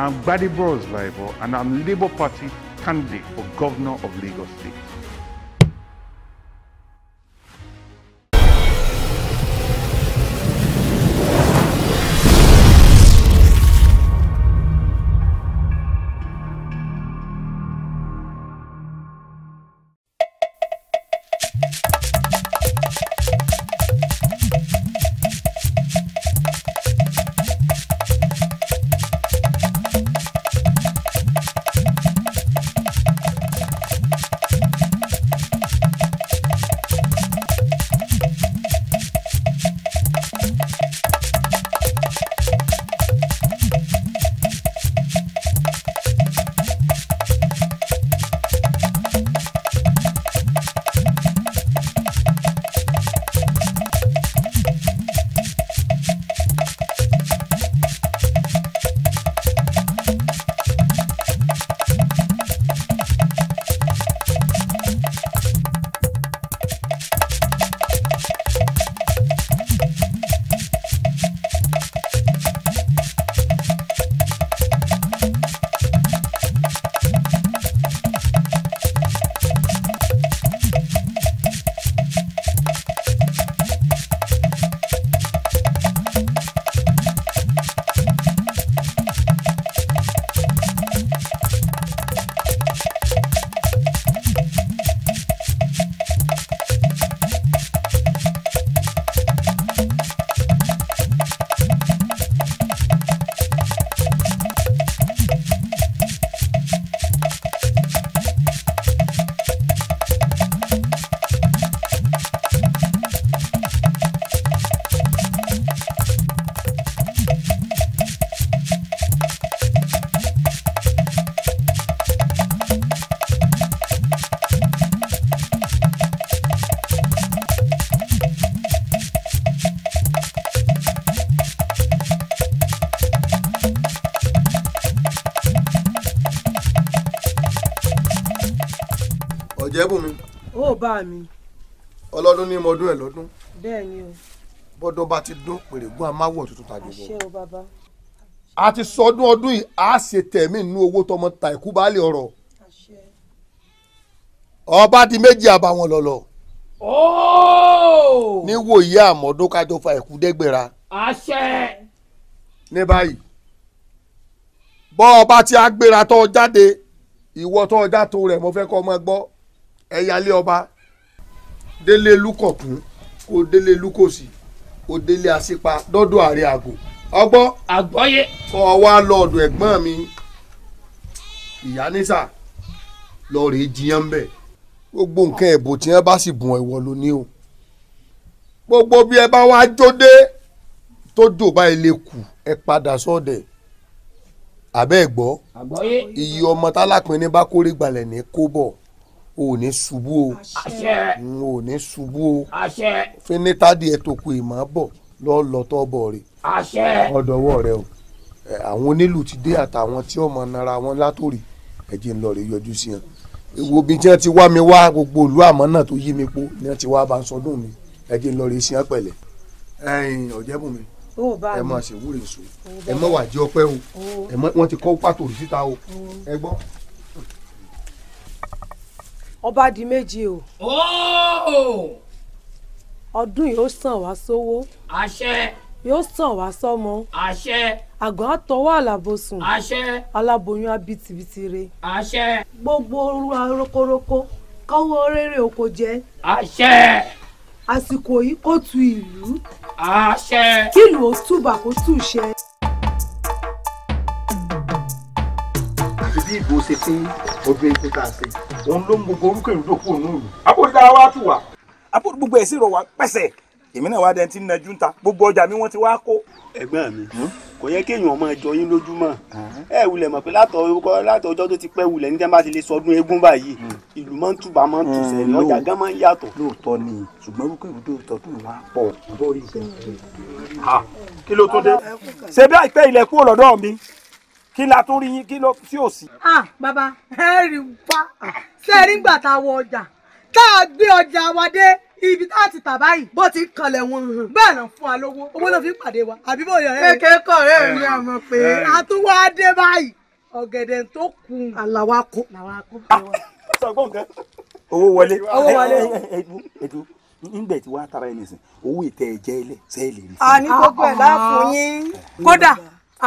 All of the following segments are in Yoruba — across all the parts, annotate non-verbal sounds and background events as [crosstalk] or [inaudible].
I'm Buddy Bros Bible and I'm Labour Party candidate for Governor of Lagos State. bàbá mi. ọlọ́dún ní mọdún ẹ̀ lọ́dún. bẹ́ẹ̀ ni o. bọ́dọ̀ bá ti dún pèrègùn amáwọ̀ tuntun tàbí bọ́. àṣẹ o bàbá. a ti sọdún ọdún yìí a ṣe tẹ̀mí nínú owó tọmọ ta ìkú baálé ọ̀rọ̀. àṣẹ. ọba di méjì àbàwọn lọ̀lọ̀. ooo. ní wòye àmọ́dún kájọ fa ìkú dẹ́gbẹ̀ra. àṣẹ. ní báyìí bọ́ ọba tí a gbéra tó jáde ìwọ tó já tó rẹ̀ mo fẹ́ kọ́ ọmọ gbọ́ ẹ̀yálé ọba délé lukọ̀kún kó délé lukọ̀sì kó délé àṣepa dọ́dọ̀ àrẹ àgò ọgbọ́ àgbọ́yé kọ́ ọ wá lọ́ọ̀dọ̀ ẹ̀gbọ́n mi ìyá nísà lọ́ọ́ rèé jiyàn bẹ́ẹ̀ gbogbo nǹkan ẹ̀bùn tí wọ́n bá sì bùn ẹ̀wọ̀ ló ní o gbogbo bí ẹ bá wá jóde tó jò báyìí lè kù ẹ padà sọ́ọ̀dẹ̀ àbẹ́ ẹ̀ gbọ́ iye ọmọ tálápin bá kórè gbalẹ̀ ní kó o ò ní ṣubú o o ò ní ṣubú o fínítàdì ẹ̀ tó kù ìmọ̀ bọ̀ lọ́ọ́ lọ́tọ́ bọ̀ rè ọ̀dọ̀wọ́ rẹ o àwọn onílù ti dé àtàwọn tí ọmọ nara wọn látòrí ẹ̀jẹ̀ ńlọ rè yọjú sí wọn wo bí tí wọ́n ti wá mi wá gbogbo ìlú àmọ́ náà tó yí mi po ni wọ́n ti wá bá ń sọdún mi ẹ̀jẹ̀ ńlọ rè sí wọn pẹ̀lẹ́ ẹ̀yin ọ̀jẹ̀bùnmi ẹ máa ṣèwúre so ẹ mọ̀ wàjẹ́ ọpẹ́ o wọ́n ti kọ́ pàtó o ẹ gbọ́ ọba di méje o. Oh! ọdún yóò sàn wá sówó. àṣẹ. yóò sàn wá sọ́mọ. àṣẹ. àgàn àtọwọ́ àlàbòsùn. àṣẹ. aláboyún abitibiti re. àṣẹ. gbogbo rokoroko kọ́wọ́ rere oko jẹ. àṣẹ. àsìkò yìí kó tu ìlú. àṣẹ. kílù ó túbà kó tù ṣẹ. bí ìbò ṣe pé ọdún ẹgbẹ́ tá a ṣe òun ló ń gbogbo orúkọ ìrúdò kúrò nùlù. àbúrò dára wá tù wá. àbúrò gbogbo ẹ̀ sì rọ̀ wá pẹ̀sẹ̀ èmi náà wá dẹ́ntì nàjú ta gbogbo ọjà mi wọ́n ti wá kó. ẹ̀gbọ́n mi hmm? kò yẹ kéèyàn ọmọ ìjọ yín lójúmọ́ ẹ wulẹ̀ mọ̀ pé látọ̀ ọjọ́ tó ti pẹ́ wulẹ̀ níta bá ti lè sọdún eégún báyìí hmm. ìlú máa ń túbà máa ń tù sẹ́yìn hmm, ọjà gan máa ń yàtọ̀. lóòótọ́ ni ṣùgbọ́n wípé ìrúdó tọdún wa pọ̀ lórí ìgbẹ́ kí ló tó dé. ṣe bí àìpẹ́ ilẹ̀ kúrò lọ́dọ̀ mi kí la tún rí yín kí ló tí ò ah bàbá ẹ rí wa ṣé ẹ rí gbà tá a wọ ọjà tá a gbé ọjà wa dé ibi tá a ti tà báyìí bó ti kanlẹ̀ wọn hàn bẹ́ẹ̀ náà fún wa lówó owó náà fi pàdé wa àbí bó yọrẹ rẹ. kékeré kọ ọ̀rẹ́ mi àmọ́ pé a tún wá dé báyìí ọ̀gẹ̀dẹ̀ tó kù. àlàwà kó. àlàwà kó. sọgbọn nǹkan. owó wọlé owó wọlé ẹdun nígbà tí wàá tara ẹni sìn owó ìtẹ ẹjẹ ilẹ sẹẹlì rí. a gbogbo ẹ̀ láàfin yín kódà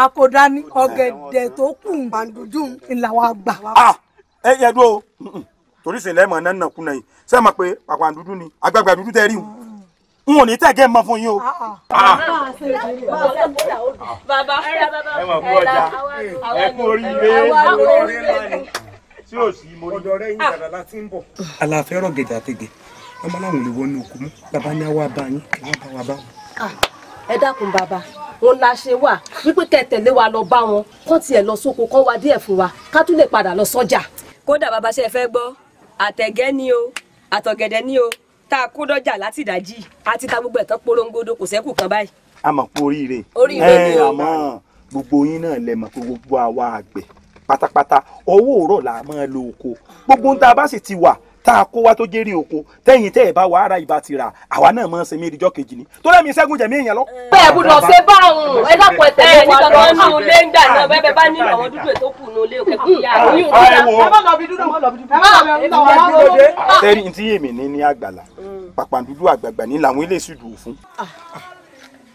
akọdání ọ̀gẹ̀dẹ̀ tó kù gbàndùdùn ńlá gbà ah, ẹ yẹ dúró torí sìn lẹ́mọ̀ náà nàkú yìí sẹ́ẹ̀ mọ̀ pé pàpà dúdú ni àgbààgbà dúdú tẹ́ rí wọn ah, ah. n ò ní tẹ̀gẹ́ mọ fún yín o. bàbá ẹ mà kú ọjà ẹ kú oríire tí yín láti ń àtẹ̀gẹ̀ wọnú mú bàbá ní àwa bá yín àwa bá wa bá wọn. ẹ dákun bàbá òun la ṣe wà wípé kẹ́ tẹ̀lé wa lọ bá wọn kán tiẹ̀ lọ sóko kán wá díẹ̀ fún wa ká tún lè padà lọ sọ́jà. kódà bàbá ṣe fẹ́ gbọ́ àtẹ̀gẹ́ ni o àtọ̀gẹ̀dẹ̀ ni o tá a kó dọ́jà láti ìdájí àti ta gbogbo ẹ̀tọ́ porongodo kò sẹ́kù kan báyìí. a mọ̀ pé oríire ẹ àmọ́ gbogbo yín náà lẹ mọ̀ pé gbogbo àwa àgbẹ̀ pátápátá ọwọ́ òrọ̀ là máa lo oko gbogbo ń tá a kó wá tó jẹ́rìí oko tẹ́yìn tẹ́ ẹ̀ bá wà ara ìbá ti rà àwa náà máa ń sinmi ìdíjọ́ kejì ni tó lẹ́mi sẹ́gun jẹ̀mí èèyàn lọ. bẹ́ẹ̀ gbọ́dọ̀ ṣe bá òun ẹ dákun ẹsẹ̀ ẹ nígbà tó ń nu ilé ń gbà náà bẹ́ẹ̀ bá nílò àwọn dúdú ètò kù nílé òkè kù yá. ẹ èmi ní ní àgbàlá pàpàǹdùdú àgbààgbà ní làwọn ilé òfun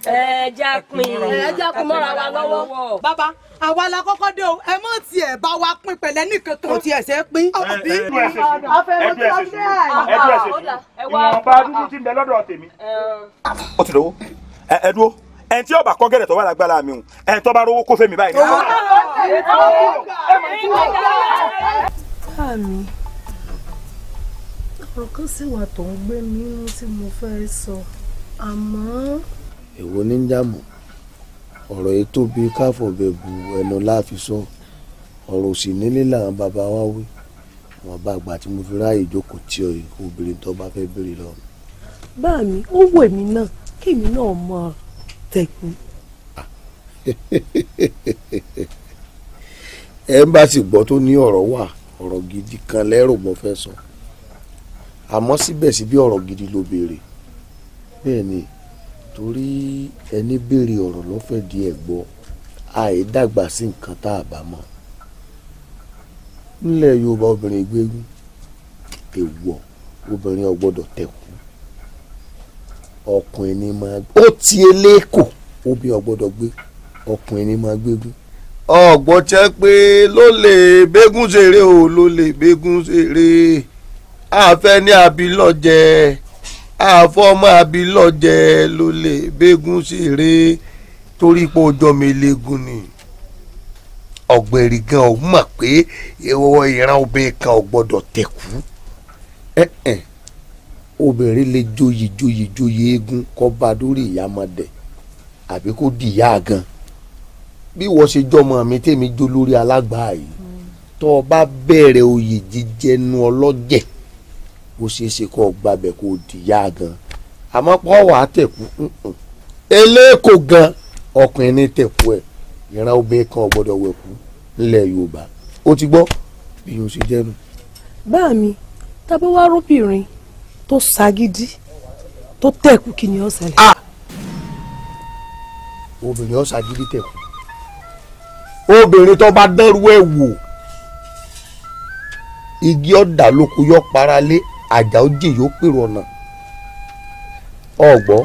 ẹ já pin ẹ já pin mọ́ra wa lọ́wọ́. bàbá àwa la kọ́kọ́ dé o ẹ mọ̀ tí ẹ bá wa pin pẹ̀lẹ́ nìkan kan. o ti ẹsẹ̀ pin. àbí afẹ́rẹ́ tó lọ sí àyè. ìwọ̀nba dúdú ti ń bẹ lọ́dọ̀ tèmi. ó ti dọ̀wọ́ ẹ dúró ẹn tí ọba kọgẹrẹ tó wà lágbára mi o ẹn tó bá rówó kó fẹmi báyìí. káàmì ọ̀rọ̀ kan sì wà tó ń gbé mi tí mo fẹ́ sọ àmọ́ èwo ní jàmọ̀ ọ̀rọ̀ yìí tóbi káfọ̀bẹ̀ bu ẹnu láàfin sọ ọ̀rọ̀ òsì nílé làwọn bàbá wa wí wọn bá àgbà tí mo fi ráàyè jókòó tí ọ obìnrin tó bá fẹ́ béèrè lọ. bá mi ó wù èmi náà kémi náà mọ tẹkùn. [laughs] ẹ ń bá sì gbọ́ tó ní ọ̀rọ̀ wà ọ̀rọ̀ gidi kan lẹ́rù mo fẹ́ sọ àmọ́ síbẹ̀síbẹ̀ ọ̀rọ̀ gidi ló béèrè bẹ́ẹ̀ ni torí ẹni béèrè ọ̀rọ̀ lọ́fẹ̀ẹ́ di ẹ̀ gbọ́ àìdàgbà sí nǹkan tá a bá mọ̀ nílẹ̀ Yorùbá obìnrin gbẹ́gun èèwọ̀ obìnrin ò tẹ̀kú ọkùnrin ni máa ó ti eléko obìnrin ò gbọ́dọ̀ gbé ọkùnrin ni máa gbẹ́gun. ọ̀gbọ́n jẹ́ pé ló lè bégún ṣeré o ló lè bégún ṣeré àfẹ́ ní abilọ́jẹ́ àfọmọ abilọjẹ ló lè bẹgùn ṣeré torí pé ọjọ́ melegun ni ọ̀gbẹ̀rì gan ọ mọ̀ pé ìwọ ìran obìnrin kan ò gbọ́dọ̀ tẹ̀kú obìnrin lè joyè joyè joyè eégún kọ́ bá dórí ìyàmọ̀dẹ àbí kó di ìyá gan bí wọ́n ṣe jọmọ mi tèmi jó lórí alágbàá yìí hmm. tó o bá bẹ̀rẹ̀ oyè jíjẹnu ọlọ́jẹ̀ ó ṣeé ṣe kó o gbàbẹ̀ kó o dìyà gan àmọ́ pọ́ wàá tẹ̀kú eléèkó gan ọkùnrin ní tẹ̀kú ẹ̀ ìran obìnrin kan ò gbọ́dọ̀ wẹ̀kú nílẹ̀ Yorùbá ó ti gbọ́ bí yóò ṣe jẹ́nu. bá mi tábí wá róbìnrin tó ságídí tó tẹ̀kú kí ni ó ṣẹlẹ̀. obìnrin ó ságídí tẹ̀kú obìnrin tó bá dánrú ẹ̀ wò igi ọ̀dà lóko yọ paralé àjà ó jè yóò pèrò ọ̀nà ọ̀gbọ́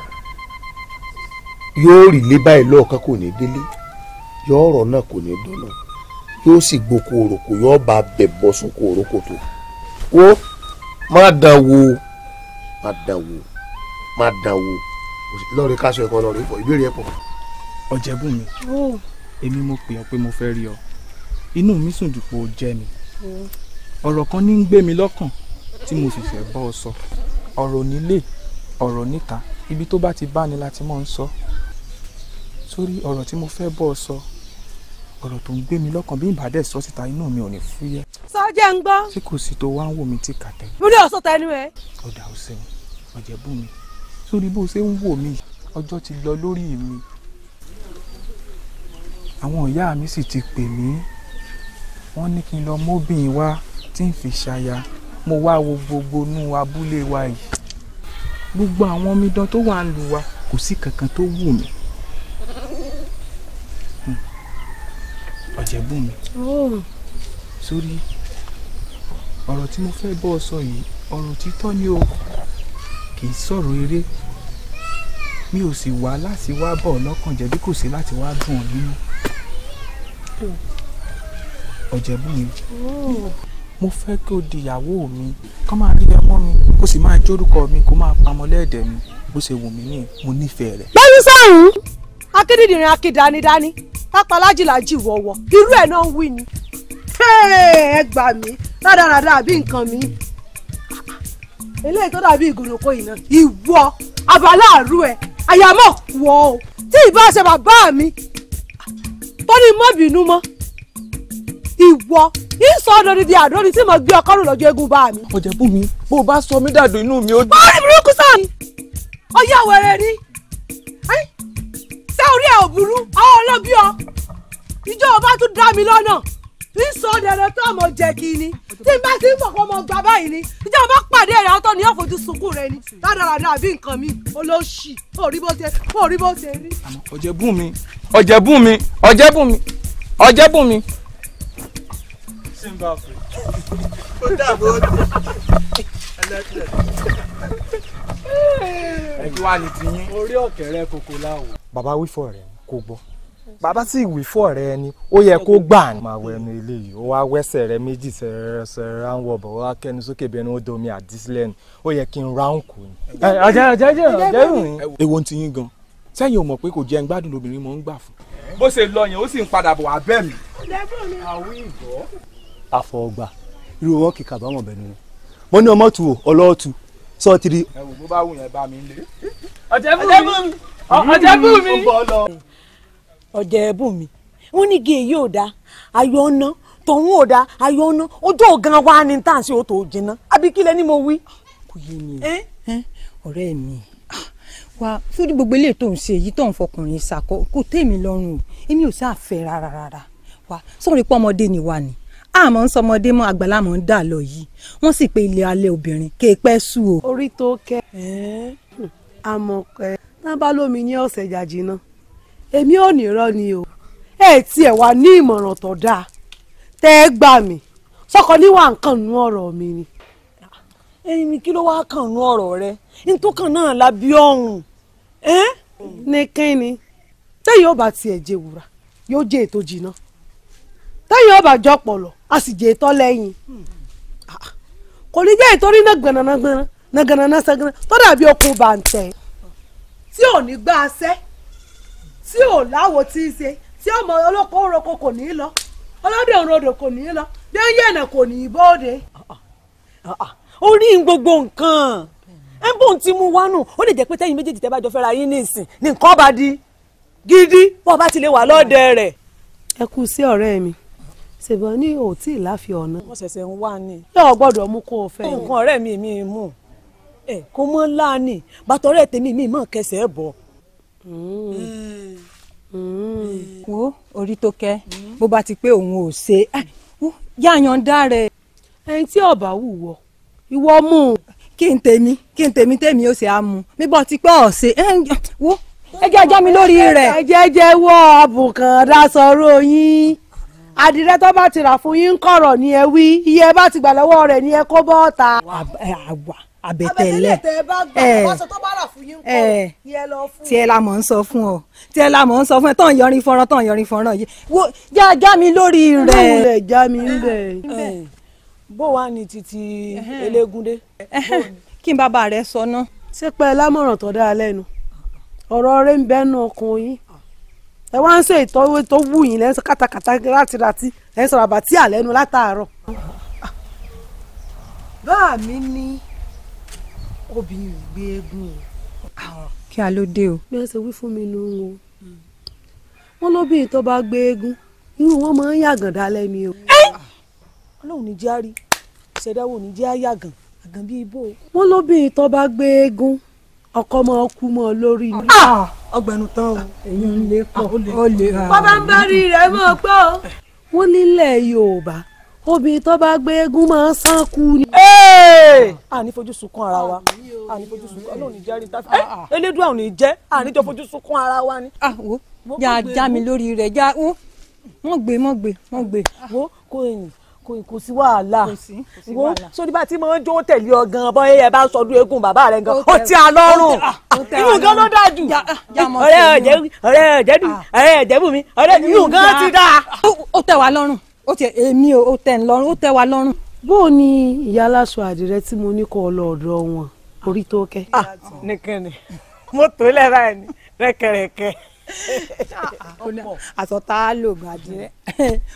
yóò rìlé báyìí lọ́ọ̀kan kò ní délé yóò rọ̀ náà kò ní dọ́nà yóò sì gboko òròkò yóò bá bẹ̀ bọ́ sóko òròkò tó wó má dán wò má dán wò má dán wò lọ́ọ̀rẹ́ káṣọ ẹ̀kọ́ lọ́ọ̀rẹ́ pọ̀ ìbéèrè ẹ̀ pọ̀. ọ̀jẹ̀bùnmi èmi mo pè ọ́ pé mo fẹ́ rí ọ inú mi sùn dùpọ̀ jẹ́ mi ọ̀rọ̀ kan ní ń gbé mi lọ́kàn tí mo sì bọ́ ọ sọ ọ̀rọ̀ nílé ọ̀rọ̀ níta ibi tó bá ti bá ni la ti mọ̀ ń sọ sórí ọ̀rọ̀ tí mo fẹ́ bọ́ ọ sọ ọ̀rọ̀ tó ń gbé mi lọ́kàn bí ìbàdẹ́ sọ síta inú mi ò ní fúyẹ́. sọjẹ́ ń gbọ́. tí kò sí tó wá ń wò mí tí kàtẹ́. mo ní ọ̀sán tẹnu ẹ. ọ̀dà ò sẹ́yìn ọ̀jẹ̀ bù mí sórí bó ṣe ń wò mí ọjọ́ ti lọ lórí mi àwọn ìyá mi sì ti pè mí wọ́n ní kí n lọ móbìn wá tí n fi ṣaya mo wá wo gbogbo inú abúlé wa yìí gbogbo àwọn omidan tó wà ń lù wa kò sí kankan tó wù mí hmm. ọ̀jẹ̀bùnmi oh. sórí ọ̀rọ̀ tí mo fẹ́ bọ́ ọ sọ yìí ọ̀rọ̀ títọ́ ni o kì í sọ̀rọ̀ eré mi ò sì wá láti wá bọ̀ lọ́kàn jẹ́ kò sí láti wá dùn ọ́ nínú oh. ọ̀jẹ̀bùnmi mo fẹ́ kí o di ìyàwó mi kó máa rí ẹmọ́ mi kó sì máa jórúkọ mi kó máa pamọ́ lẹ́ẹ̀dẹ̀ mi bó ṣe wù mí ní mo nífẹ̀ẹ́ rẹ̀. bẹ́ẹ̀ni sọ́hún akédèdìrín akédanidání pápá lájìlájì wọ̀wọ̀ irú ẹ̀ náà ń wí ni. ẹ gbà mí rádaràdà àbí nǹkan mi eléyìí tó dàbí ìgòròkó ìná ìwọ abaláàrú ẹ àyàmọ̀ wọ̀ ọ́ tí ìbá ṣe bàbá mi tó ní mọ́bìnú mọ́ ìwọ ìsọ lórí bíi àdó ni tí mo gbé ọkọ rò lọ́jọ́ eégún bá mi. ọ̀jẹ̀ bù mí bó o bá sọ mí dàdó inú mi ó. bọ́ọ̀lù burúkú sàn ọyá wẹ̀rẹ̀ ni ṣé orí ẹ̀ ò burú àwọn ọlọ́bí ọ ìjọ ọba tún dá mi lọ́nà ìsọ dẹ̀rẹ̀ tó ọmọ jẹ kí ni tí n bá ti ń fọkàn ọmọ gbà báyìí ni ìjọ ọba pàdé rẹ ọtọ ni ọ̀fojú sunkún rẹ ni dáradára àbí nǹkan mi olóṣì orí bó ṣe bó ṣe rí. ọ̀jẹ̀ bù mí ọ̀jẹ̀ bù mí ọ̀jẹ̀ bù mí ọ̀jẹ̀ bù mí tí ń bá fún un. ó dàbọ̀ ó dùn ẹlẹ́tẹ̀. ẹ̀jú wa ni ti yín. orí ọ̀kẹ́rẹ́ kòkó láwọ̀. bàbá wí fún ọ̀rẹ́ kò gbọ́ bàbá sì wí fún ọ̀rẹ́ ẹni ó yẹ kó gbà ní. máa wọ ẹnu ilé yìí ó wá wẹ́sẹ̀ rẹ méjì sẹ̀rẹ̀sẹ̀rẹ̀ à ń wọ̀ bọ̀ wá kẹ́nu sókè bí ẹni ó domi àdísílẹ̀ ni ó yẹ kí n ra òǹkù ni. ọjà ọjà jẹ ọjà ìròyìn. èwo ń ti yín gan sẹ́yìn ò mọ̀ pé kò jẹ́ ń gbádùn lóbìnrin mọ̀ ń gbà fún. bó ṣe lọ yẹn ó sì ń padà bọ̀ àfọ̀ọ̀gbà irú wọn kì kàbámọ̀ bẹ̀nu wọn mo ní ọmọ tu ọlọ́ọ̀tu sọ́ọ̀tìrì. ẹ wò bó bá wù yẹn bá mi lé. ọ̀jẹ̀bùnmi ọ̀jẹ̀bùnmi wọ́n ní gé èyí ò dáa ayọ̀ ọ̀nà tọ̀hún ò dáa ayọ̀ ọ̀nà ojú ọ̀gán wa ni tá à ń ṣe òtò jìnnà abikílẹ̀ ni mo wí. kò yé mi o ọ̀rẹ́ mi ah, wa sórí gbogbo ilé tó ń ṣe èyí tó ń fọkùnrin ṣàkó kò tẹ́ mi lọ́rùn o èmi ò sáà fẹ́ rárá rárá wa sọ̀rọ̀ pé ọmọdé ni wa ni àmọ́ ń sọmọdé mọ́ àgbàlá mọ́ ń dà lọ yìí wọ́n sì pé ilé alẹ́ obìnrin kè é pẹ́ sù o. orí tó kẹ́ ẹ́ àmọ́ ẹ̀ náà bá lómi ní ọ̀sẹ̀ jàjì náà èmi ò ní irọ́ ni o ẹ tiẹ̀ wá ní ìmọ̀ràn tó dáa tẹ́ ẹ gbà mí sọkọ níwà nǹkan nú ọ̀rọ̀ mi ni. ẹyin kí ló wá kàn nú ọ̀rọ̀ rẹ nítòkàn náà lábí ọ̀hún. ní kínni tẹ́yìn ọba tiẹ̀ jẹ́ wúrà yóò jẹ́ ètò jìnnà tẹ́yìn ọba jọpọ̀ lọ a sì ìtọ́ kò ní jẹ́ ìtọ́rí náà gbẹ̀nàgbẹ̀nà nàgànàná tó dàbí okùn bàǹtẹ̀ tí ò ní gbá tí ò láwo tí í ṣe tí ọmọ ọlọ́kọ̀ òroko kò ní í lọ ọlọ́dẹ òrodò kò ní í lọ bí kò ní í bóde. ó rí gbogbo nǹkan ẹ ti mú wá nù ó lè jẹ́ pé tẹ́yìn méjèèjì gidi bá wà rẹ̀. ẹ kú mi. ṣèbọn ní ò tí ì láfi ọ̀nà. wọ́n ṣẹ̀ṣẹ̀ ń wá ni. yóò gbọ́dọ̀ mú kó o fẹ́. nǹkan ọ̀rẹ́ mi mi mú ẹ kó mọ́ láàánì bàtọ̀ ọ̀rẹ́ tèmi mi mọ̀ kẹsẹ̀ ẹ̀ bọ̀. wo mm. mm. mm. orí tó kẹ́ bó bá ti pé òun ò ṣe yáyan dá rẹ. ẹni tí ọba wùwọ ìwọ mú un. kí n tèmi kí n tèmi tèmi ó ṣe á mu nígbà tí pé ọ̀sẹ̀ ẹ wo ẹ jẹ́ ajá mi lórí rẹ̀. ẹ jẹ́ jẹ́ wọ́ àbùkàn dá sọ̀rọ̀ yín àdìrẹ tó bá ti rà fún yín ń kọ̀rọ̀ ni ẹ wí iye bá ti gbà lọ́wọ́ rẹ̀ ni ẹ kó bọ́ ọ̀tà. àwa àbẹ̀tẹ̀lẹ̀ ẹ tiẹ̀ la mọ̀ ń sọ fún ọ tiẹ̀ la mọ̀ ń sọ fún ẹ tó ń yọrin fọ́nrán tó ń yọrin fọ́nrán yìí wo já já mi lórí rẹ̀. rẹ̀ já mi rẹ̀ bó wàá ní títí elégúndé. kí n bàbá rẹ sọ náà. ṣé pẹ́ lámọ̀ràn tó dáa lẹ́nu ọ̀rọ̀ rẹ̀ ń bẹ́nu ọkùnrin ẹ wá ń ṣe ìtọ́wé tó wù yín lẹ́sẹ̀ kátàkátà rátirátí ẹ̀ ń sọ̀rọ̀ àbàtì àlẹ́nu látàárọ̀. báà mi ní obìnrin gbé eégún o. kí a ló dé o. bí wọ́n ṣe wí fún mi nù ú o wọ́n lóbìnrin tó bá gbé eégún irú wọn máa ń yàgàn dálẹ́ mi o. ọlọ́run ní járí ṣẹ̀dáwò ní jẹ́ àyàgàn àgàn bíi ibò. wọ́n lóbìnrin tó bá gbé eégún ọkọ máa kú mọ́ lórí ni. Ah! ọgbẹ̀nu tán o. èyí ń lé pọ̀ ó lè ra. bọ́ bá ń bá rí rẹ̀ mọ́ pọ́. wọ́n nílẹ̀ yorùbá obìnrin tó bá gbé eégún máa ń sán kú ni. àní fojú sunkún ara wa àní fojú sunkún ọlọ́run ìjẹ́ rí táfíà eh! ah, ah. elédùn àwọn ìjẹ́ àníjọ fojú sunkún ara wa ni. àwo yà á já mi lórí rẹ̀ já wọ́n gbé wọ́n gbé wọ́n gbé. Ah, wo kò yìn kò sí wàhálà wo sórí bá tí mo ń jó tẹ̀lé ọ gan bọ́ ẹ bá sọdún eégún bàbá rẹ gan ó ti àlọ́rùn inú gan ló dáa jù ọ̀rẹ́ ọ̀jẹ̀ ah. ọ̀rẹ́ ọ̀jẹ̀dù ọ̀rẹ́ ọ̀jẹ̀bùnmi ọ̀rẹ́ inú gan ti dáa. ó tẹ́ wa lọ́rùn ó tẹ́ èmi ó tẹ́ lọ́rùn ó tẹ́ wa lọ́rùn. bó o ìyá aláṣọ àdìrẹ tí mo ní kọ lọ wọn orí tó kẹ. Ah, nìkan ni mo tó lẹ́ra ẹ̀ ní rẹ́kẹ̀rẹ̀kẹ̀ àsọta lògùn àdìrẹ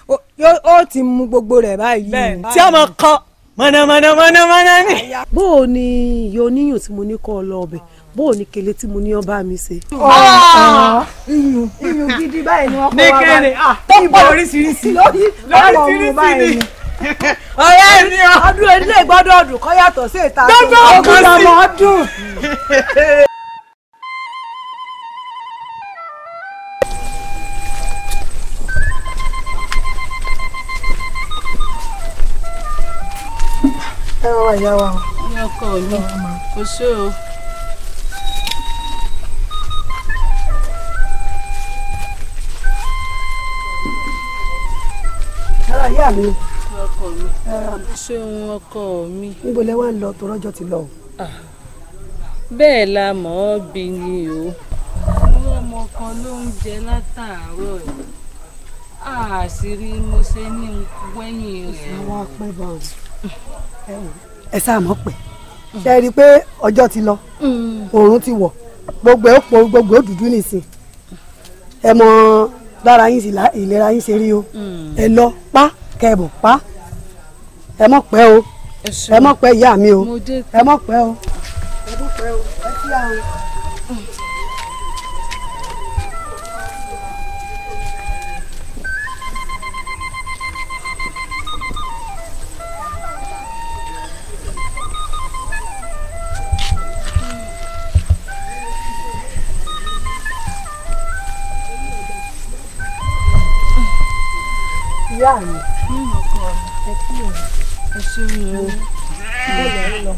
ó ti mú gbogbo rẹ̀ báyìí tí a máa kọ mọ̀nàmọ̀nà mọ̀nàmọ̀nà ni. bó o ní iye oníyùn tí mo ní kọ́ ọ lọ ọbẹ̀ bó o ní kele tí mo ní ọba mi ṣe. Ah. Ah. iyùn iyùn gidi báyìí ni wọ́n kọ́ wa báyìí. Ah, tó pọ̀ lóríṣiríṣi lóríṣiríṣi ni [laughs] ọ̀rẹ́ mi ọdún ilé gbọ́dọ̀ ọdún kọ́ yàtọ̀ sí ìta tó ọdún lọ́mọ [laughs] ọdún. ẹ wá ìyá wa o. ní ọkọ mi kò sí o. ara ìyá mi. ọkọ mi ṣé òun ọkọ mi. níbo lẹ wá ń lọ tó rọjò ti lọ o. bẹ́ẹ̀ la mọ̀ ọ́ bí ni o. àwọn ọmọ kan ló ń jẹ látàárọ̀ yìí àṣírí mo ṣe ní wẹ́yìn rẹ̀. ìṣòwò apẹ́ bá wọn ẹ sáà mọ̀ pẹ́ mm. ṣe rí i pé ọjọ́ ti lọ oòrùn mm. ti wọ̀ gbogbo ẹ̀ pọ̀ gbogbo ẹ̀ dúdú nìsín ẹ mọ lára yín sí ìlera yín ṣe rí o mm. ẹ lọ pa kẹbọ̀ pa ẹ mọ̀ pẹ́ o ẹ mọ̀ pẹ́ ìyá mi o ẹ mọ̀ pẹ́ o ẹ mọ̀ pẹ́ o ẹ ti àwọn. ìyá mi nínú ọkọ ẹ kí ẹ ẹ ṣe ń lo bẹ́ẹ̀ lọ.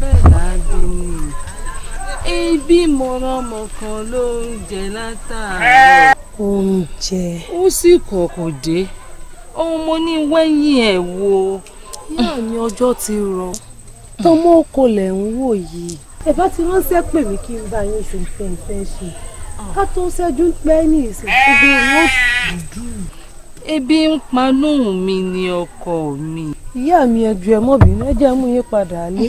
bẹ́ẹ̀ láàbí ni ibi mọ̀rọ̀mọ kan ló ń jẹ látàárọ̀. oúnjẹ. ó sì kọ̀kọ̀ dé ohun ní wẹ́yìn ẹ̀ wo yóò ní ọjọ́ ti rọ tọmọ ọkọ lẹ̀ ń wò yìí. ẹ bá ti ránṣẹ́ pè mí kí n bá yín ṣe nǹkan ìfẹ́ ṣe ká tó ṣẹ́jú pẹ́ ní ìsìn gbogbo ìwọ́n dùn. ebi ń panú mi ni ọkọ mi. ìyá mi ẹjọ ẹ mọbìnrin mú yín padà lé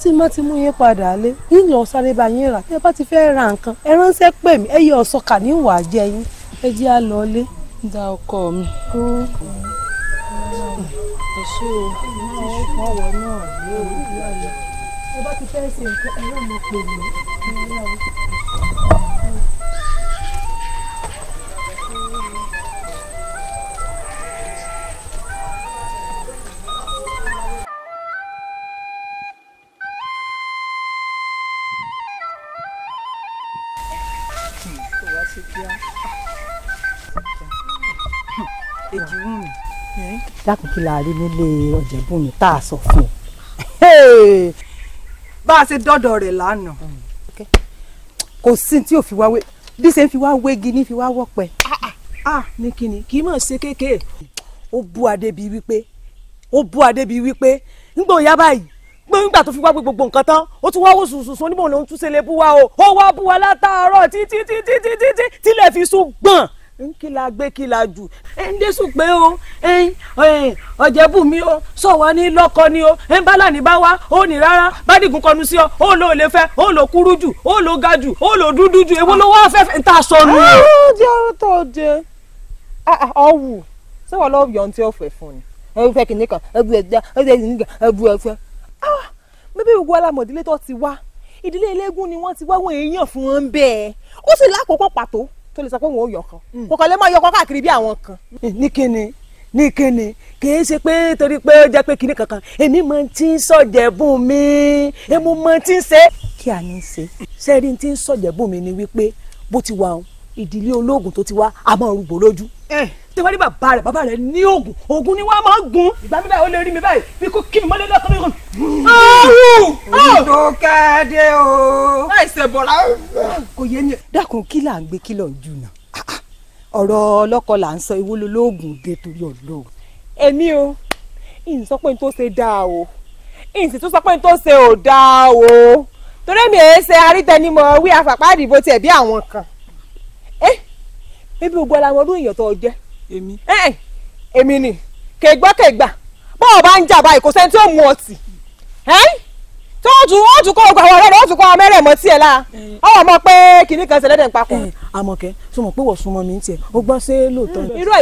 tí má ti mú yín padà lé yíyan ọ̀sáré bá yín rà ẹ bá ti fẹ́ ra nǹkan ẹ ránṣẹ́ pè mí ọ̀sọ́kà ní ọkọ mi. ẹ bá ti fẹ́ ṣe nǹkan ẹ dákun kí la rí nílé ọ̀jẹ̀bùnmi tá a sọ fún un. bá a ṣe dọ́dọ̀ rẹ̀ lánàá mm, kò sí tí ò fi wá wé bí ṣe ń fi wá wégi ní fi wá wọ́pẹ́. a ah, ah. ah, ní kíni kì í mọ̀ ṣe kéékèé ó bú adé bíi wípé ó bú adé bíi wípé nígbà òyà báyìí gbẹ̀ngbà tó fi wá gbogbo nǹkan tán ó tún wá wò sùsùsùn onímọ̀ ló ń túnṣe lè bú wa o ó wá bú wa látàárọ̀ títí títí títí tílẹ̀ fi sùn gbọ̀n nkìlá gbé kìlá jù ndésù pé o ọ̀jẹ̀bù mi o sọ̀wọ́ ní lọ́kọ ni o bálà ní bá wá ó ní rárá bádìgún kọnu sí ọ ó lò lè fẹ́ ó lò kúrú jù ó lò ga jù ó lò dúdú jù èwo ló wá fẹ́ ń ta sọnù. Ah, ó jẹ́ ah, ah, lọ́ọ́ yọ̀ ohun tí ó fẹ́ fún ni ẹ̀rù fẹ́ kìnìkan ẹ̀bù ẹ̀dá ẹ̀dá ìnìkan ẹ̀bù ẹ̀fẹ́. bébí gbogbo alamọ̀dílé tó ti wá ìdílé eléégún ni wọ́n ti wá wọ́n èèyàn fún wọn bẹ́ẹ̀ ó sì lákòókò pàtó tó lè sọ pé òun ò yọkan hmm. kò kàn lè máa yọkan káàkiri bí àwọn kan. Hmm. ní kíni ní kíni kìí ṣe pé torí pé ó jẹ́ pé kíní kankan èmi máa ti ń sọ̀jẹ̀bùn mi èmi máa ti ń ṣe. kí a ní í ṣe sẹ́rí ti ń sọ̀jẹ̀bùn mi ni wípé bó ti wà ìdílé ológun tó ti wá a máa rúgbó lójú eh tí wọ́n rí bàbá rẹ̀ bàbá rẹ̀ ní oògùn oògùn ni wọ́n máa ń gun ìgbà mi báyìí ó lè rí mi báyìí bí kò kí mi mọ́lẹ́ lọ́kàn mi kàn. òyìnbó káde o. láìsè bọ̀lá. kò yé ni. dákun kí là ń gbé kí lọ ń jù náà ọ̀rọ̀ ọlọ́kọ là ń sọ ìwó lolóògùn dé torí ọ̀dọ́ èmi o ìyìn sọ pé n tó ṣe dáa o ìyìn sì tún sọ pé n tó ṣe ò dáa o torí mi èé ṣe arítẹnimọ̀ wí afàpá ìdìbò tiẹ̀ bí àwọn kan ẹ eh, bíbí gbogbo ara wọn lóyìn ọ̀tọ̀ jẹ́ èmi. èmi ni kègbọ́kègbà bọ́ọ̀ bá ń jà báyìí kò sẹ́ni tí ó mu ọtí tí wọ́n tún wọ́n tún àwọn ọ̀rẹ́ wọ́n tún kọ́ eh. ọmọ tiẹ̀ la mọ̀ pé kan ṣẹlẹ̀ dẹ̀ papọ̀. Eh, mọ̀ pé irú ọ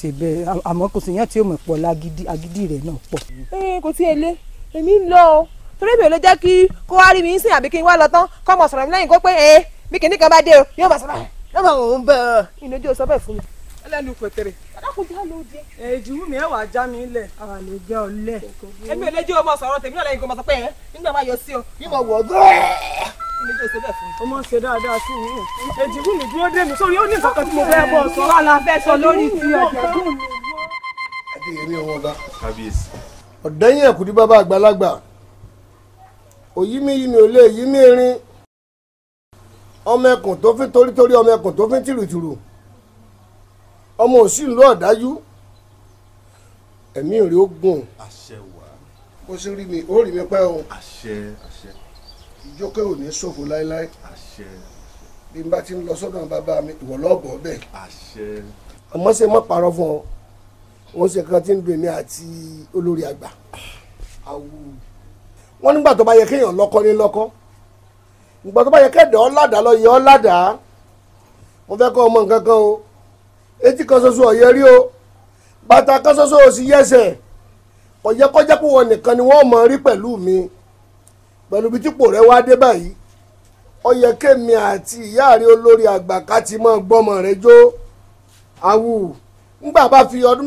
ṣe bẹ́ẹ̀ àmọ́ kò sí yẹn tí ó mọ̀ pọ̀ lágídí agídí rẹ̀ náà pọ̀. ee eh, kò sí ì èmi lọ o mi ò lè jẹ́ kí kọ́ lọ́wọ́ àwọn òun bẹ́ẹ̀ ìnájú sọ bẹ́ẹ̀ fún mi. ẹlẹ́nu pẹ̀tẹ̀rẹ̀. alákòjá ló dé. èjì wù mí ẹwà já mi lẹ̀. àwọn lè jẹ́ ọ lẹ̀. èmi ò lè jẹ́ ọmọ sọ̀rọ̀ tèmi náà lẹ́yìn kó máa sọ pé ẹ̀ nígbà máa yọ sí ọ yìí máa wọ̀ ọ́ ìnájú sọ bẹ́ẹ̀ fún mi. ọmọ ṣe dáadáa sí mi. èjì wù mí dúró dé mi sórí ó ní nǹkan tí mo fẹ́ bọ̀ sọ. wà á la fẹ́ sọ lórí ti ọ̀jọ̀gbọ́n mi. adéyẹmí ọmọ ọba. kábíyèsí. ọ̀dẹ́yìn ẹ̀kú ní bàbá àgbàlagbà òyìnbí yìí mi ò lè yí mi rin ọmọ ẹkùn tó fi torítorí ọmọ ẹkùn tó fi tìrùtìrù ọmọ òsì ń lọ ọ̀dájú ẹ̀mí rẹ̀ ó gùn bó ṣe rí mi ó rí mi pẹ́ o ìjókè ò ní ṣòfò láéláé bí n bá ti ń lọ sọ́dọ̀ bàbá mi ìwọ lọ́ọ̀bọ̀ bẹ́ẹ̀ àmọ́ ṣe mọ́ parọ́ fún ọ wọ́n ṣe kan tí ń dùn mí àti olórí àgbà ah. wọ́n nígbà tó bá yẹ kéèyàn lọ́kọ́ ní lọ́kọ́ ìgbà tó bá yẹ kẹ́dẹ̀ ọ́ ládàá lọ yẹ ọ́ mo fẹ́ kọ́ ọmọ nǹkan kan o etí kan ṣoṣo ọ̀yẹ́ rí o bàtà kan ṣoṣo ò sì yẹsẹ̀ ọ̀yẹ́ kọjá pé wọn nìkan ni wọ́n mọ̀ rí pẹ̀lú mi pẹ̀lú bí rẹ wá dé báyìí ọ̀yẹ́ àti ìyá rí olórí àgbà ká ti mọ jó awù bá fi ọdún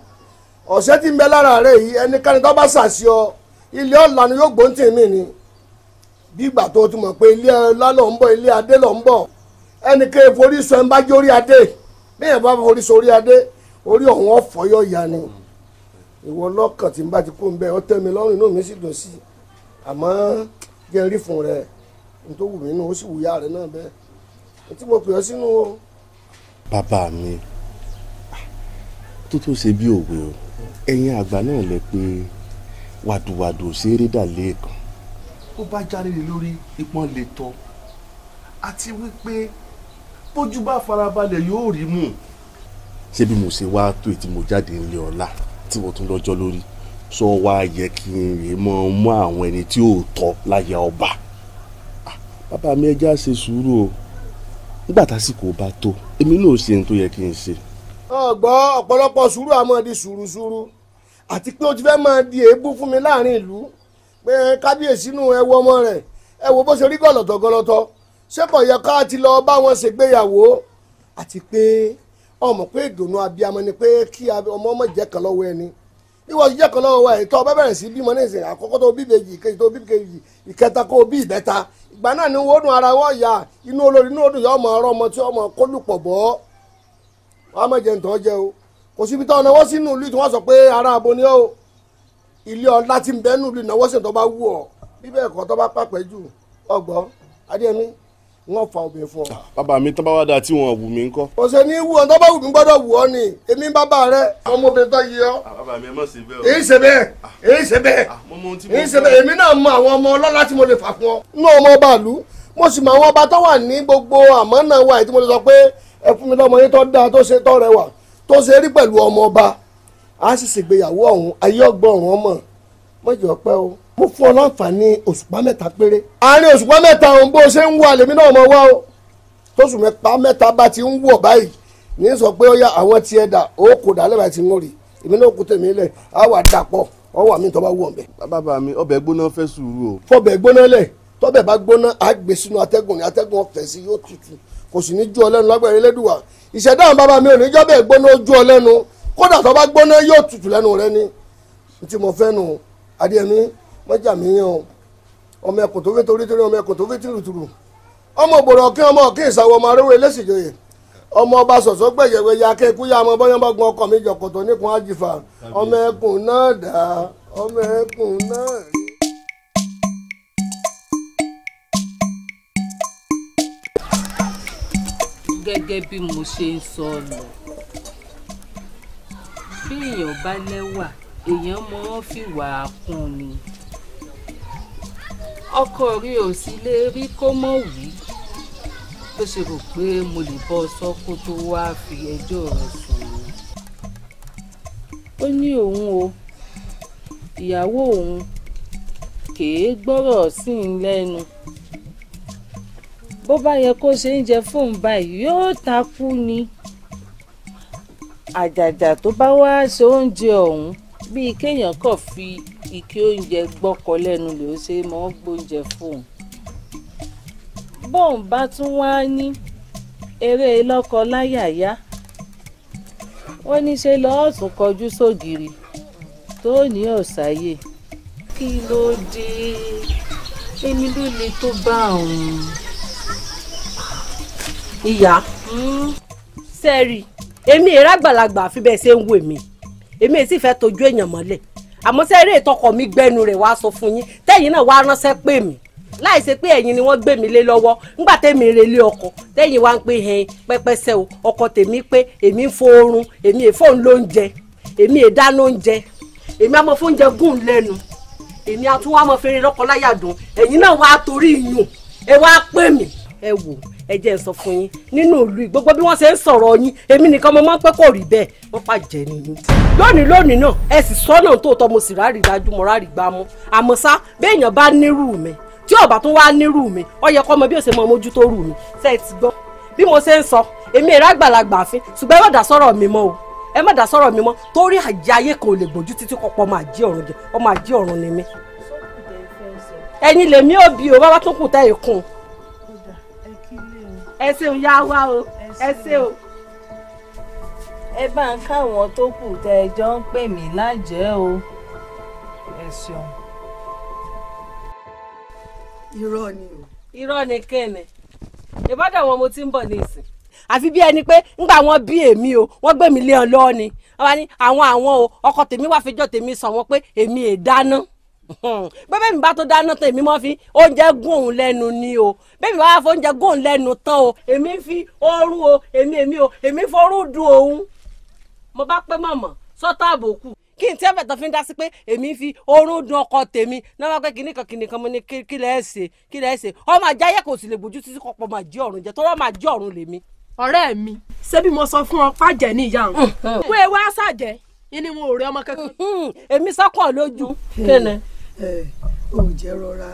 ọ̀sẹ̀ tí ń bẹ lára rẹ̀ yìí ẹnikẹ́ni tó bá ṣàṣì ọ ilé ọ̀la ni yóò gbóǹtì mí ni bí ìgbà tó ti mọ̀ pé ilé ọlá lọ ń bọ̀ ilé adé lọ ń bọ̀ ẹnikẹ́ni forí sọ ẹ̀ ń bá jẹ́ orí adé bí èèyàn bá forí sọ orí adé orí ọ̀hún ọ̀fọ̀yọ̀ ya ni ìwọ lọ́kàn tí ń bá ti kó ń bẹ ọ tẹ́ mi lọ́rùn inú mi sì dùn sí àmọ́ jẹ́ rí fún rẹ̀ n tó wù mí nù ó sì wù yá rẹ̀ náà bẹ́ẹ̀ tí mo pè ọ́ sínú o. bàbá mi tó tó ṣe bí òwe o ẹ̀yin àgbà náà lẹ pé wàdùwàdù ṣeré dà lẹ́ẹ̀kan. ó bá jáde lórí ìpọ́n lè tọ́ àti wípé bójú bá farabalẹ̀ yóò rí mú. ṣé bí mo ṣe wá tó ètí mo jáde ńlẹ ọ̀la tí mo tún lọ́jọ́ lórí sọ wá yẹ kí n rè mọ mọ àwọn ẹni tí ò tọ́ láyà ọba. Ah, bàbá mi ẹ ṣe sùúrù o nígbà tásìkò bá tó èmi náà ṣe ohun tó yẹ kí n ṣe ọgbọ́ ọ̀pọ̀lọpọ̀ sùúrù àmọ́ di sùúrùsùúrù àti pé o ti fẹ́ máa di èébú fún mi láàrin ìlú pé kábíyèsí nù ẹ wo ọmọ rẹ̀ ẹ wo bó ṣe rí gọ̀lọ̀tọ̀ gọlọ́tọ̀ ṣé kò yẹ ká ti lọ bá wọn ṣègbéyàwó àti pé ọmọ pé ìdùnnú abiyamọ ni pé kí ọmọ ọmọ jẹ́ kan lọ́wọ́ ẹni ìwọ ti jẹ́ kan lọ́wọ́ ẹ̀ tọ́ ọ bá bẹ̀rẹ̀ sí bímọ ní ìsìn àkọ́kọ́ tó bí ìbejì ìkejì tó bí ìkejì ìkẹta kó bí ìbẹ́ta ìgbà náà ni wọ́n dùn ara wọ́n yà inú olórí inú odò yọ ọmọ ọrọ̀ ọmọ tí ọmọ kólùpọ̀ bọ́ wàá má jẹ ntọ́ jẹ o kò síbi tó ọ̀nà wọ́n sínú ìlú tí wọ́n sọ pé ara àbò ni ó ilé ọ̀la ti ń bẹ́ nù ìlú ìnáwó sìn tó bá wù ọ́ bíbẹ̀ ẹ̀kọ́ tó bá pàpẹ́ jù ọgbọ́ adéyẹmí wọn fa obìnrin fún ọ. Ah, bàbá mi tó bá wá da tí wọn wù mí ńkọ́. kò ṣe ní wù ọ tó bá wù mí gbọ́dọ̀ wù ọ ni èmi bàbá rẹ ọmọbìnrin tó yẹ ọ. Ah, bàbá mi ẹ má ṣe bẹ́ẹ̀ o. èyí ṣe bẹ́ẹ̀ ah, èyí ṣe bẹ́ẹ̀ èyí ṣe bẹ́ẹ̀ èmi náà mọ àwọn ọmọ ọlọ́lá tí mo lè fà fún ọ. nínú ọmọ bàálù mo sì mọ àwọn ọba tó wà ní gbogbo àmọ́ náà wà tí mo lè sọ pé ẹ fún mi lọ́mọ tó dáa tó ṣe tó rẹwà tó ṣe rí pẹ̀lú ọmọ ọba á sì ṣègbéyàwó ọ̀hún ayé ọgbọ́n ọ̀hún ọmọ mọ̀jọ́ pẹ́ o mo fún ọ láǹfààní òṣùpá mẹ́ta péré àárín òṣùpá mẹ́ta òun bó ṣe ń wọ àlèmí náà mọ̀ wá o tóṣù mẹ́ta mẹ́ta bá ti ń wọ̀ báyìí ní sọ pé ó yá àwọn tí ẹ dà ó kò dà lẹ́bàá tí ń rí èmi náà kú tèmi lẹ̀ á wà dàpọ̀ ọ wà mí tó bá wù ọ̀bẹ. bàbá mi ọbẹ̀ gbóná fẹ́ sùúrù o. fọbẹ̀ gbóná lẹ̀ tọ́bẹ̀ bá gbóná á sínú atẹ́gùn ní atẹ́gùn ọ̀fẹ́ sí yóò tutù kò sì ní ju ọlẹ́nu lágbára wa ìṣẹ̀dá àwọn bàbá mi ò ní jọ́ bẹ́ẹ̀ gbóná ojú ọlẹ́nu kódà tó bá gbóná yóò tutù lẹ́nu rẹ ni tí mo fẹ́ nu adéyẹmí mọ́jà mi yàn ọmọ ẹ̀kọ́ tó fi ọmọ ẹ̀kọ́ tó fi ọmọ òbòrò ọ̀kín ọmọ ọ̀kín ìsàwọ̀ ọmọ ọmọ ọba sọ̀sọ́ gbẹ̀yẹ̀wẹ̀ ya ọmọ ọmọ gẹ́gẹ́ bí mo ṣe ń sọ lọ bí èèyàn bá lẹ́wà èèyàn mọ́ ọ́n fìwà kún ni ọkọ rí ò sí lè rí kó mọ̀ wí bó ṣe rò pé mo lè bọ́ sọ kó tó wáá fi ẹjọ́ rẹ̀ sùn mí ó ní òun o ìyàwó òun kèé gbọ́rọ̀ sí i lẹ́nu bó bá yẹ kó ṣe ń jẹ fóun báyìí yóò takú ni àjàjà tó bá wá ṣe oúnjẹ ọ̀hún bíi kéèyàn kàn fi ike oúnjẹ gbọ́kọ lẹ́nu lè ó ṣe mọ́ gbóúnjẹ fóun bóun bá tún wá ní eré lọ́kọ láyàyá wọ́n ní ṣe lọ́ọ́ tún kọjú sógiri tó ní ọ̀sáyè. kí ló dé èmi ló le tó bá òun. ìyá sẹ́ẹ̀rì hmm. èmi èrè àgbàlagbà àfi bẹ́ẹ̀ ṣe ń wò mí èmi èsì fẹ́ tọ́jú èèyàn mọ́lẹ̀ àmọ́ eré ìtọkọ mi gbẹnu rẹ̀ sọ fún tẹ́yìn náà wà ránṣẹ́ pè mí láì ṣe pé ẹ̀yin ni wọ́n gbé mi lé lọ́wọ́ ńgbà tẹ́mi relé tẹ́yìn wá ń pè hẹ́n o ọkọ̀ tèmi pé èmi ń ẹ jẹ́ ń sọ fún yín nínú ìlú gbogbo bí wọ́n ṣe ń sọ̀rọ̀ yín èmi nìkan mo máa ń pẹ́ kò rí bẹ́ẹ̀ wọ́n pàjẹ́ nìyí. lónìí lónìí náà ẹ sì sọ́nà tó tọ́ mo sì ráàrí dájú mo ráàrí gbámú àmọ́ ṣá béèyàn bá nírú mi tí ọba tún wá nírú mi ó yẹ kọ́ ọmọ bí ó ṣe mọ mójútó rù mi ṣe é ti gbọ́ bí mo ṣe ń sọ èmi ìrà àgbàlagbà àfin ṣùgbọ́n ẹ má dá sọ̀rọ̀ mi mọ́ o ẹ má dá sọ̀rọ̀ mi mọ́ torí àjẹ ayé kan ò lè gbójú títí kọ́pọ̀ ọmọ àjẹ ọ̀run jẹ ọmọ àjẹ ọ̀run ni mí. ẹ̀yin lèmi ò o bá wá kù tẹ́ ìkun ẹ ṣeun yá wá o ẹ ṣe o. ẹ bá ń káwọn tó kù tẹ ẹ jọ ń pè mí lájẹ́ o ẹ ṣeun. irọ́ ni o. irọ́ ni kéènì ìbádọ̀ wọn mo ti ń bọ̀ ní àfi bí ẹni pé ńgbà wọn bí èmi o wọn gbé mi lé ọ lọ́ọ́ ni wọn bá àwọn àwọn o ọkọ tèmi wàá fi tèmi sọ wọn pé èmi è dáná. bẹ́ẹ̀ mi bá tó dáná tán èmi máa fi oúnjẹ gún òun lẹ́nu ni o bẹ́ẹ̀ bá fọ oúnjẹ gún òun lẹ́nu tán o èmi fi ooru o èmi èmi o èmi forú dùn òun mo bá pẹ́ mọ̀mọ́ sọ́tọ̀ àbòkù kí n tí tán fi ń dá sí fi oorun dun ọkọ tèmi náà wá pé kinní kan kinní kan mo ní kí lẹ́ ṣe kí ṣe ọmọ ajá yẹ kò sì lè bójú títí máa jí ọ̀run jẹ tọ́lọ́ mi mo fún ọ pàjẹ́ ni wọn ò kò jẹ́ rọra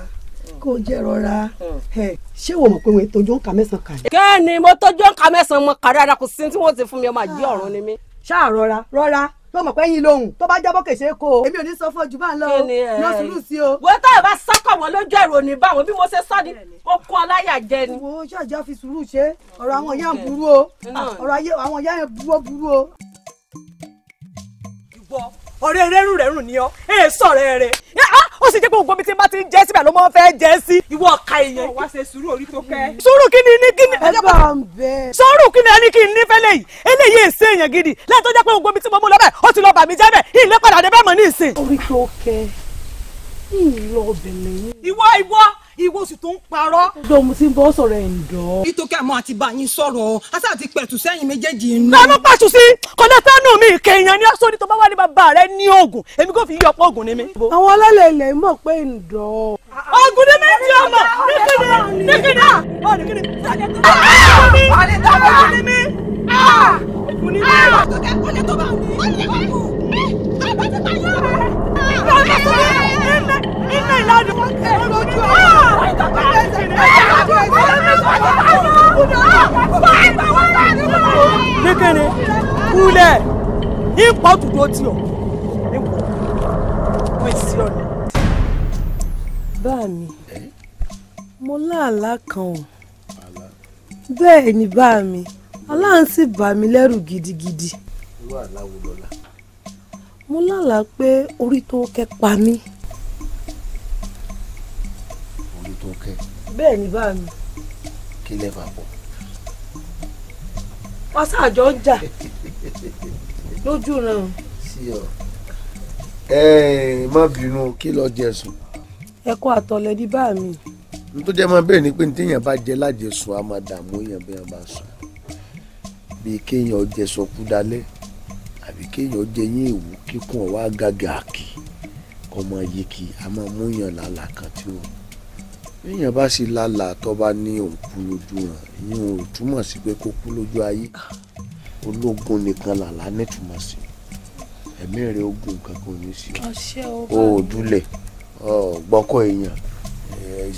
kò jẹ́ rọra mm. ṣé wò mọ̀ pé wọ́n tójú ń ka mẹ́sàn-án kà ní. kẹ́ni mo tójú ń ka mẹ́sàn-án mo kà dáadáa kò sí tí wọ́n ti fún mi ọmọ àjí ọ̀run ni mí. ṣáà rọra rọra tó mọ̀ pé yín lóhùn tó bá jábọ́ kèsè kó o. èmi ò ní sọ fún ojú bá ń lọ o lọ sùúrù sí o. wo táyọ̀ bá sákọ̀ wọn lójú ẹ̀rọ ní báwọn bí mo ṣe sọ ni ó kó ọláyà jẹ ni. wo ṣáàjà fi sùúrù ṣe ọ̀rọ̀ àwọn ìyá ń mm. burú o ah, ọ̀rọ̀ àwọn ìyá yẹn burú burú o. ọ̀rẹ́ rẹ́rùn rẹ́rùn ni ọ́ èè sọ̀rọ̀ ẹ̀rẹ́ Ah, ah, ó sì jẹ́ pé ògbómi tí n bá ti ń jẹ́ síbẹ̀ ló máa ń fẹ́ jẹ́ sí. ìwọ ọ̀ka èèyàn. wá ṣe sùúrù orí tó kẹ́. sùúrù kí ni kí ni. ẹgbà ń bẹ. sùúrù kí ni ẹni kí n nífẹ̀ẹ́ lẹ́yìn eléyìí èsì èèyàn gidi lẹ́yìn tó jẹ́ pé ògbómi tí mo mú lọ́bẹ̀ ó ti lọ bà mí jẹ́ bẹ̀ ilé padà bẹ́ẹ̀ mọ̀ ní ìsìn. orí tó kẹ́ ìlọ lẹ́yìn. ìwọ ìwọ ìwọ sì tó ń parọ́. ọjọ́ mo ti ń bọ́ sọ̀rọ̀ ẹ̀ ń dọ́. ìtòkẹ́ àmọ́ àti bá yín sọ̀rọ̀ aṣáà ti pẹ̀tù sẹ́yìn méjèèjì inú. lọ́nà pàṣù sí kọ́lẹ́tánù mi kẹ̀yàn ni aṣọ ni tó bá wà ní bàbá rẹ ní oògùn èmi kò fi yí ọ̀pọ̀ oògùn ní mi. àwọn ọlọ́lẹ̀ ilẹ̀ mọ̀ pé ń dọ́. oògùn ní méjì ọmọ níkìnnà níkìnnà nílé ìlànà olójú ọ̀rọ̀ ní kíni kúlẹ̀ ipò tuntun ó ti ọ̀ nípò pè sí ọ̀nà. bá mi mo láàlá kan o bẹ́ẹ̀ ni bá mi lẹ́rù gidigidi. mo lálàá pé orí tó kẹ́ pa mí ló tó kẹ́. bẹ́ẹ̀ ni bá mi. kí lẹ bá bọ̀. wọ́n ṣàjọ ń jà lójú náà. sí ọ ẹ má bínú kí lọ jẹ̀sùn. ẹkún àtọlẹ ní bá mi. n tó jẹ́ máa bẹ́ẹ̀ ni pé ní téèyàn bá jẹ lájẹsùn á máa dààmú èèyàn bí wọ́n bá sùn bíi kéèyàn jẹ sọkú dalẹ̀ àbí kéèyàn jẹ yín èwú kíkún ọ̀wá gàgàkì ọmọ yìí kì í a máa mú yàn lálàá tí ó èèyàn bá sì lálàá tó bá ní òun kú lójú ràn ìyẹn ò túmọ̀ sí pé kó kú lójú ayé ológun nìkan làlá nítumọ̀ sí ẹ̀mí rẹ̀ ogun kankan ò ní sí o ò dúlẹ̀ gbọ́kọ̀ èèyàn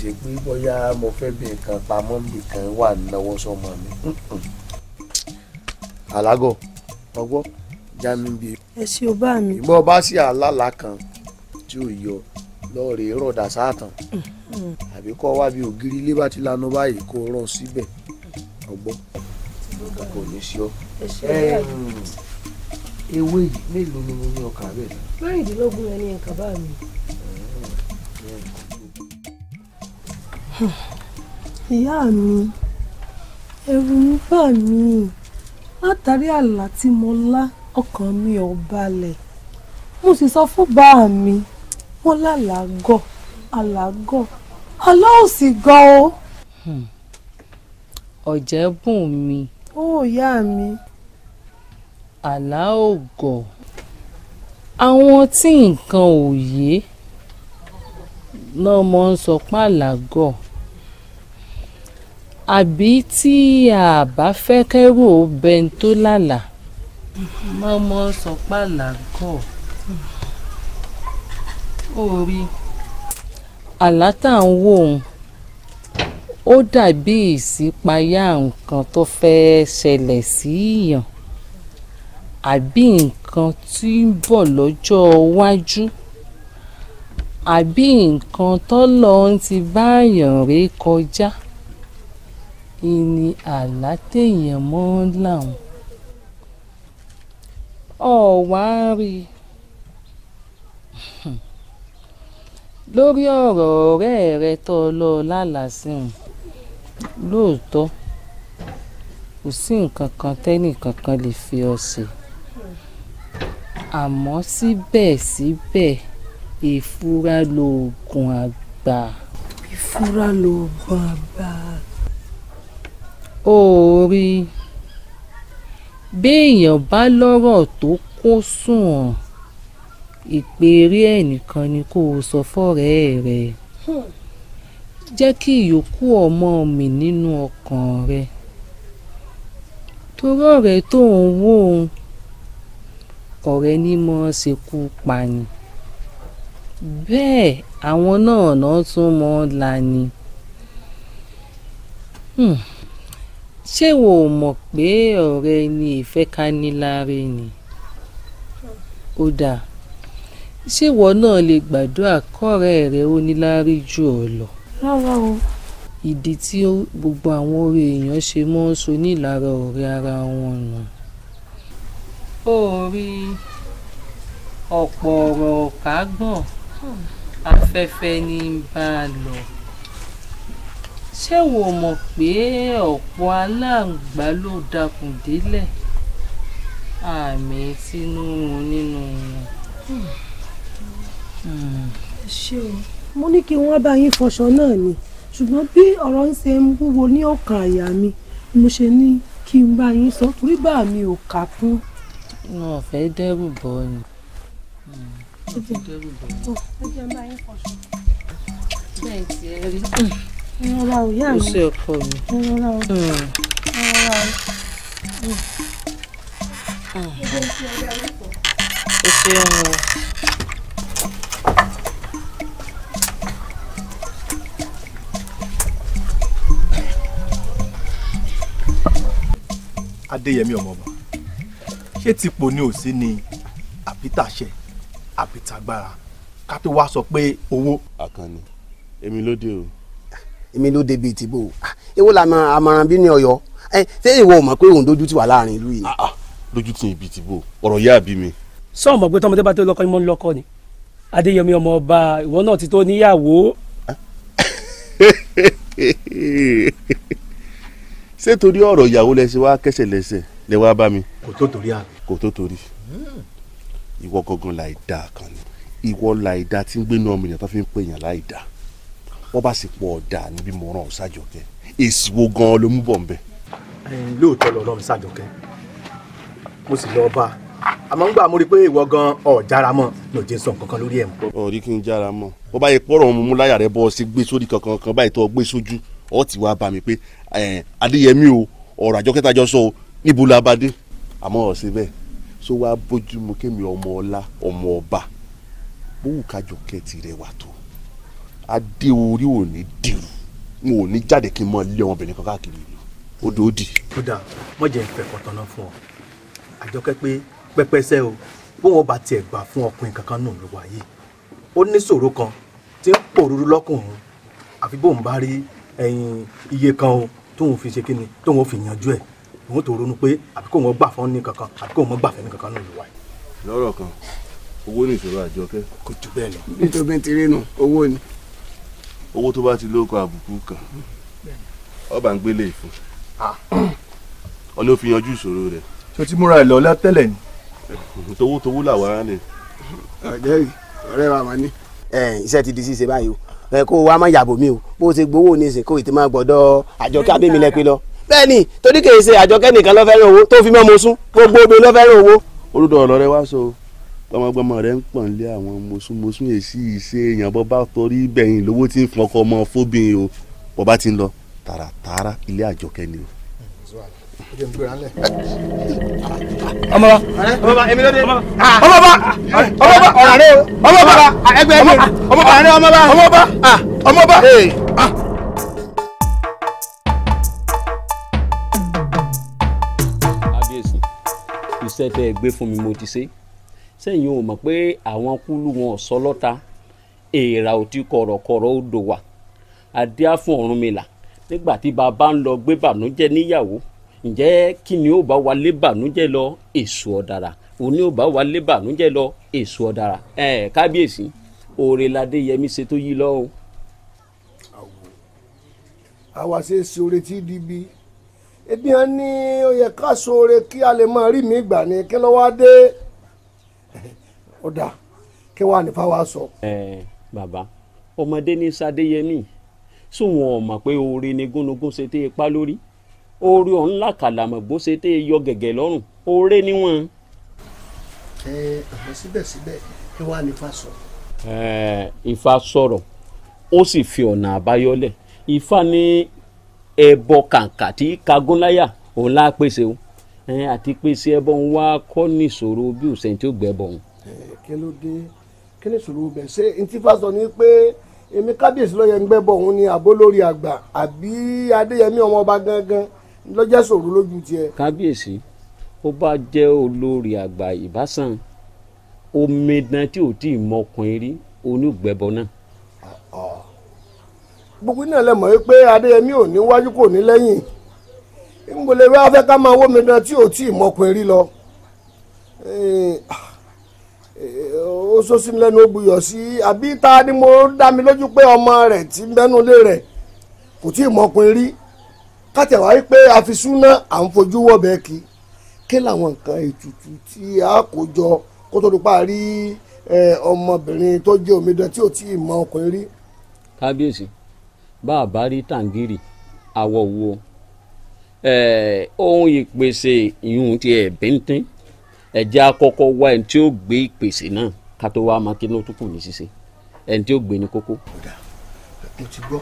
ṣe bóyá mo fẹ́ bí nǹkan pamọ́ nìkan wà náwó sọmọ mi alágọ̀ ọgbọ́ já mi ẹ ṣe o bá mi. ìbọn bá sí àlálà kan tí ò yọ lọ́ọ̀rẹ́ rọ̀dà sáàtàn àbí kọ́ wá bí ògiri ilé bá ti lanu báyìí kó rọ̀ síbẹ̀ ọgbọ́n kò ní sí ọ. ewé yìí mélòó ni mo ní ọkà bẹ́ẹ̀ náà. mẹ́rìndínlógún ẹni ẹ̀ka bá mi. ìyá mi ẹ̀rù ń bà mí látàrí àlá tí mo lá ọkàn mi ò balẹ̀ mo sì sọ fún bàá mi wọ́n lálàágọ̀ àlágọ̀ àlá ò sì gan hmm. mi. ó yá mi. àlá ò gọ̀ àwọn tí nǹkan ò yé náà mọ̀ ń sọ pàlágọ̀ àbí tí a fẹ́ kẹ́rù ó bẹ́ẹ̀ tó lálàá mọ́ mọ́ ń sọ pàlágọ̀ ó rí. àlá tá à ń wò ó ó dàbí ìṣípayá nǹkan tó fẹ́ẹ́ ṣẹlẹ̀ sí èèyàn àbí nǹkan tí ń bọ̀ lọ́jọ́ iwájú àbí nǹkan tọ́lọ́run ti báyàn ré kọjá ìní àlá téèyàn mọ́ làwọn ọ̀wá rí i lórí ọ̀rọ̀ ọ̀rẹ́ rẹ tó lọ lálàá sí un lóòótọ́ kò sí nǹkan kan tẹ́nì kankan lè fi ọ ṣe àmọ́ síbẹ̀síbẹ̀ ìfura lóògùn àgbà. ìfura lóògùn àgbà. ó rí béèyàn bá lọ́rọ̀ tó kó sùn ọ́n ìpèrè ẹ̀ nìkan ni kó o sọ fọ́rẹ̀ẹ́ rẹ hmm. jẹ́ kí ìyókù ọmọ mi nínú ọkàn rẹ torí ọ̀rẹ́ tó ń wò ó ọ̀rẹ́ ní mọ́ ṣekú pani bẹ́ẹ̀ àwọn náà náà tún mọ́ lani hmm. ṣé wo mọ̀ pé ọ̀rẹ́ ni ìfẹ́ ká ni hmm. ó dáa ṣé ìwọ náà lè gbàdúrà kọ́rẹ́ rẹ ó ní láárí jù ọ lọ. rárá o. ìdí tí gbogbo àwọn orí èèyàn ṣe mọ́ ń so nílara ọ̀rẹ́ ara wọn nù. ó rí ọ̀pọ̀ ọ̀rọ̀ ọ̀kágbọ̀n hmm. afẹ́fẹ́ ní bá a lọ ṣé wo mọ̀ pé ọ̀pọ̀ aláǹgbá ló dakùn délẹ̀ àmì tínú nínú wọn. Hmm ṣé o mo ní kí wọ́n bá yín fọṣọ náà ni ṣùgbọ́n bí ọ̀rọ̀ ń ṣe ń wúwo ní ọkàn àyà mi mo ṣe ní kí n bá yín sọ torí bá mi ò kà kún. wọn ò fẹ́ dẹ́rù bọ́ ni. ẹ jẹ́ bá yín fọṣọ. bẹ́ẹ̀ ti ẹ o hmm. hmm. ṣeun o. adéyẹmí ọmọọba ṣé tipò ni ò sí ni àbítàṣẹ àbítàgbára ká tó wá sọ pé owó. àkànní èmi ló dé o. èmi ló dé bíi tìbò ewo la amaran bí ní Ọ̀yọ́ ṣé ìwọ ò mọ̀ pé òun dojú ti wà láàrin ìlú yìí. Ah, ah, dojú ti ibi tìbò ọ̀rọ̀ yá àbí mi. sọ ọmọ pé tọmọdé bá tó lọkọ ni mo ń lọkọ ni adéyẹmí ọmọ ọba ìwọ náà ti tó níyàwó. Eh? [laughs] ṣé torí ọ̀rọ̀ ìyàwó lẹ ṣe wá kẹsẹ̀ lẹ́sẹ̀ lẹ wá bá mi. kò tó torí àná. kò tó torí ìwọ gangan láì dáa kan ni ìwọ láì dáa tí ń gbénu ọmọ èèyàn tó fi ń pè yàn láì dáa wọ́n bá sì pọ̀ ọ̀dà níbi mo ràn ọ́ sàjọkẹ́ èsì wo gan-an ló mú bọ̀ ń bẹ̀. lóòótọ́ lọ́rọ̀ mi sàjọkẹ́ mo sì lọ bá a àmọ́ ń gbà mo rí pé ìwọ gan ọ̀ jára mọ́ ló jẹ́ sọ kankan lórí ẹ̀ mọ́. ọ̀rí kí n jára mọ́ bó bá yẹ pọ́rọ̀ ọmọ mú láyà rẹ bọ́ ọ sí gbé sórí kankan báyìí tó gbé sójú ọ ti wá bá mi pé Eh, adéyẹmí o ọ̀rọ̀ àjọ kẹta jọ sọ o níbo la bá dé àmọ́ ọ̀sẹ̀ bẹ́ẹ̀ so wàá bójúmu kémi ọmọ ọlá ọmọ ọba bówù kájọ kẹtì rẹ wà tó adé orí ò ní dìrù n ò ní jáde kí n mọ ilé ọmọbìnrin kan káàkiri ó dò ó kódà mo jẹ́ ìfẹ́ kọ̀tàn náà fún ọ àjọkẹ́ pé pẹ́pẹ́sẹ́ o bóun ọba tiẹ̀ gbà fún ọkùnrin kankan náà ló wà yìí ó ní ṣòro kan tí ń pòrúurú lọ́kùnrin àfi bóun bá rí ẹyin iye kan o tóun fi ṣe kíni tóun fi yanjú ẹ̀ òun tó ronú pé àbí kóun gbà fún ní kankan àbí kóun gbà fẹ́ ní kankan náà ló wáyé. lọ́rọ̀ kan owó ní ìṣòro àjọkẹ́. kò jù bẹ́ẹ̀ lọ. nítorí ti rí nù owó ni. owó tó bá ti lóko àbùkù kan ọba ń gbélé ìfún e ọ ló fi yanjú ìṣòro rẹ̀. ṣé o ti múra ẹ lọ látẹ̀lẹ̀ ni. towó towó làwọn á ní. ọ̀rẹ́ wa mà ní. iṣẹ́ ti di ṣíṣe báyìí o ẹ kó wa máa yàbò mi o bó ṣe gbowó ní ìsìn kó máa gbọ́dọ̀ àjọkẹ́ abémi lẹ́pẹ́ lọ bẹ́ẹ̀ torí kì ṣe àjọkẹ́ nìkan ló fẹ́ràn owó tó fi mọ́ mo sún gbogbo obìnrin ló fẹ́ràn owó. olùdó ọ̀rọ̀ rẹ wá so gbọmọgbọmọ rẹ ń pọ̀n lé àwọn mosúmosún èsì ìṣe èèyàn bọ́ bá torí bẹ̀yìn lówó tí ń fọkọ ọmọ fóbìn o bọ́ bá ti ń lọ tààràtààrà ilé àjọkẹ́ ni o ọmọba ọmọba èmi ló dé ọmọba ọmọba ọ̀rọ̀ rẹ o ọmọba ah, ẹgbẹ́ ẹgbẹ́ ọmọba ọ̀rọ̀ rẹ ọmọba ọmọba ah. ọmọba. Ah. kábíyèsí iṣẹ́ tẹ́ ẹ gbé fún mi mo ti ṣe sẹ́yìn o mọ̀ pé àwọn kúlù wọn ọ̀sọ́ lọ́ta èèrà ò ti kọ̀rọ̀kọ̀rọ̀ odò wà adíá fún Ọ̀rúnmìlà nígbà tí bàbá ń lọ gbé bànújẹ́ níyàwó ǹjẹ́ kí ni ó bá wa lé bànújẹ́ lọ èso ọ̀dàrà òun ni ó bá wa lé bànújẹ́ lọ èso ọ̀dàrà ẹ kábíyèsí òòrè ládé yẹmí ṣe tó yí lọ́hùn. àwa ṣe é ṣoore tí dibi ebi hàn ní ká ṣoore kí a lè máa rí mi gbà ní kí lọ́wọ́ á ọ̀dà kí wàá wa sọ. ẹ bàbá ọmọdé ní sadéyẹmí sóun ò oore ni gúnugún ṣe lórí. orí ọ̀hún ńlá kàlàmọ̀gbọ́n ṣe tẹ́ yọ gẹ̀gẹ̀ lọ́rùn oore níwọ̀n. ẹ àmọ́ síbẹ̀síbẹ̀ ẹ wá nípa sọ. ẹ Ifá sọ̀rọ̀ ó sì fi ọ̀nà àbáyọlẹ̀ Ifá ní ẹbọ kàǹkà tí kagúnláyà òun lá pèsè o àti pèsè ẹbọ ń wá kọ́ bí òsèǹ tí ó kí ló ni pé èmi kábíyèsí lọ́yẹ̀ lọ́jọ́ sòrò lójú tiẹ̀. kábíyèsí ó bá jẹ́ olórí àgbà ìbásàn omidan tí ò tí ì mọkùnrin rí onígbẹ̀bọ náà. gbogbo náà lè mọ̀ pé adéyẹmí ò ní wájú kò ní lẹ́yìn ngbọ̀lẹ̀ wá fẹ́ ká máa wó omidan tí ò tí ì mọkùnrin rí lọ. ó sọ sí mi sí àbí ta ni mo dá mi lójú pé ọmọ rẹ̀ ti mẹ́nu lé rẹ̀ kò tí ì mọkùnrin rí kátẹ̀wá wípé àfisúná à ń fojú wọ́bẹ̀ kí kí làwọn nǹkan ètùtù tí a kò jọ kó tó dupá rí ọmọbìnrin tó jẹ́ omidan tí ò tí ì mọ ọkùnrin rí. kábíyèsí bá a bá rí tàǹgìrì àwọ̀ wo ohun ìpèsè ìhun ti ẹ̀ ẹ̀jẹ̀ àkọ́kọ́ wá ẹni tí ó gbé ìpèsè náà ká tó wá máa kí ló kù ní ṣíṣe ẹni tí ó gbé ní kókó. mo ti gbọ́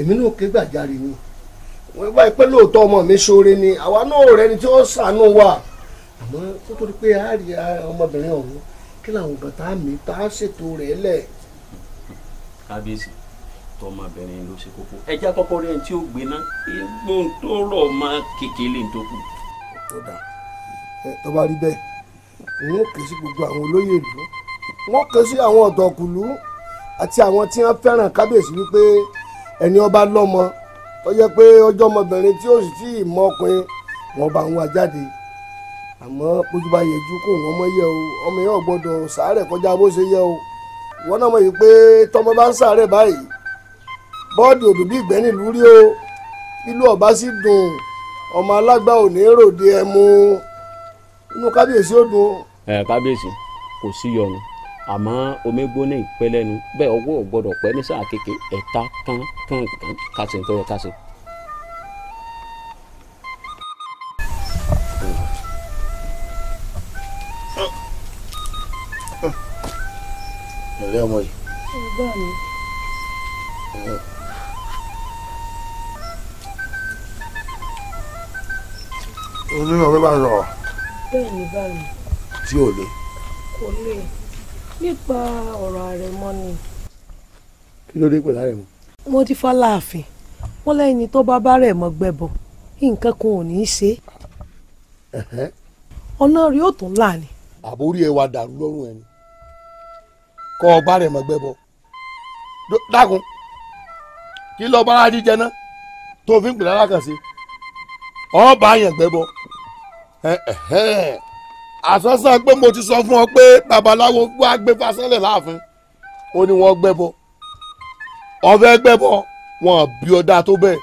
èmi náà ké gbàjarè ni. Eh, wọ́n bá pẹ́ lóòótọ́ ọmọ mi ṣoore ni àwa náà rẹ ni tí ó sànú wa àmọ́ kó tó di pé a rí ọmọbìnrin ọ̀hún kí làwọn ògbà tá a mi tá a ṣètò rẹ̀ lẹ̀. kábíyèsí tọmọbìnrin ló ṣe kókó ẹjẹ àkọ́kọ́ rẹ tí ó gbéná egbon tó rọ máa kékeré tó kù. tó bá rí bẹ́ẹ̀ wọ́n kè sí gbogbo àwọn olóyè ìlú wọ́n kè sí àwọn ọ̀dọ́kùlú àti àwọn tí wọ́n fẹ́ràn kábíyèsí wípé ẹni ọba lọ́mọ tó jẹ́ pé ọjọ́ ọmọbìnrin tí ó sì tí ì mọ ọkùnrin wọn bá ń wá jáde àmọ́ bójú yẹjú kó wọn mọ yẹ o ọmọ yẹn ò gbọ́dọ̀ sàárẹ̀ kọjá bó ṣe yẹ o wọn náà mọ̀ yìí pé tọmọ bá ń sàárẹ̀ báyìí bọ́ọ̀dì òdò bí ìgbẹ́ nílùú rí o ìlú ọba sì dùn ọmọ alágbá ò ní ròde ẹmu inú kábíyèsí ó dùn. ẹ kábíyèsí kò sí yọnu àmọ́ omi gbóná ìpẹ́ lẹ́nu bẹ́ẹ̀ ọwọ́ ò gbọ́dọ̀ pẹ́ ní sáà kéke ẹ̀ta kán kán kán kásì ń tọ́jú kásì. ọ̀rẹ́ ọmọ yìí. ẹ̀gbọ́n mi. olórí ọ̀rẹ́ bá sọ̀rọ̀. bẹ́ẹ̀ ni báyìí. tí ò le. kò le. nípa ọ̀rọ̀ àrẹ̀mọ ni. kí ló dé pẹ̀lú àrẹ̀mọ. wọ́n ti fọ́ láàfin wọ́n lẹ́yìn tó bá bá rẹ̀ mọ́ gbẹ̀bọ̀ nǹkan kan ò ní í ṣe. ọ̀nà rí ó tún là ní. àbórí ẹ wa dàrú lọ́rùn ẹni kọ́ ọ bá rẹ̀ mọ́ gbẹ̀bọ̀ dákun kí lọ́ọ́ bá rájí jẹ náà tó fi ń pè lálákàsí ọ̀ bá yàn gbẹ̀bọ̀ ẹ̀ẹ́ àsánsán pé mo ti sọ fún ọ pé babaláwo wá gbé fásánlẹ̀ láàfin ó ní wọ́n gbẹ́bọ ọ̀fẹ́ gbẹ́bọ wọn bí ọ̀dà tó bẹ́ẹ̀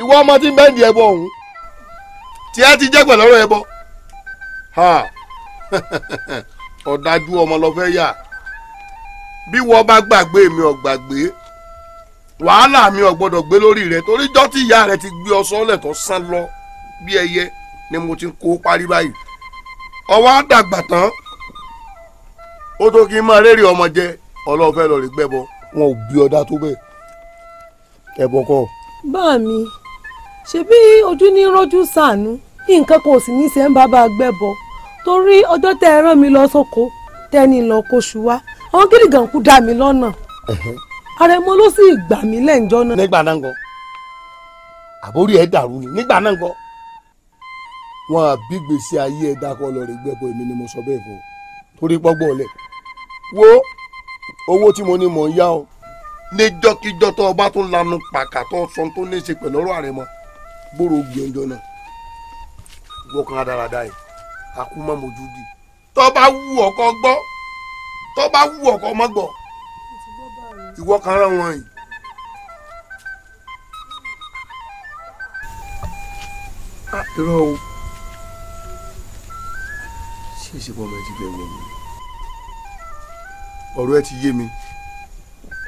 ìwọ ọmọ tí ń bẹ́ǹdì ẹbọ ọ̀hún tí ẹ ti jẹ́gbẹ̀ lọ́rọ̀ ẹbọ [laughs] ọ̀dájú ọmọ lọ fẹ́ yà bí wọ́n bá gbàgbé mi ò gbàgbé wàhálà mi ò gbọ́dọ̀ gbé lórí rẹ torí jọ́ tí ìyá rẹ ti gbé ọ sọ́lẹ̀ tó sán lọ bí ẹyẹ ni mo ti kó parí báyìí ọwọ́ á dàgbà tán ó tó kí n máa rẹ́rìí ọmọ jẹ ọlọ́run fẹ́ lọ rí gbẹ́bọ wọn ò bí ọdá tó bẹ́ẹ̀ ẹ̀bùn kọ. bá mi ṣebí ojú ní rọ́jú sànú nǹkan kan ò sì ní í ṣe ń bàbá gbẹ́bọ torí ọjọ́ tẹ ẹ rán mi lọ sóko tẹ́ni lọ kóṣù wá àwọn gírígàn kú dá mi lọ́nà àrẹ̀mọ ló sì gbà mí lẹ́ǹjọ́ náà. nígbà náà gan àbórí ẹ̀ dàrú ni nígbà náà gan wọn àbí gbèsè ayé ẹ dákọ lọ rè gbẹbọ èmi ni mo sọ bẹ́ẹ̀ fún torí pọgbọn ọlẹ wo owó tí mo ní mọ̀ ń yá o. níjọ́kíjọ́ tó ọba tó lanu pàkà tó sọ tó ní í ṣe pẹ̀lú ọ̀rọ̀ àrẹ̀mọ gbòòrò gbé ọjọ́ náà gbọ́kàn adáradá yìí àkúmọ̀ mojú di tó bá wù ọkọ gbọ́ tó bá wù ọkọ mọ́ gbọ́ ìwọ kan rán wọn yìí. Ah, irọ́ o ṣé ìṣepọ̀ ọmọ ẹ ti bẹ̀rù ẹ̀mí ọ̀rọ̀ ẹ ti yé mi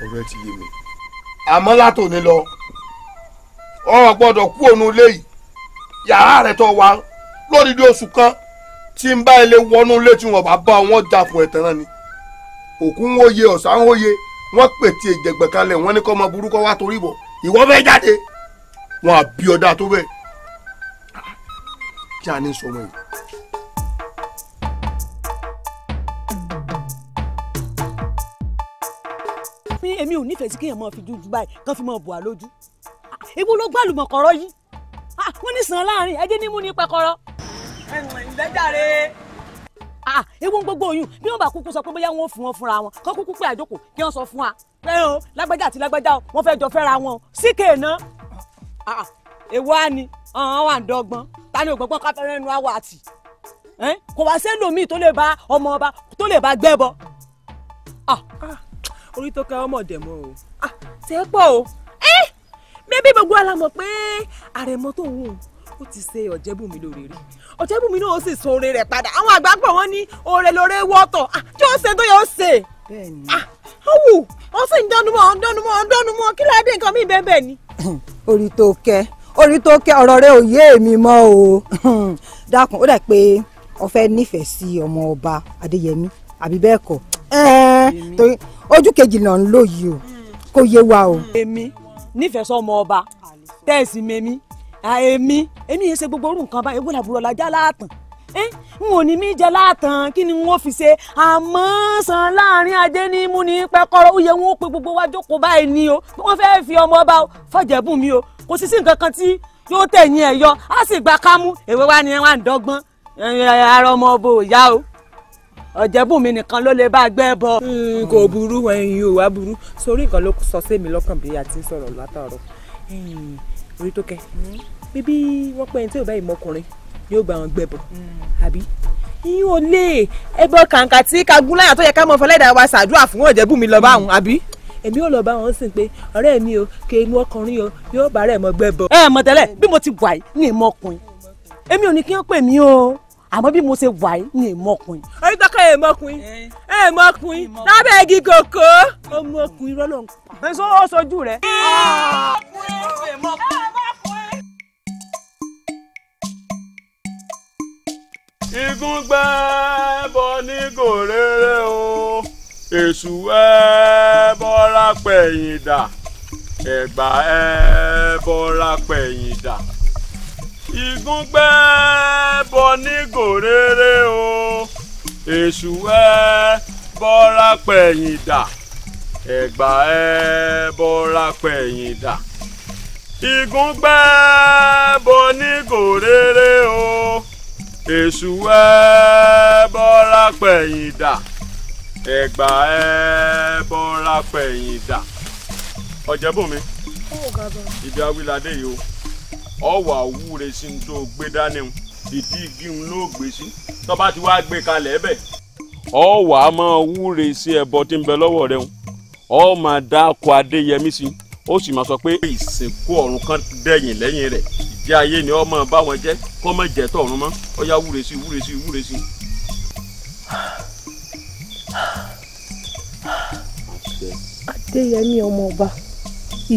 ọ̀rọ̀ ẹ ti yé mi àmọ́ látòní lọ ọ gbọ́dọ̀ kú òun ilé yìí yàrá rẹ̀ tó wà lórí di oṣù kan tí n bá ilé wọnú ilé tí wọn bá bá wọn dàpọ̀ ẹ̀tàn náà ni òkú ń wòye ọ̀sán ń wòye wọn pètè ìjẹ̀gbẹ̀ kalẹ̀ wọn ní kọ́ ọmọ burúkọ wá torí bọ̀ ìwọ fẹ́ jáde wọn àbí ọ̀dà tó bẹ̀ kí a ní sọmọ yìí. èmi ò nífẹ̀ẹ́ sí kéèyàn máa fi jújú báyìí kán fi máa bù á lójú ìwọ ló gbàlùmọ̀ kọ̀rọ̀ yìí ah, wọ́n ní sàn láàrin ẹdín ní mú ní pẹ́kọ́rọ́. ẹ̀wọ̀n ìlẹ́jàre. ìwọ ah, gbogbo oyún bí wọ́n bá kúkú sọ pé bóyá wọ́n fún wọn fúnra wọn kán kúkú pé àjókòó kí wọ́n sọ fún wa pé o lágbájá àti lágbájá o wọ́n fẹ́ jọ fẹ́ra wọn o síkè náà. Ah, èwo á ni ọ̀hún wà ń dọ́gbọ́n ta ni ògbọ́gbọ́n káfẹ́rẹ́ nu àwọ̀ àti kò wá sẹ́lòmíì tó lè bá ọmọ ọba tó lè bá gbẹ́bọ orí tó ká ọmọ dẹ̀mọ́ o ṣe é pọ̀ o mẹ́bí gbogbo ala mọ̀ pé àrẹ̀mọ tó ń ó ti ṣe ọ̀jẹ̀bùnmi lóore rí ọ̀jẹ̀bùnmi náà ó sì sun oore rẹ̀ padà àwọn àgbà pọ̀ wọ́n ní oore lóore wọ́tọ̀ tí ó ṣe tó yẹ ó ṣe ọwù wọ́n sì ń dánumọ̀ dánumọ̀ dánumọ̀ kí ló dé nǹkan mi bẹ́ẹ̀ bẹ́ẹ̀ ni. [clears throat] orí tó kẹ orí tó kẹ ọ̀rọ̀ rẹ ò yé èmi mọ́ o [clears throat] dákun ó dà pé o fẹ́ nífẹ̀ẹ́ sí ọmọ ọba adéyẹmí àbí bẹ́ẹ̀ kọ́ torí ojú kejì náà ń lò o kò yé wa o. èmi nífẹ̀ẹ́ sọmọ ọba tẹ́ẹ̀sì mẹ́mí èmi èmi yẹn ṣe gbogbo orú nǹkan báyìí wọ́n làbúrò làjà láàtàn n ò ní mí jẹ láàtàn kí ni wọ́n fi ṣe àmọ́ san láàrin ajé ní mú ní pẹ́kọ́rọ́ ó yẹ wọ́n pe gbogbo wa jókòó báyìí ni o bí wọ́n fẹ́ẹ́ fi ọmọ ọba fọ̀jẹ̀bùn mi o kò sí sí nǹkan kan tí yóò tẹ̀yìn ẹ̀ yọ á sì gba kámú èwe wa ni wọ́n ń dọ́gbọ́n ara ọmọ ọba ò yá o ọ̀jẹ̀bùnmi nìkan ló lè bá gbẹ́ bọ. Hmm, kò burú ẹyin ò wá burú sórí nǹkan ló sọ sẹ́mi lọ́kàn bí a ti ń sọ̀rọ̀ látàárọ̀ hmm, orí tó kẹ́ hmm, bíbí wọ́n pẹ́ tí ò bá ìmọkùnrin yóò bá wọn gbẹ́ bọ àbí yín ò lè ẹbọ kàǹkà tí kagun tó yẹ ká mọ fọlẹ́dà wa ṣàdúrà fún ọ̀jẹ̀bùnmi lọ bá wọn àbí èmi ò lọ bá wọn sìn pé ọ̀rẹ́ mi o kéénu ọkùnrin o yóò bá rẹ̀ gbẹ́ bọ. ẹ mọ̀ tẹ́lẹ̀ bí mo ti wà yìí ní ìmọ̀kùnrin èmi ò ní kí wọ́n pè mí o àmọ́ bí mo ṣe wà yìí ni ìmọ̀kùnrin. orí tọ́kọ̀ ẹ̀ mọ̀kùnrin ẹ̀ mọ̀kùnrin lábẹ́ igi kòkó ọmọkùnrin rọ́lọ́ ń pa. bẹ́sọ̀ ó sojú rẹ̀. Ah! igun gbẹ bọ ní gòrèrè o èṣù ẹ bọra pẹ̀yìn dà ẹ̀gbà ẹ bọra pẹ̀yìn dà ìgúngbẹ́ bọ nígò rere o èṣù ẹ bọ́ra pẹ̀yìn dà ẹ̀gbà ẹ bọ́ra pẹ̀yìn dà ìgúngbẹ́ bọ nígò rere o èṣù ẹ bọ́ra pẹ̀yìn dà ẹ̀gbà ẹ bọ́ra pẹ̀yìn dà ọ̀jẹ̀bùnmi ibi awíládé yìí o ọwọ́ àwúre sí ní tó gbé dání o ìdí igi ń ló gbé sí tó bá ti wá gbé kalẹ̀ ẹ̀bẹ̀. ọwọ́ a máa wúre sí ẹbọ tí ń bẹ lọ́wọ́ rẹ o ọ máa dá akọ adéyẹmí sí ó sì máa sọ pé ìsìnkú ọ̀run kan dẹ̀yìn lẹ́yìn rẹ̀ ìjẹ́ ayé ni ọmọ bá wọn jẹ́ kọ́ mọ̀ jẹ́ tọ̀run mọ́ ọ yá wúre sí wúre sí wúre sí. adéyẹmí ọmọ ọba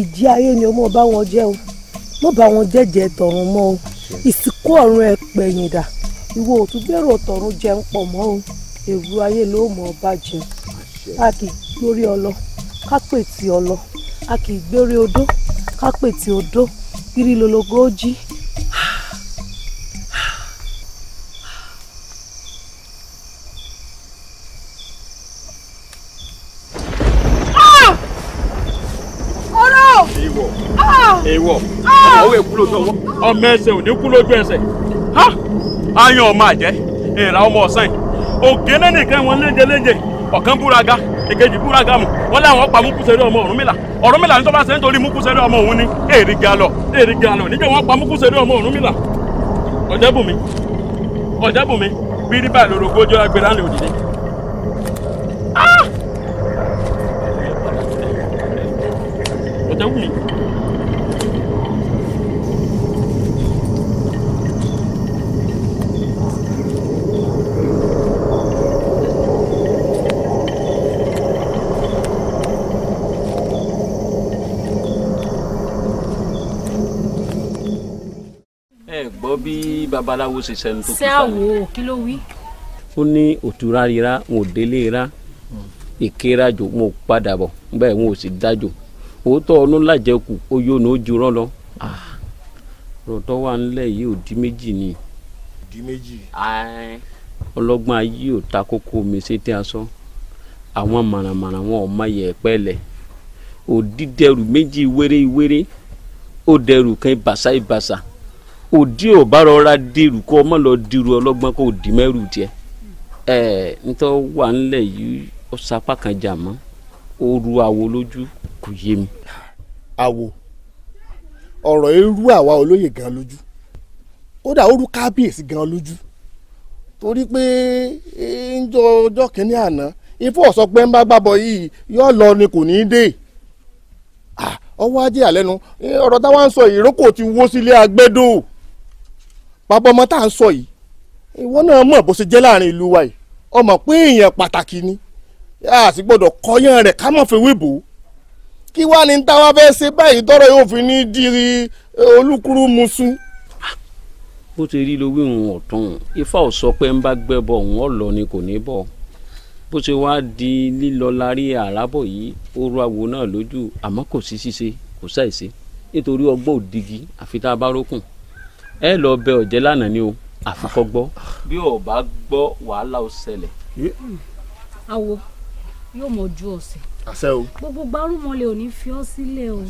ìjẹ́ ayé ni ọmọ bá wọn jẹ́ o mo bá wọn jẹ́jẹ́ tọ̀run mọ́ o ìsìnkú ọ̀run ẹ̀ pẹ̀yìn dà ìwọ òtún gbèrò tọ̀run jẹun pọ̀ mọ́ o èrú ayé ló mọ̀ ọ́ bàjẹ́ a kì í gbórí ọlọ ká pè tí ọlọ a kì í gbórí odó ká pè tí odó kiri lologó ọmọ ẹsẹ ò ní kú lójú ha ayan ọmọ àjẹ́ ìrà ọmọ ọ̀sán ògèlè nìkan wọn léjeléje ọ̀kan búraga èkejì búraga mọ̀ wọ́n láwọn pa Múkúsẹ́rí ọmọ Ọ̀rúnmìlà Ọ̀rúnmìlà ní tó bá nítorí Múkúsẹ́rí ọmọ òun ni èrì galọ̀ èrì galọ̀ níjẹ́ wọ́n pa Múkúsẹ́rí ọmọ Ọ̀rúnmìlà bíríbà agbèrè àná òdìdí bí babaláwo ṣe sẹnu tó kú sáré. sáwò kí ló wí. ó ní òtúra rira wọn ò délé ra wọn ò padà bọ̀ bẹ́ẹ̀ wọn ò sì dájò òótọ́ ó jurọ́ lọ. Ah. rọ̀tọ́ wà nílẹ̀ yìí ò di méjì ni. méjì. ọlọ́gbọ́n ayé ta kókó mi ṣe tí a sọ àwọn wọn ò má yẹ ẹ̀pẹ́ lẹ̀ méjì wéré wéré ó dẹrù kan òdì ò bá rọra dèrú kó ọmọ lọ dèrú ọlọ́gbọ́n kó dì mẹ́rù ẹ nítorí wà ńlẹ̀ yìí ó sapá kan jà mọ ó ru awo lójú kò yé mi. awo ọ̀rọ̀ eru àwa olóyè gan lójú kódà ó kaabi kábíyèsí gan lójú torí pé ńjọ ọjọ́ kìíní àná ifo sọ ń bá gbàbọ̀ yìí yóò lọ ni kò ní í dé ọwọ́ ajé ń sọ ìrókò ti wó sílé bàbá ọmọ tá à ń sọ yìí ìwọ náà mọ̀ bó ṣe jẹ́ láàrin ìlú wa yìí ọmọ pé èèyàn pàtàkì ni a sì gbọ́dọ̀ kọyán rẹ̀ ká mọ̀ fi wíbò kí wàá ní táwa fẹ́ ṣe báyìí tọrọ yóò fi ní diri e, olúkúrú musu. Ah, bó ti rí lówí òun ọ̀tún ifá ò sọ pé ń bá gbẹ́bọ òun ọ̀lọ́ ni kò ní bọ̀ bó ṣe wá di lílọ lárí àràbọ̀ yìí ó rú àwo náà lójú àmọ́ kò sí ṣíṣe kò sáì ṣe nítorí ọgbọ́n òdigi àfi tá a bá rókùn ẹ lọ bẹ ọ̀jẹ̀ lánàá ni o àfikọ́ gbọ́. bí o bá gbọ́ wàhálà ó ṣẹlẹ̀. awo yóò mọ ju ọ̀sẹ̀. àṣẹ o. gbogbo gbárùmọ̀lé ò ní fi ọ́ sílẹ̀ o.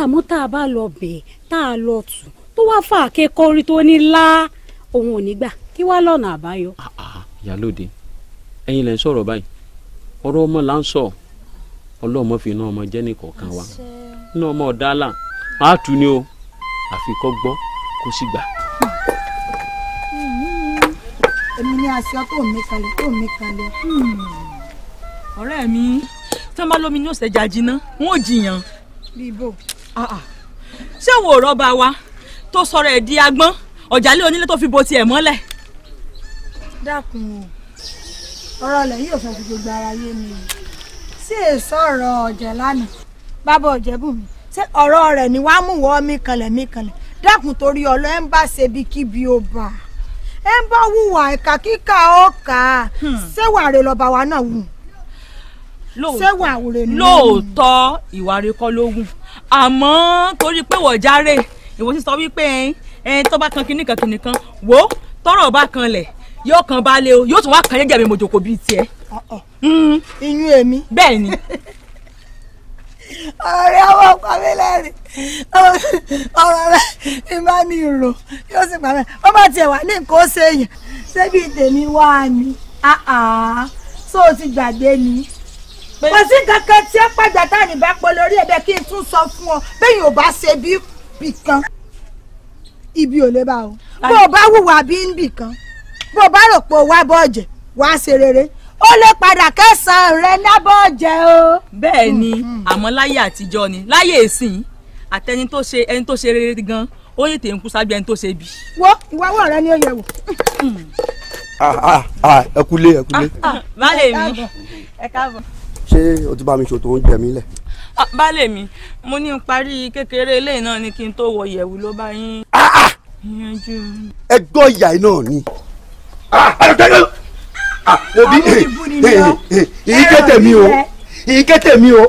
àmọ́ tá a bá lọ bẹ̀ tá a lọ tù tó wá fà kékọ́rí tó ní lá òun ò ní gbà kí wá lọ́nà àbáyọ. Ah, ah, ìyálòde ẹ̀yin lẹ́ ń sọ̀rọ̀ báyìí ọ̀rọ̀ ọmọ là ń sọ ọlọ́mọ fi iná ọmọ jẹ́ nìkọ̀ọ̀kan wa iná ọmọ ọ̀dá là á tù ní o àfikọ́ gbọ́ kó sì gbà. èmi ni àṣà tó mi kalẹ̀ tó mi kalẹ̀. Hmm. ọ̀rẹ́ mi tí wọ́n bá lómi ní òsè jajiná wọn ò jiyàn. bí ah, ah. ṣé wo rọ́bà wa tó sọ̀rọ̀ ẹ̀ di agbọ́n ọ̀jálé onílé tó fi bo tiẹ̀ mọ́lẹ̀. dákun o ọ̀rọ̀ ọ̀lẹ̀ yóò fẹ́ fi gbogbo ara yé mi sí èso ọ̀rọ̀ ọ̀jẹ̀ lánàá bábọ̀ ọ̀jẹ̀ bù mí ṣé ọ̀rọ̀ rẹ̀ ni wàá mú wọ́ mi kanlẹ̀ mi kanlẹ̀ dákun torí ọlọ ẹ ń bá ṣe bí kíbi ó ẹ ń bá wùwà ẹ̀ka kíkà ọ̀ka hmm. ṣéwà rẹ lọ́ba wa náà wù ṣéwà rẹ náà wù. lóòótọ́ ìwà rẹ kọ́ ló wù àmọ́ torí pé wọ́n járe ìwọ sísọ wípé ẹyin tó bá kan kinní kan kinní kan wò ó tọrọ bá kan lẹ̀ yóò kan balẹ̀ o yóò tún wá kan jẹ́jẹ́ mi mojoko bíi tiẹ̀. Hmm. iyún èmi. bẹ́ẹ̀ ni. [laughs] ọ̀rẹ́ ọmọ ọkọ mi lẹ́rìn ọ̀rọ̀ rẹ ìmá ni rò yóò sì pàmẹ́ ó bá tiẹ̀ wà ní nǹkan ó ṣe èèyàn ṣébi tèmi wá ni ṣó o ti gbàgbé ni kò sí kankan tí ó pàjá táàní bá pọ̀ lórí ẹ̀bẹ̀ kí n tún sọ fún ọ bẹ́ẹ̀ yóò bá ṣe bí bì kan ibi ò lè bá o bó o bá wùwà bí ń bì kan bó o bá rò pé o wá bọ́ọ̀jẹ̀ wá ṣe rere ó lè padà kẹsàn-án rẹ nábọ̀ jẹ o. bẹ́ẹ̀ ni àmọ́ láyé àtijọ́ ni láyé ìsìn àtẹni tó ṣe ẹni tó ṣe rere gan ó yẹ tèmi kú sábẹ́ ẹni tó ṣe bí. wo ìwáwọ̀ rẹ ni ó yẹ wò. Ah, ah, ah, ẹ kúlé ẹ kúlé. baálé mi ẹ káàbọ̀. ṣé o ti bá mi ṣòtò oúnjẹ mi lẹ̀. baálé mi mo ní n parí kékeré eléyìí náà ni kí n tó wọ ìyẹ̀wù ló bá yín. ẹ gbọ́ ìyá iná ni mo bí ìyí kẹ́tẹ̀ mi o ìyí kẹ́tẹ̀ mi o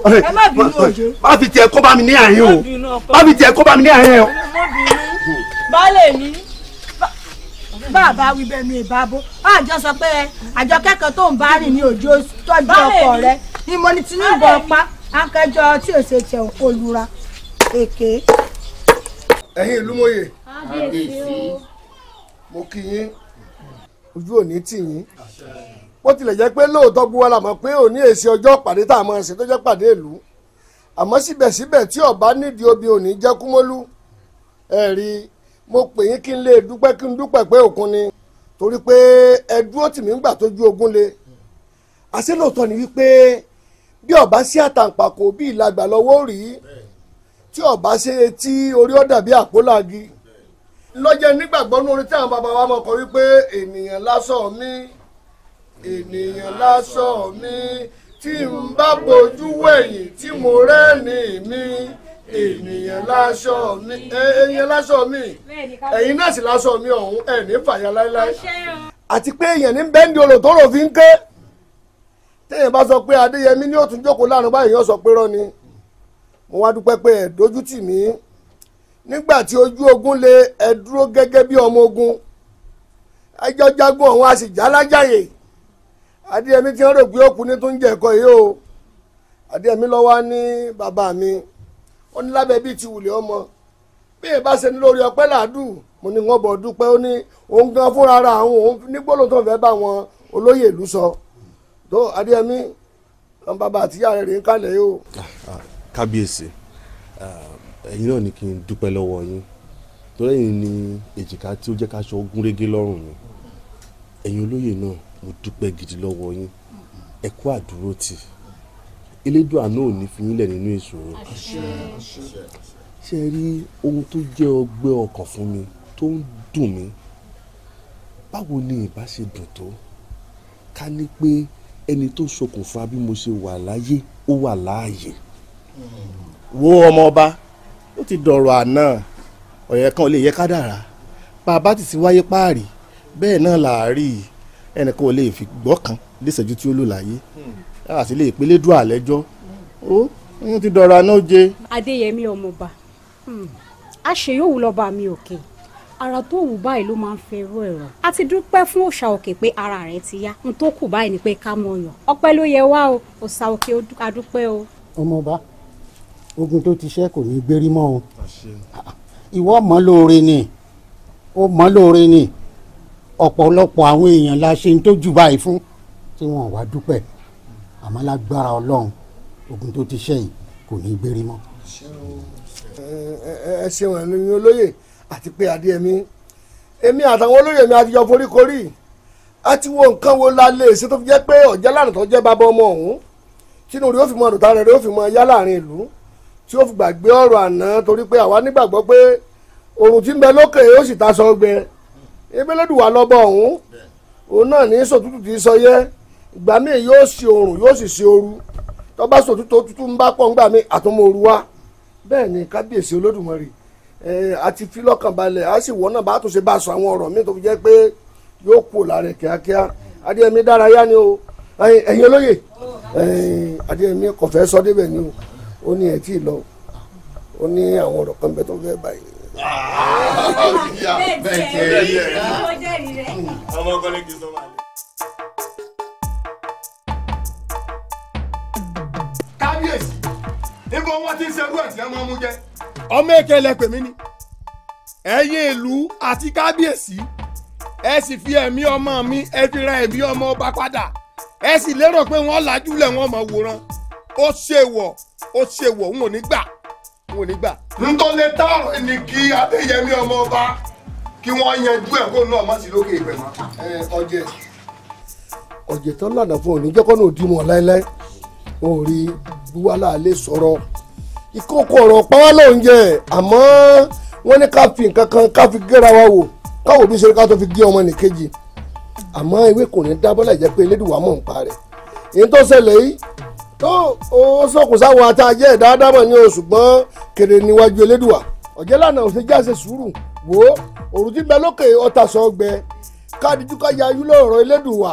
má fi tiẹ̀ kó bá mi ní àárín o má fi tiẹ̀ kó bá mi ní àárín o. baálé mi bàbá wí bẹ́ẹ̀ mi ìbábo àjọ sọ pé àjọ kẹ́kọ̀ọ́ tó ń bá rìn ní òjò tọ́jú ọkọ rẹ ni mo ní Tinubu ọpá akẹjọ tí ò ṣe tẹ olùra èké. ẹ̀yin ìlú mòye mo kí yín ojú òní tì yín bó tilẹ̀ jẹ́ pé lóòótọ́ gbowó la mọ̀ pé òní èsì ọjọ́ pàdé tá a máa ṣe tó jẹ́ pàdé ìlú àmọ́ síbẹ̀síbẹ̀ tí ọba nídìí obì òní jẹ́ kúmọ́lú ẹ̀ rí mo pè yín kí n lè dúpẹ́ kí n dúpẹ́ pé òkun ni torí pé ẹ dúró tì mí ń gbà tó ju ogún le àṣé lóòótọ́ ni wípé bí ọba sí àtàǹpàkò bí ìlàgbà lọ́wọ́ rí tí ọba ṣe etí orí ọ̀dà bí àpòlági lọ́jẹ́ nígbàgbọ́ ní orin tí àwọn bàbá wa mọ̀ kọ́ wípé ènìyàn lásán mi ènìyàn lásán mi tí n bá bojú wẹ̀yìn tí mo rẹ́ni mi ènìyàn lásán mi ènìyàn lásán mi ẹ̀yin náà sì lásán mi ọ̀hún ẹ̀ ní fàyà láéláé àti pé èèyàn ní bẹ́ńdì olò tó rò fi ń ké téèyàn bá sọ pé adéyẹmí ní òtún jókòó lánàá báyìí yóò sọ pé rọ́ ni mo wá dúpẹ́ pé ẹ̀ dójú tì mí nígbà tí ojú ogun lé ẹ dúró gẹ́gẹ́ bí ọmọ ogun ẹjọ́ jagun ọ̀hún a sì já lájàyè adéyẹmí tí wọ́n rò pé òkú ní tó ń jẹ̀kọ́ yìí o adéyẹmí ló wà ní bàbá mi ó ní lábẹ́ bíi ti wùlé ọmọ bí èèbá ṣe ní lórí ọpẹ́ làádùn mo ní wọ́n bọ̀ dúpẹ́ ó ní òun gan fúnra ara àwọn òun nígbòlò tó ń fẹ́ bá wọn olóyè ìlú sọ tó adéyẹmí wọn bàbá àtìyá rẹ̀ rìn kálẹ̀ yìí o. Ah, ah, kábíyèsí. Ah, ẹ̀yin náà ni kí n dúpẹ́ lọ́wọ́ yín torí ẹ̀yin ni èjìká tí ó jẹ́ ká aṣọ gúnrégé lọ́rùn mi ẹ̀yin olóyè náà mo dúpẹ́ gidi lọ́wọ́ yín ẹ kú àdúró tì elédùn àná ò ní fi yín lẹ̀ nínú ìṣòro ṣe rí ohun tó jẹ́ ọgbẹ́ ọkàn fún mi tó ń dùn mí báwo ni ìbá ṣe dùn tó ká ní pé ẹni tó ṣokùnfà bí mo ṣe wà láyé ó wà láàyè wo ọmọ ọba ó ti dọ̀rọ̀ àná ọ̀yẹ́ kan ò lè yẹ ká dára bàbá ti sì wáyé páàrí bẹ́ẹ̀ náà là á rí ẹnìkan ò lè fi gbọ́ kan léṣẹ́jú tí ó lò láyé àti lè pélé dùn àlẹ́jọ́ ó oyún ti dọ̀rọ̀ àná ó adéyẹmí ọmọọba àṣeyọ̀wù hmm. lọ́ba mi òkè ara tó wù báyìí ló máa ń fẹ́ irú ẹ̀rọ. a ti dúpẹ́ fún òòṣà òkè pé ara rẹ̀ ti yá n tó kù báyìí ni pé ká mọ̀ yàn ọpẹ́ ló yẹ wá o òòṣà òkè adúpẹ́ o. ọmọọba ogun tó ti ṣẹ́ kò ní gbérí mọ́ o ìwọ mọ́ lóore ni ó mọ́ lóore ni ọ̀pọ̀lọpọ̀ àwọn èèyàn la ṣe ń tó jù báyìí fún tí wọ́n wá dúpẹ́ àmọ́ lágbára ọlọ́run ogun tó ti ṣẹ́ yìí kò ní gbérí mọ́. ẹ ṣeun ẹ̀yin olóyè àti pé adéẹmí èmi àtàwọn olóyè mi àtijọ́ foríkorí àti wo nǹkan wo la lè ṣe tó fi jẹ́ pé ọ̀jẹ́ lánàá tó jẹ́ bàbá ọmọ ọ̀hún tínú rẹ̀ ó fi mọ àdùtà rẹ̀ rẹ̀ fi mọ ẹyá láàrin ìlú tí ó fi gbàgbé ọ̀rọ̀ àná torí pé àwa nígbàgbọ́ pé òrùn tí ń bẹ lókè ó sì ta sọ gbẹ ebélédùwà lọ́bọ̀ ọ̀hún òun náà ní sòtútù tí í sọ yẹ ìgbà míì yóò ṣe òrùn yóò sì ṣe ooru tó bá sòtútù tútù ń bá pọ̀ ńgbà míì àtúmọ̀ ooru bẹ́ẹ̀ ni kábíyèsí olódùmarè àti fi lọ́kàn balẹ̀ á sì wọ́n náà bá tó ṣe bá sọ àwọn ọ̀rọ̀ míì tó fi jẹ́ pé yóò kú lára kíákíá adéyẹmí dárayá ni o ẹ̀yin olóyè adéyẹmí kò fẹ́ ni o ó ní ẹ tí ì lọ ó ní àwọn ọ̀rọ̀ kan bẹ tó fẹ́ báyìí. Ah, ọmọ kọ́lé kì í sọ wàlẹ̀. kábíyèsí níbo wọn ti ń ṣerú ẹ̀ tí ẹ máa mú jẹ. ọmọ èké lẹ pè mí ni ẹ̀yin ìlú àti kábíyèsí ẹ sì fi ẹ̀mí ọmọ mi ẹ fi ra ẹ̀mí ọmọ ọba padà ẹ sì lérò pé wọ́n lajú lẹ̀ wọ́n mọ̀ wòran ó ṣe wọ̀ ó ṣe wọ̀ n ò ní gbà n ò ní gbà. ntọ́lẹ̀ táwọn ni kí adéyẹmí ọmọ ọba kí wọ́n yanjú ẹ̀ kó náà má sí lókè ìpẹ̀ mọ́ ọjẹ́. ọ̀jẹ̀ tán lànà fún òní jẹ́kọ́ náà dìmọ̀ láéláé ó rí buwala lè sọ̀rọ̀ ìkókó ọ̀rọ̀ pàwọ́ ló ń jẹ àmọ́ wọ́n ní ká fi nǹkan kan ká fi gẹ́ra wa wò káwò bí ṣe ká tó fi gé ọmọ nìkejì àmọ́ ewé kò ní dábọ́lá ìjẹ́ elédùnwá mọ̀ ń rẹ̀ èyí tó ṣẹlẹ̀ yìí tó o sọkùn sáwọn àtàjẹ́ ìdáadámọ̀ ní oṣù gbọ́n kèrè níwájú elédùà ọ̀jẹ́ lànà òṣè jáse sùúrù wò ó òrùn tí bẹ lókè ọ̀tà sọ gbẹ káàdìjú ká yáyú lọ́rọ̀ elédùà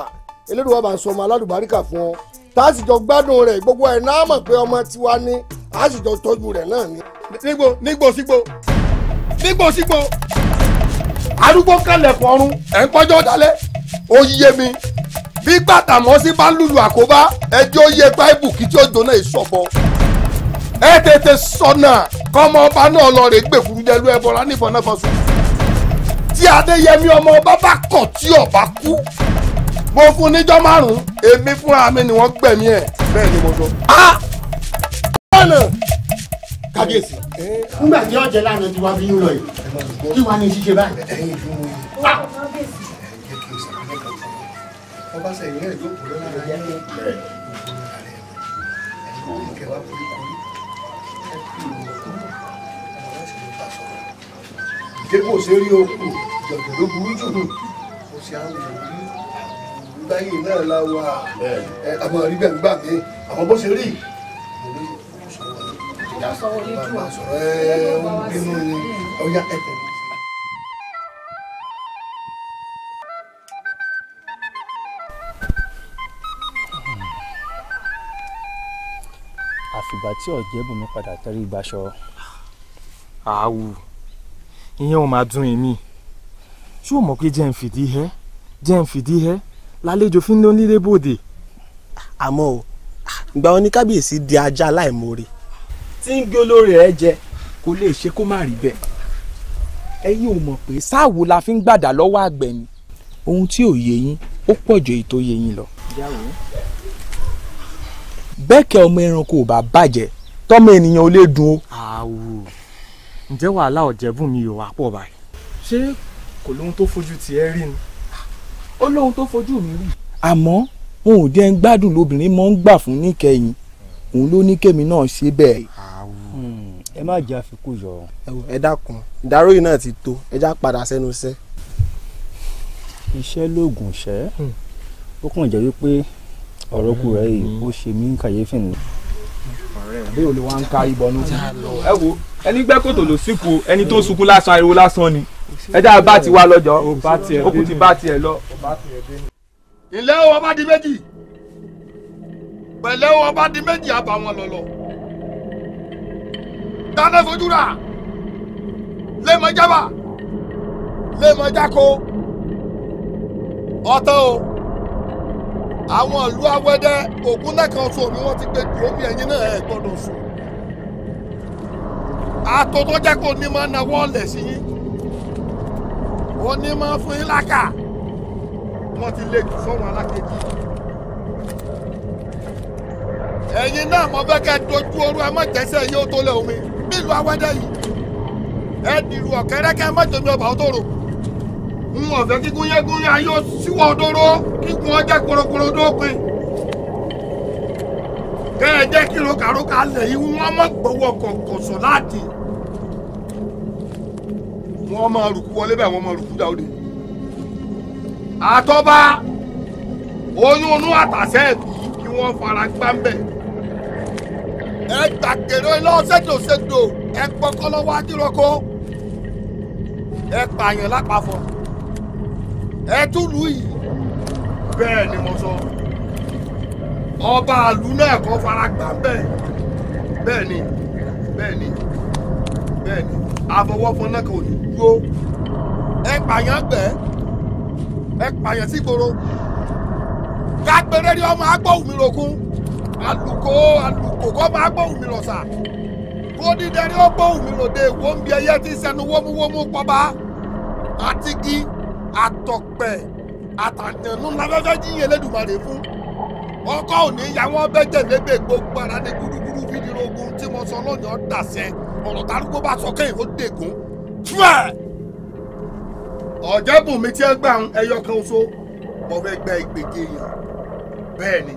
elédùà bá ń sọ ọmọ aládùbáríkà fún ọ tá a sì jọ gbádùn rẹ̀ gbogbo ẹ̀ náà mọ̀ pé ọmọ tiwa ni a sì jọ tọ́jú rẹ̀ náà ni. nígbò nígbò sígbò nígbò sígbò arúgbó kalẹ̀ fọrún ẹ̀ ń kọjọ́ dalẹ̀ ó yé mi bí gbàtàmọ́sí bá ń lùlù àkóbá ẹjọ́ yẹ báìbù kí tí ó jóná ìṣọ̀bọ. ẹ tètè sọnà kọ́mọ ọba náà lọ rè gbè fún jẹlú ẹbọra níbọn náà fọṣọ. tí adéyẹmí ọmọ ọba bá kọ̀ tí ọba kú mo fún níjọ́ márùn-ún èmi fúnra mi ni wọ́n gbẹ̀mí ẹ̀ bẹ́ẹ̀ ni mo sọ. a ọ̀nà kábíyèsí nígbà tí ọ̀jẹ̀ lánàá ti wá bí yín lọ yìí kí wàá ní ṣíṣe báyìí. Ọbaṣẹ́yìn náà jókòó lọ́la rẹ̀ ní ìgbóná rẹ̀ ẹ̀kọ́ ìkẹwàá kúrúkúrú ẹ̀kú ìwọ̀kú ọ̀rọ̀ṣẹ̀lẹ̀ bá sọ̀rọ̀. Dépò ṣe rí okù jọ̀dọ̀ ló burú jù nù. Mo ṣe àwọn ìwòrí báyìí náà láwa àwọn àríbẹ̀ ń gbà mí àwọn bó ṣe rí. Ìyá sọ̀rọ̀ lójú àṣọ. Ẹ ń bínú ni ọ̀ya ẹ̀tẹ̀ ìgbà tí ọ̀jẹ̀ bùnmi padà tẹ́rí ìgbàṣọ. àwù ìyẹn ò máa dùn èmi ṣé o mọ̀ pé jẹ́ ń fìdí hẹ́ jẹ́ ń fìdí hẹ́ lálejò fi ń lọ nílé bòde. àmọ́ o ìgbà wo ni kábíyèsí di ajá láìmoore. tí ń gé olóore ẹ jẹ kó lè ṣe kó má rí bẹ́ẹ̀ ẹ̀yin ò mọ̀ pé sáàwó la fi ń gbàdá lọ́wọ́ àgbẹ̀ ni ohun tí ò yé yín ó pọ̀ ju èyí tó yé yín lọ. yàwó bẹ́ẹ̀kẹ́ ọmọ ẹranko ò bá bàjẹ́ tọ́mọ ènìyàn ò lè dùn o. àwò ǹjẹ́ wàhálà ọ̀jẹ̀bùn mi ò wá pọ̀ báyìí. ṣé kò lóhun tó fojú tiẹ̀ rí ni ó lóhun tó fojú mi rí. àmọ́ òun ò jẹ́ ń gbádùn lóbìnrin mọ́ ń gbà fún níkẹyìn òun ló ní kémi náà ṣe bẹ́ẹ̀. ẹ má jẹ́ àfikún yọ. ẹ dákun ìdáróyìn náà ti tó ẹ já padà sẹ́nu iṣẹ́. iṣẹ́ lóògùn ìṣẹ́ hmm. ó kàn jẹ́ wípé ọ̀rọ̀ kù rẹ̀ yìí mm-hmm. ó ṣe mí kàyéfì ni. bí olè wa ń ka ìbọn ní ti. ẹ wo ẹni gbẹ́ kòtò ló sìnkú ẹni tó sunkún lásán ariwo lásán ni ẹ já bá ti wá lọ́jọ́ ó kù ti bá tiẹ̀ lọ. ilé wọn bá di méjì pẹ̀lẹ́ wọn bá di méjì àbàwọn lọ́lọ́ dáná fojú rà lẹ́mọ̀ jábà lẹ́mọ̀ jáko ọ̀tọ̀ o àwọn ìlú awẹ́dẹ́ ògún lẹ́kan sọ ni wọ́n ti gbé gbòómì ẹ̀yìn náà ẹ̀ gbọ́dọ̀ sùn. àtòtọ́jẹ́ kò ní máa nawọ́ ọ̀lẹ̀ sí yín wọ́n ní máa fún yín lákà wọ́n ti lé jù fọ́wọ́n alákejì. ẹ̀yin náà mo fẹ́ kẹ́ dojú ooru ẹ má jẹ́sẹ̀ yóò tó lẹ̀ omi nílùú awẹ́dẹ́ yìí ẹ dìrú ọ̀kẹ́rẹ́kẹ́ má jẹ́mi ọba ọ̀tọ̀rọ̀ n ò fẹ́ kíkún yẹ́gun yá yóò síwọ́ dóró kíkún ọjà korokoro dópin. kẹ́ ẹ jẹ́ kí rokaroka lẹ̀ yìí wọ́n mọ̀ gbọ́wọ́ kọ̀ọ̀kọ̀sọ̀ láti. wọ́n máa rùkú wọlé bẹ́ẹ̀ wọ́n máa rùkú dáwọ́dé. àtọ́ba oyún inú àtàṣẹ́ yìí kí wọ́n fara gbá ń bẹ̀. ẹ gbàgede lọ́sẹ̀dọ̀sẹ̀dọ̀ ẹ pọkọ́ lọ́wọ́ ajírọ́kọ́ ẹ pààyàn lápapọ̀ ẹ tún lù yìí bẹ́ẹ̀ ni mo sọ ọba àlù náà kọ́ fara gbà bẹ́ẹ̀ bẹ́ẹ̀ ni bẹ́ẹ̀ ni bẹ́ẹ̀ ni àfọwọ́fọ náà kò ní gbó ẹ pààyàn gbẹ ẹ pààyàn sí gbòòrò kápẹrẹ ni ọmọ agbóhùn mi lòkun alùkò alùkò kọ́ máa gbóhùn mi lọ̀sà kódìdẹ́rẹ́ ó gbóhùn mi lòde ìwọ́nbi ẹyẹ ti sẹnu wómúwómú pọ́ba àtigi àtọ̀pẹ̀ àtàjànú lábẹ́fẹ́ jíyìn Elédùmarè fún ọkọ òní ya wọn bẹ́jẹ̀ lébè gbogbo ara ní gúdúgúdú fídírógún tí mo sọ lónìí ọ́ dàṣẹ ọ̀rọ̀ tárúgbó bá sọ kẹ́yìn ó dègún tíwẹ̀. ọ̀jẹ̀ bùnmi tí ẹ gbà ń ẹyọ kan oṣù mo fẹ́ gba ìgbèjì èèyàn bẹ́ẹ̀ ni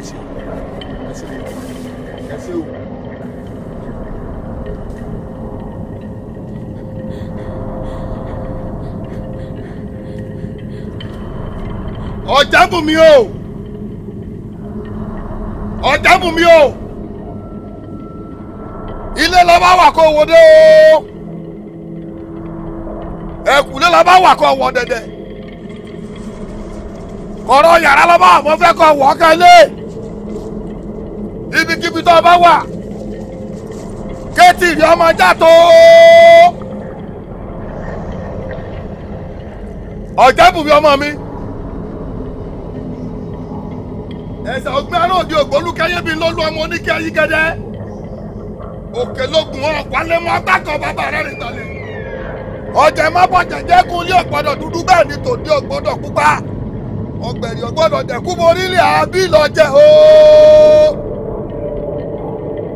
ẹ ṣe o ẹ ṣe o. ọ̀jábùnmi o ọ̀jábùnmi o ilé la bá wà kó wọdé o ẹkùlé la bá wà kó wọ dẹ̀dẹ̀ kọ̀rọ̀ yàrá la bá wà mọ́ fẹ́ kó wọ́ kẹ́lé ibikíbi tó bá wà kéétì rí ọmọ já tó. ọ̀jábùnmi ọmọ mi. ẹ̀sà ọgbẹ́ aráàlú ògbólúkẹ́yẹ́ bíi lọ́lú ọmọ oníkẹ́ ayígẹ́dẹ́ òkè lógun ọ̀pálẹ́mọ́ agbákan bàbá rẹ̀ nìtalẹ̀ ọjà má bọ̀jà jẹ́ kó ilé ọ̀gbọ́dọ̀ dúdú bẹ́ẹ̀ ni tòdí ọ̀gbọ́dọ̀ pupa ọgbẹ̀rì ọ̀gbọ́dọ̀ dẹ̀kú borí ilé àbí lọ́jẹ̀ ooo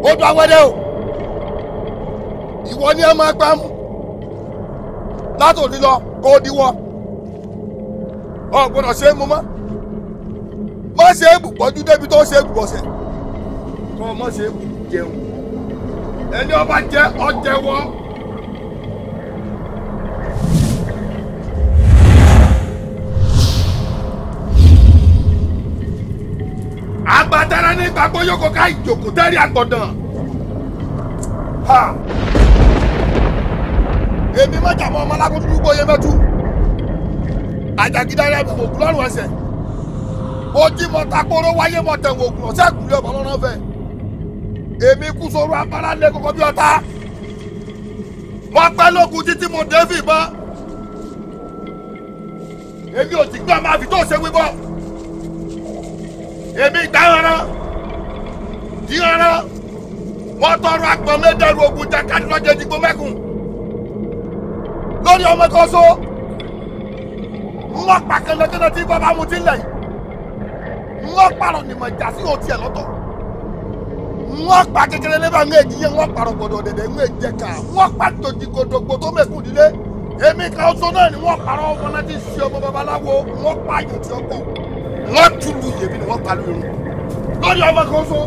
ó dùn awẹ́dẹ́ o ìwọ ni ẹ máa gbá mú látòdì lọ kó o diwọ ọ̀gbọ́dọ̀ ṣe é mú mọ́ má ṣe é bùpọ́jú débi tó ṣe é bùbọ̀sẹ̀ kọ́ má ṣe é bù jẹun ẹni ọba jẹ ọjẹwọ́. agbatara ní gbàgbọ́ yòókù ká ìjòkó tẹ́rì àgbọ̀dàn. èmi má jàmọ́ ọmọ alákòóso gbogbo mẹ́tú àjàgídá rẹ̀ bùbọ̀ òkú lọ́rùn ẹsẹ̀ ojúmọ́ takoro wáyé mọ́ tẹ̀wọ̀n ògùn ọ̀sẹ̀ ìkúlẹ̀ ọ̀bọ̀ lọ́nà fẹ́ èmi kú sọ̀rọ̀ abala lé kọ́kọ́ bí ọ̀tá mo pẹ́ lókun títí mo dé fìbọn èmi ò ti gbọ́ máa fi tó ṣe wíwọ́ èmi dáhọ́rọ́ díhọ́rọ́ wọ́n tọrọ àgbọ̀n mẹ́tẹ́rù ogun jẹ́kadì lọ́jọ́ ìdìgbò mẹ́kùn lórí ọmọ kan so wọ́n tí bàbá mu ti lẹ̀ yìí wọ́n parọ́ nìmọ̀ ìjà sí òtí ẹ̀ lọ́tọ̀ wọ́n pa kékeré lẹ́bàá ń èjì yẹn wọ́n parọ́ gbọ̀dọ̀ dẹ̀dẹ̀ ń èjẹ ká wọ́n pa tòjì gòdògbò tó mẹ́kùn dílé èmi kan oṣù náà ni wọ́n parọ́ wọn náà ti ṣe ọmọ babaláwo wọ́n pa ayò tí ọkọ̀ wọ́n túlù yèmí ni wọ́n pa lóyún lórí ọmọ kan oṣù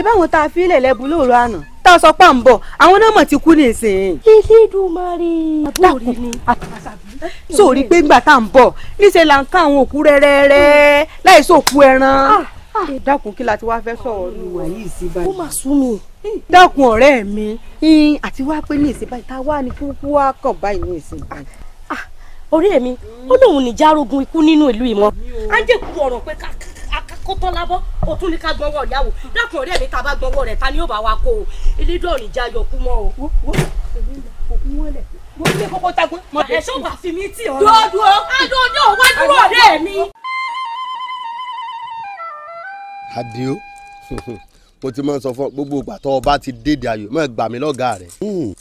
ṣe báwọn tá a fi ilẹ̀ lẹ́bu lóòrò àná tá a sọ pà ń bọ̀ àwọn náà mọ̀ ti kú nísìnyí. Elédùmarè àbúrò ni. sórí pé ńgbà tá à ń bọ̀ níṣẹ́ là ń ká àwọn òkú rẹ́rẹ́rẹ́ láì sóòkú ẹran ah, ah. dákun kí la ti wá fẹ́ sọ̀rọ̀ lùwà yìí sí báyìí. ó máa sún mi. dákun ọ̀rẹ́ mi àti wá pé ní ìsìn báyìí tá a wá ní kúkú wá kàn báyìí ní ìsìn báyìí. Ah, ọ̀rẹ́ mi ó lóun ní járógun ikú nínú ìlú ìmọ̀ á jẹ́ kú ọ̀rọ̀ pé káàkiri akótó lábọ́ o tún ní ká gbọ́nwọ́ rẹ̀ àwò dákun ọ̀rẹ́ mi ta bá gbọ́nwọ́ rẹ̀ ta ni yóò bá wa kó o elédò ní já yọkú mọ́ o. mo ní kókó tagbọ́n. ẹ̀ ṣó bá fi mí tì ọ́. dúró dúró adúró wá dúró ọ̀rẹ́ mi. adio mo ti máa ń sọ fún ọ gbogbo ìgbà tó o bá ti dédé ayò mọ́ gbà mí lọ́gàá rẹ̀ hmm.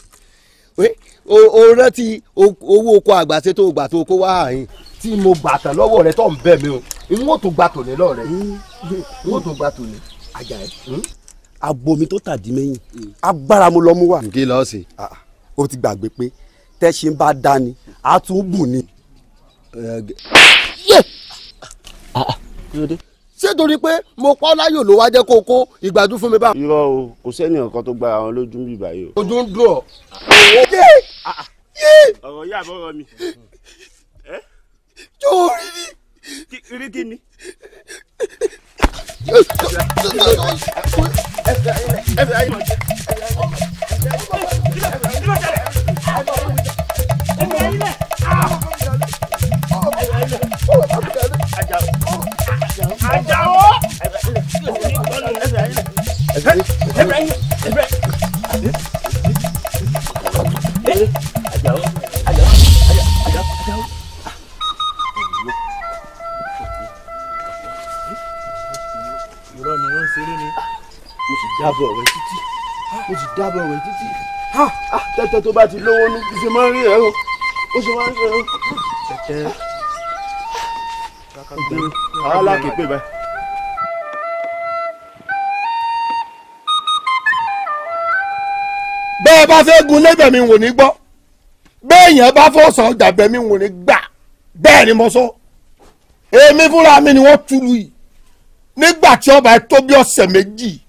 o rántí owó oko àgbàṣe tó o gbà tó o kó wá àyìn tí mo gbà tán lọ́wọ́ rẹ tó ń bẹ̀ mí o n ó tó gba tòní lọ rẹ mm. n ó tó gba tòní ajá ẹ. Mm. agbo mi tó tàdí mẹ́yìn agbára mo lọ mú wà. ǹkí lọ́ọ́ sí. Ah, ah. o ti gbàgbé pé tẹ́sí ń bá dání a tún bù ni. Ah, ṣé torí pé mo pọ́ láyò ló wá jẹ́ kó kó ìgbádùn fún mi bá. irọ́ o kò sẹ́ni ọ̀kan tó gba àwọn lójú bíbá yìí o. ojú ń dùn ọ́. ọ̀rọ̀ yà bọ́rọ̀ mi jọ̀ọ́ rí ni. rí kí ni. Àjàó. Àjàó. ṣeré ni mo sì dábọ̀ ọ̀rẹ́ títí mo sì dábọ̀ ọ̀rẹ́ títí tẹ́tẹ́ tó bá ti lówó ní kí ṣe máa ń rí ẹ̀ o ó ṣe máa ń rí ẹ̀ o. tẹ́tẹ́ àwọn alákèépé báyìí. bẹ́ẹ̀ bá fẹ́ gun lébẹ̀ mi wò ní gbọ́ bẹ́ẹ̀ yẹn bá fọ́ sàn ọjà bẹ́ẹ̀ mi wò ní gbà bẹ́ẹ̀ ni mo sọ èmi fúnra mi ni wọ́n túlù yìí nígbà tí ọba tó bí ọ̀sẹ̀ méjì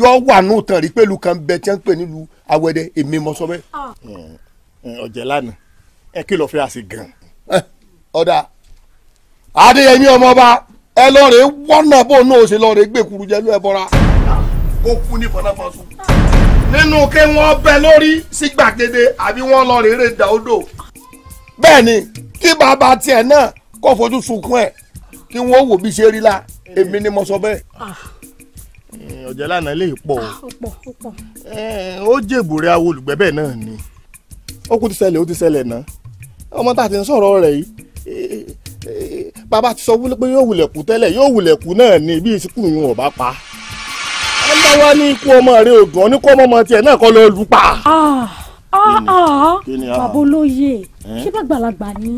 yọ wà nùtàn rí pẹ̀lú kan bẹ tí wọ́n ń pè nílùú awẹ́dẹ èmi mọ sọ bẹ́ẹ̀. Ah. Mm, mm, ọ̀jẹ̀ lánàá ẹ kìlọ̀ fẹ́ àṣẹ gan. Eh, ọ̀dà adéyẹmí ọmọọba ẹ lọ́ọ̀rẹ́ wọ́nà bó náà ṣe lọ́ọ̀rẹ́ gbé kuru jẹ́ ló ẹ bọ́ra. kó kú ní fọnáfọ́sù. Ah. nínú kí wọ́n bẹ lórí sí gbàgede àbí wọ́n lọ rèé rè dà odò. bẹ́ẹ̀ ni kí bàbá tiẹ̀ náà kọ́ fojú sunkún ẹ̀ kí wọ́n wò bí ṣe rí la èmi ni mo sọ bẹ́ẹ̀ ah. eh, ọ̀jẹ̀ lánàá lè pọ̀ ah, ó eh, jèbùrẹ́ àwọn olùgbẹ́ bẹ́ẹ̀ náà ni ó kú ti ṣẹlẹ̀ ó ti ṣẹlẹ̀ náà ọmọ tá a ti ń sọ̀rọ̀ rẹ̀ yìí eh, bàbá ti sọ pé yóò wulẹ̀ tẹ́lẹ̀ yóò wulẹ̀ náà ni bí ìsìnkú yìí ò bá pa ẹ ní ikú ọmọ rẹ ògàn ní kó ọmọ ọmọ tiẹ̀ náà kọ́ ló lù pa. Ah, bàbá olóye ṣé bàgbàlagbà ni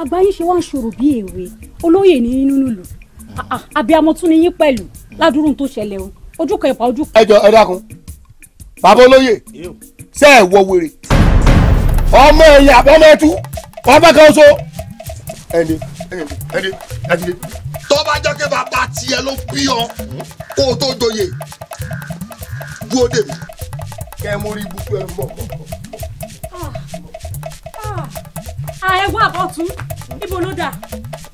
àgbáyé ṣe wá ń ṣòro bí èwe olóye ní inú lùlù Ah, ah, abiyamọ tún ni yín pẹ̀lú ládùúrú tó ṣẹlẹ̀ o ojú kan ìpa ojú kan. ẹ jọ ẹ dákun bàbá olóye ṣe é wọ wèrè ọmọ ẹ̀yìn àbọmọ ẹtú ọmọ kan so ẹni ẹni ẹni tọ́ba jọ́kẹ́ bàbá tiẹ̀ ló bí ọ kó o tó joyè dúró dèmi kẹ́ ẹ mú rí ibùkún ẹ mọ̀ kọ̀ọ̀kan. Ah, Ah, ẹ wá àbọ̀ tún níbo ló dà.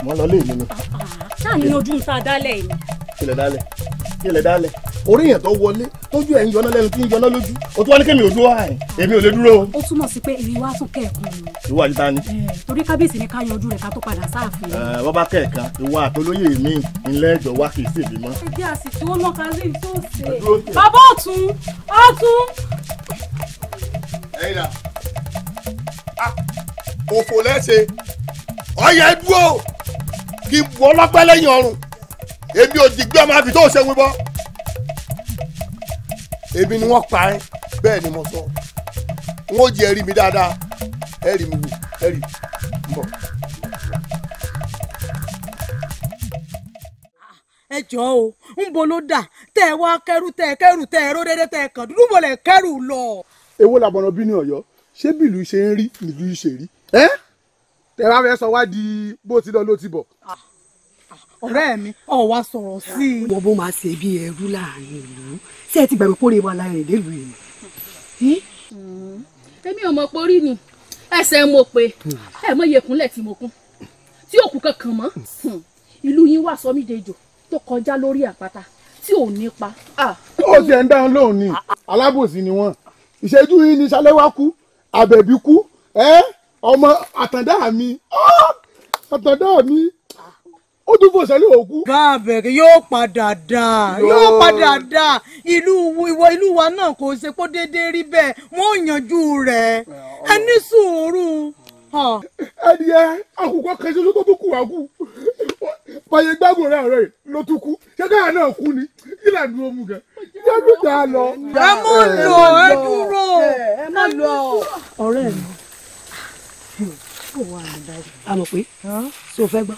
mo lọ lé mi ni. ṣáà ní ojú ń ta dálẹ̀ yìí. kílẹ̀ dálẹ̀ kílẹ̀ dálẹ̀ orí yẹn tó wọlé tójú ẹ̀ ń yọná lẹ́nu tí ń yọná lójú o tún wá ní kémi ò dúró àì èmi ò lè dúró o. ó túmọ̀ sí pé èmi wá tún kẹ̀kún. ìwà yìí ta ni. torí kábíyèsí ni ká yanjú rẹ̀ ká tó padà sáàfin. ẹ wọ́n bá kẹ̀kan ìwà àtolóyè mi ńlẹ́ ìjọ wá kì í sì bímọ. ẹgbẹ́ àsìkò ó lọ́ka sí ìtòsí. bàbá ọ̀tún ọ̀tún. ẹ̀yin òfò lẹ́sẹ̀ ọ̀yẹ́ dúró kí wọ́n lọ́pẹ́ lẹ́yìn ọrùn èmi ò dìgbẹ́ ọmọ àfi tó ṣe wíwọ́ èmi ni wọ́n pa ẹ́ bẹ́ẹ̀ ni mo sọ wọ́n ó jẹ́ ẹ̀rí mi dáadáa ẹ̀rí mi wò ẹ̀rí mi bọ̀. ẹ jọ o ń bo ló dà tẹ ẹ wá kẹrù tẹ ẹ kẹrù tẹ ẹ ródédé tẹ ẹ kàn dúdú bọlẹ kẹrù lọ. èwo làbọ̀nà bí ní ọ̀yọ́ ṣé bílù ṣe ń rí nílùú ṣe rí ẹ tẹ bá fẹ́ sọ wá di bó ti lọ ló ti bọ̀. ọ̀rẹ́ mi ọ̀ wá sọ̀rọ̀ sí i. wọ́n bó máa ṣe bí ẹrú láàrin ìlú ṣé ẹ ti gbàgbé kórè wa láàrin ìlú yìí. èmi ò mọ̀ pé orí ni ẹsẹ̀ mo pe ẹ mọ iyekunlẹ̀ tí mo kún tí òkú kankan mọ́ hmm. ìlú yín wà sọ mí dejò tó kọjá lórí àpáta tí ò nípa. ó ti ẹ̀ ń dáhùn lóhùn ni alábòsí ni wọ́n ìṣẹ́jú yìí ni ṣálẹ́wá kú àbẹ̀bí kú ẹ́. Eh? ọmọ àtàndá mi ah! àtàndá mi ó tún fò sẹ́lẹ̀ òkú. báàbẹ̀rẹ̀ yóò padà dà yóò padà dà ìlú ìwọ ìlú wa náà kò ṣe kó déédéé rí bẹ́ẹ̀ wọ́n ò yanjú rẹ̀ ẹ ní sùúrù. ẹnìyẹ àkùkọ kẹsí ló tó tún kù àkù pàyẹ gbàgbọ́ rẹ ọ̀rẹ́ ló tún kú ṣẹ́gà náà kú ni ìlà dúró mú gan yẹ́dùn dà lọ. ẹ mọ̀ lọ ẹ dúró ẹ mọ̀ lọ ọ̀rẹ́ mi a mọ̀ pé so fẹ́ gbọ́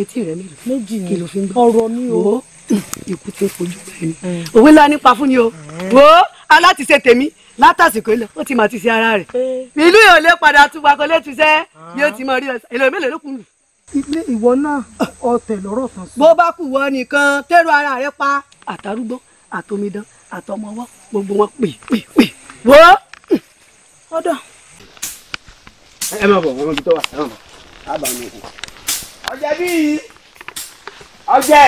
etí rẹ̀ mélòó kí ló fi ń gbọ́ ọ̀rọ̀ ni o ikú ti ń fojú bẹ́ẹ̀ ni òwe la nípa fún ni o wo aláti ṣe tèmi látàsìkò ilẹ̀ ó ti mà ti ṣe ara rẹ̀ ìlú yóò lè padà tún wakọ̀ létí sẹ́ bí ó ti mọ rí ọ èlò mélòó ló kù nù. ilé ìwọ náà ọtẹ lọ́rọ̀ kan sí. bó bá kù wọ nìkan tẹ́rù ara rẹ pa àtàrúgbó àtomidan àtọmọwọ́ gbogbo wọn pè pè pè wo ọdọ ẹ má bọ̀ ọmọ ibi tó wà ẹ má bọ̀ á bá mi kù. ọjẹ bíi ọjẹ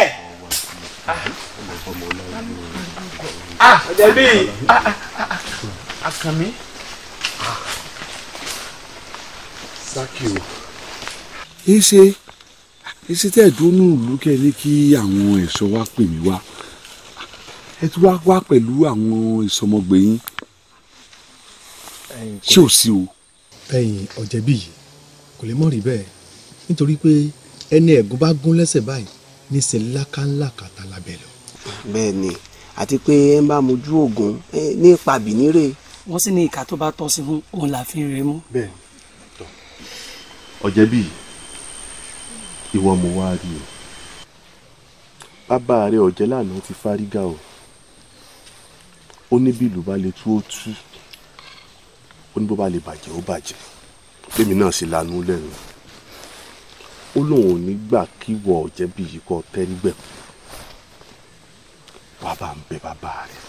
ah, ọjẹ bíi Àkànmí. Sákì o. Ìṣe ìṣe tẹ́ ẹ̀ dúró nùlù kẹ́ ní kí àwọn ẹ̀ṣọ́ wa pè mí wá. Ẹ ti wá wá pẹ̀lú àwọn ìsọmọgbè Ṣé ò sí o? bẹ́yìn ọ̀jẹ̀bí yìí kò lè mọ̀ rí bẹ́ẹ̀ nítorí pé ẹni ẹ̀gún bá gún lẹ́sẹ̀ báyìí níṣẹ́ lákàńlá kàtà lábẹ́ lọ. bẹ́ẹ̀ ni àti pé ẹ ń bá mojú oògùn ní ipa bìnírè. wọ́n sì ní ìka tó bá tọ́ sí fún òun là fi ń rẹ̀ mú. bẹ́ẹ̀ tọ́ ọ̀jẹ̀bí ìwọ mo wá rí o bàbá rẹ ọ̀jẹ̀ lánàá ti fárígà o ó ní bí ìlú bá lè tú ó tú ní bó bá lè bàjẹ́ ó bàjẹ́ lèmi náà sì lanú lẹ́nu ó lóun ò ní gbà kíwọ ọ̀jẹ̀bí yìí kọ́ tẹ́rígbẹ̀ wàá bá ń bẹ bàbá rẹ̀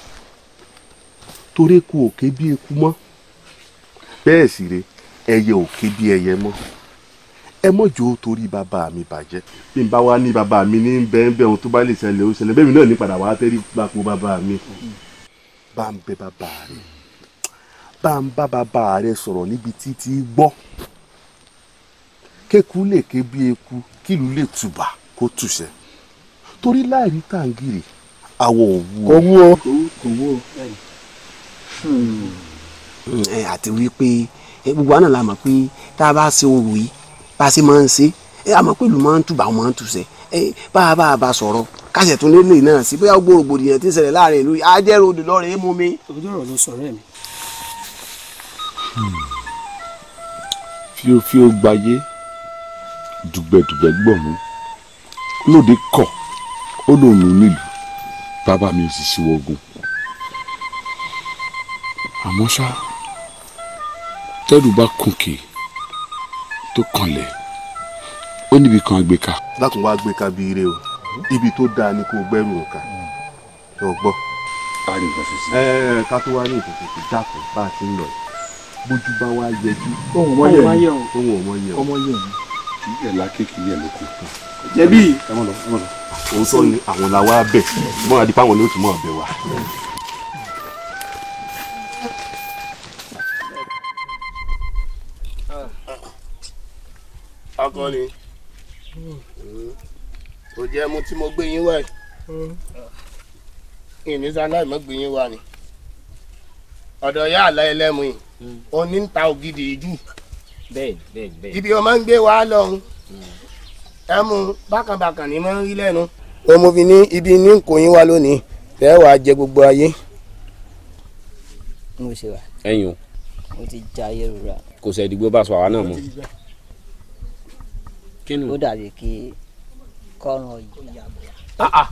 torí eku òkè bí eku mọ́ bẹ́ẹ̀ sì re ẹyẹ òkè bí ẹyẹ mọ́ ẹ mọ̀jọ́ torí bàbá mi bàjẹ́ bí n bá wá ní bàbá mi ní bẹ́ẹ̀nbẹ́ẹ̀ ohun tó bá lè ṣẹlẹ̀ ó ṣẹlẹ̀ bẹ́ẹ̀ mi náà ní padà wá tẹ́rí gbàpò bàbá mi bá ń bẹ bàbá rẹ̀ bá ń bá bàbá rẹ sọ̀rọ̀ níbi títí gbọ́ kéku lè ké bí eku kílù lè tùbà kó tùṣẹ torí láìrí tàǹgìrì àwọ̀ òwú o. owó o hmm. ẹ àti wípé gbogbo àná la mọ̀ pé tá a bá ṣe orò yìí bá a ṣe máa ń ṣe ẹ àmọ́ pẹ̀lú máa ń tùbà máa ń tùṣẹ ẹ bá a bá a bá sọ̀rọ̀ kásẹ̀ tún lè lè náà sí bóyá gbòrògbòdìyàn ti ṣẹlẹ̀ láàrin ìlú ajẹ́rò odò lọ́rẹ̀ẹ́ mú mi. òjò rọ̀ ẹ̀ mi fíofío gbayé dùgbẹ̀dùgbẹ̀ gbọ̀mú lóde kọ̀ ó lòun nílùú bàbá mi ò sì ṣíwọ́ ogun àmọ́ ṣá tẹ́rù bá kùnkè tó kanlẹ̀ ó níbi kan àgbéka. lákùn wá gbéka bí ire o ibi tó dáa ni kò gbẹ́rù ọ̀ka lọ gbọ́. ká ní nǹkan ṣe sí. ẹ ẹ ká tó wá ní ìtòkùn dákun bá a ti ń lọ yìí bójú bá wá yẹjú. ohun ọmọ yẹ ohun ọmọ yẹ ọmọ yẹ ohun. kí ẹ̀ la kéèkì yẹ ló kù. jẹ̀bi. ẹ mọ̀ lọ ẹ mọ̀ lọ. òun sọ ni àwọn la wá bẹ̀ mọ́ra di páwọn ni ó tún mọ̀ bẹ̀ wá. akọni kò jẹ́ mu tí mo gbé yín wá yìí ìnísàn náà mo gbé yín wá ni ọ̀dọ̀ yá àlá ẹlẹ́mu yìí òní ń ta ògidì jù ibi ọmọ ń gbé wa lọ́hùn ẹmu bákàbàkà ni mo ń rí lẹ́nu. o mo fi ní ibi ní nkòyín wa lónìí tẹ́ wàá jẹ gbogbo ayé. mo ṣe wa. ẹyin o. mo ti ja ayé rura. kò sẹ́ ìdìgbò bá sọ àwa náà mọ́. ó dàbí kí kọ́run ọ̀yà. Ah, ah.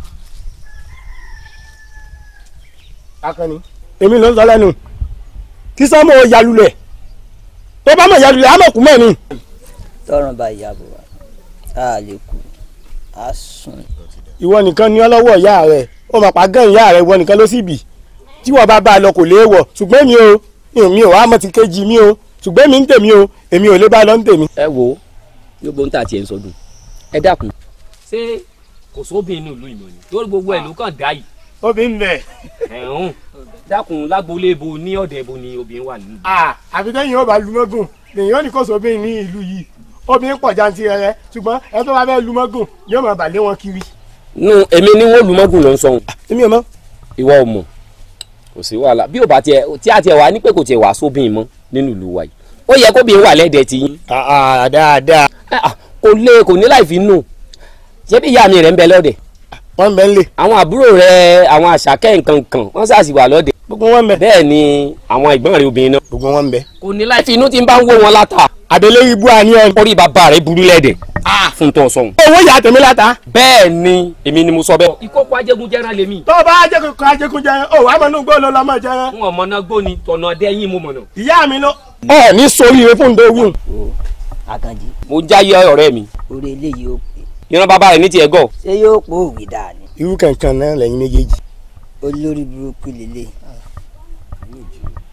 akọni èmi ló ń sọ lẹ́nu kí sọmọ yalulẹ̀ tó bá mọ̀ yalulẹ̀ á mọ̀ kú mọ̀ ni. tọrùn bá yàgò wa a lè kú a sùn. ìwọ nìkan ni ọlọ́wọ́ ìyá rẹ̀ ó máa pa gán ìyá rẹ̀ ìwọ nìkan ló sì bì tí wọ́n bá bá a lọ kò léèwọ̀ ṣùgbọ́n mi ò mi ò wá mọ̀ ti kejì mi ò ṣùgbọ́n mi ń tèmi o èmi ò lè bá lọ ń tèmi. ẹ wo yóò bó ń tà tiẹ̀ ń sọdún ẹ dákun. ṣé kò sóbìn inú ìlú ìmọ̀ ni lórí gbogbo ẹ̀ ló kàn dá yìí obì ń bẹ. ẹ̀hún dákun lágboolé bo ní ọ̀dẹ̀ bo ni obìnrin wà nínú. àfi tẹ́yìn yóò bá lumọ́gùn lèyìn ò ní kó sóbìn ní ìlú yìí obìnrin pọ̀ jantirẹrẹ ṣùgbọ́n ẹ tó bá fẹ́ lumọ́gùn yóò máa bà lé wọn kiri. nu èmi ni wọn lumọ́gùn ló ń sọhun. Ah, èmi ò mọ̀. ìwọ ò mọ̀ kò sí wàhálà bí ò bá tiẹ̀ tí a tiẹ̀ wà ní pé kò tiẹ̀ wà sóbìn mọ́ nínú ìlú wa yìí ó yẹ kóbìnrin wà lẹ́dẹ̀ẹ́ ti yín. Ah, ah, dáadáa. kò lè kò ní láì fi nù ṣé bí ìyá mi rẹ̀ ń bẹ lọ́dẹ̀ẹ́ wọ́n bẹ̀ ń lè. àwọn àbúrò rẹ àwọn àṣàkẹ́ nǹkan kan wọ́n ṣàṣì wà lọ́dẹ. gbogbo wọn bẹ. bẹ́ẹ̀ ni àwọn ìgbọ́n rẹ obìnrin náà. gbogbo wọn bẹ. kò ní láì fi inú tí ń bá ń wó wọn láta. àdèlé ibú àníyàn. orí bàbá rẹ burú lẹ́dẹ̀. a fún tọ sọhùn. owó yà tèmi láta. bẹ́ẹ̀ ni èmi ni mo sọ bẹ́ẹ̀. ìkókó ajégunjẹran lèmi. tó o bá ajégunjẹran ajégunjẹran o wàá mọ̀nà gbó ló lọ́mọ jẹran. n ò ni tọ̀nà dé mo mọ̀nà. ìyá mi ló. ẹ ní sori rẹ fún dowó. àkànjí. mo jáyé ọ̀rẹ́ mi. orí eléyìí ìran bàbá rẹ̀ ní tiẹ̀ gọ̀. ṣé yóò pọ̀ òwe dáa ni. irú kankan náà lẹ́yìn méjèèjì. olórí burúkú lélẹ̀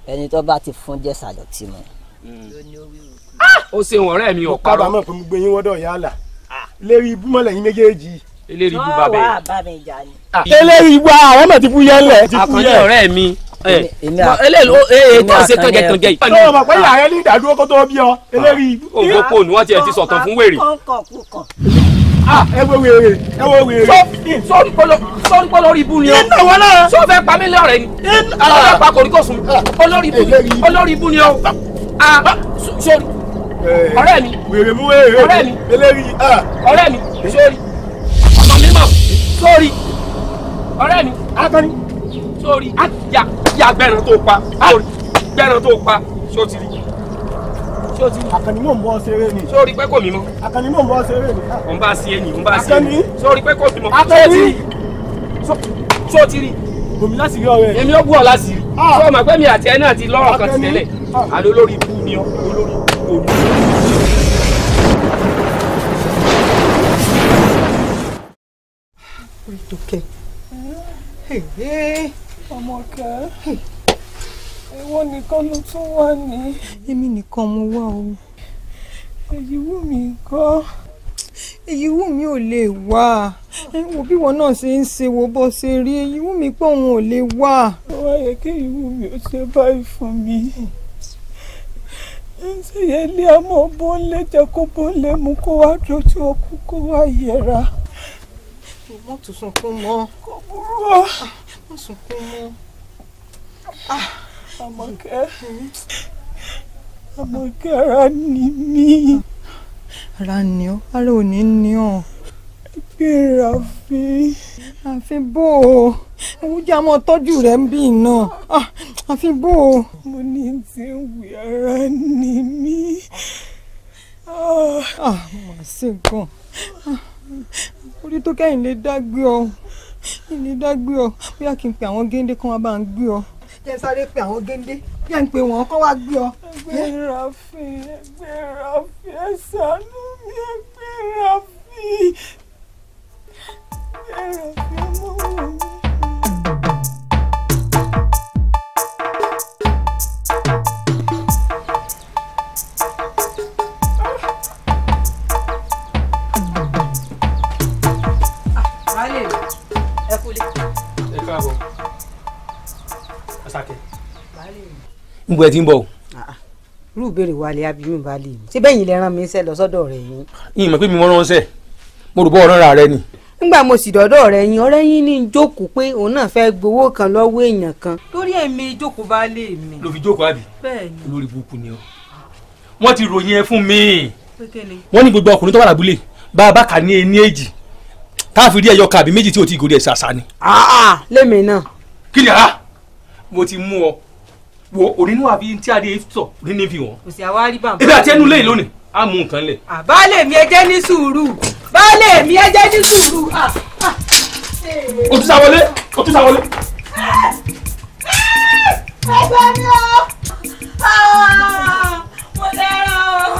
ẹni tó bá ti fún jẹ́ sàlọ̀ tì mọ́. Ah! ó ṣeun ọ̀rẹ́ mi ọ̀pá rọ. kábàámọ̀ pé mo gbé yín wọ́dọ̀ yálà ah! lérí ibúmọ̀ lẹ́yìn méjèèjì. eléyìí ibú bàbá yẹn. Ah! eléyìí ibú àwọn ọmọ ti fún yẹn lẹ̀. àkànjẹ́ ọ̀rẹ́ mi eléyìí ee tó ṣe kànjẹ kànjẹ yìí. lọ́wọ́ mọ̀ pé ìyá rẹ ní ìdádúró kó tó bí ọ eléyìí. ògbó fóònù wọn tiẹ̀ ti sọ̀tàn fún wèrè. Ah, ẹ wo wèrè ẹ wo wèrè. sọ́ọ́nù pọ́ lórí ibú ni o. iná wọn náà. sọ́ọ́ fẹ́ pa mí lọ́rẹ̀ ni. àwọn ọ̀rẹ́ pa kòríkò sùn. Ah. olórí ibú ni o. Ah. Eh, ọ̀rẹ́ mi. wèrè mú wèrè. ọ̀rẹ́ mi. eléyìí. ọ̀rẹ́ mi. sórí. ọ̀rẹ́ mi. akọni sórí yà gbẹ̀rán tó pa sórí gbẹ̀rán tó pa sórí sórí. àkànní mò ń bọ́ ṣeré ni. sórí pé kò mímọ́. àkànní mò ń bọ́ ṣeré ni. o ń bá sí ẹyìn o ń bá sí ẹyìn sórí pé kò mímọ́. àkànní sótìrì gòmìnà sì rí ọ̀rẹ́. èmi ó bú ọ láti rí. sọ ah! ma pé mi àti ẹ náà ti lọ́rọ̀ kan ti tẹ́lẹ̀ ah! àlọ́ lórí ikú ni ọ olórí ikú òní. Orí tó ọmọkẹ́ ìwọ nìkan ló tún wà ní. èmi nìkan mo wá o. èyí wù mí kọ́. èyí wù mí ò lè wá wo bí wọn náà ṣe ń ṣe wo bó ṣe rí èyí wù mí pé òun ò lè wá. ó wáyé kí èyí wù mí ó ṣe báyìí fún mi ṣèyẹ ilé àmọ́ bó ń lé jẹ kó bó ń lé mu kó wá dojú ọkú kó wá yẹra. mo mọ̀ tó sùn fún mọ́. kò burú ọ má sunkún mọ́. Ah, àmọ̀kẹ́ àmọ̀kẹ́ ara ni mí. ara ni ọ́ ara ò ní ní ọ́. ẹgbẹ́ àfin. àfin bò ó ẹ̀wọ́n jẹ́ àmọ́ tọ́jú rẹ̀ ń bì náà ah, àfin bò ó. mo ní ti ń wí ara ni mí. àmọ̀ sí gan orí tó kẹ́yìn lè dágbé ọ ilé dágbé ọ bóyá kí n pe àwọn géńdé kán wá bá ń gbé ọ jẹ́ n sáré pe àwọn géńdé jẹ́ n pe wọ́n kán wá gbé ọ. ẹgbẹ́ rafi ẹgbẹ́ rafi ẹ ṣàánú mi ẹgbẹ́ rafi ẹgbẹ́ rafi ọmọ wọn. thank you N'gbe ti ń bọ o. Ah, ah. irú ìbéèrè wa lè abirú lè mi. ṣé rán mi iṣẹ́ lọ sọ́dọ̀ rẹ̀ yín. yìí mọ̀ pé mi rán ṣẹ́ mo rò bọ́ ọ̀rọ̀ rà rẹ ni. nígbà mo sì rẹ̀ yín ọ̀rẹ́ yín ní jókòó pé òun náà fẹ́ gbowó kan lọ́wọ́ èèyàn kan. ẹ̀mí jókòó bá lè fi jókòó àbí. olórí burúkú ni ọ. ti ròyìn ẹ fún mi. ní gbogbo ọkùnrin tó wà lábúlé bá a bá kà ní ẹni èjì táàfin rí ẹyọ kàbí méjì tí o ti gòrí ẹ ṣàṣà ni. Ah, ah, lémi náà. kí ni a ah, mo ti mú ọ wo onínú àbí tí adé sọ nínú fi wọn. kò sí àwa rí bàbá. ibi àti ẹnu lẹ́yìn lónìí a mú nǹkan lẹ̀. àbálẹ̀ mi ẹ jẹ́ ní sùúrù bálẹ̀ mi ẹ jẹ́ ní sùúrù. o tún sáwọlé o tún sáwọlé. ẹgbẹ́ mi o mo lẹ́ràn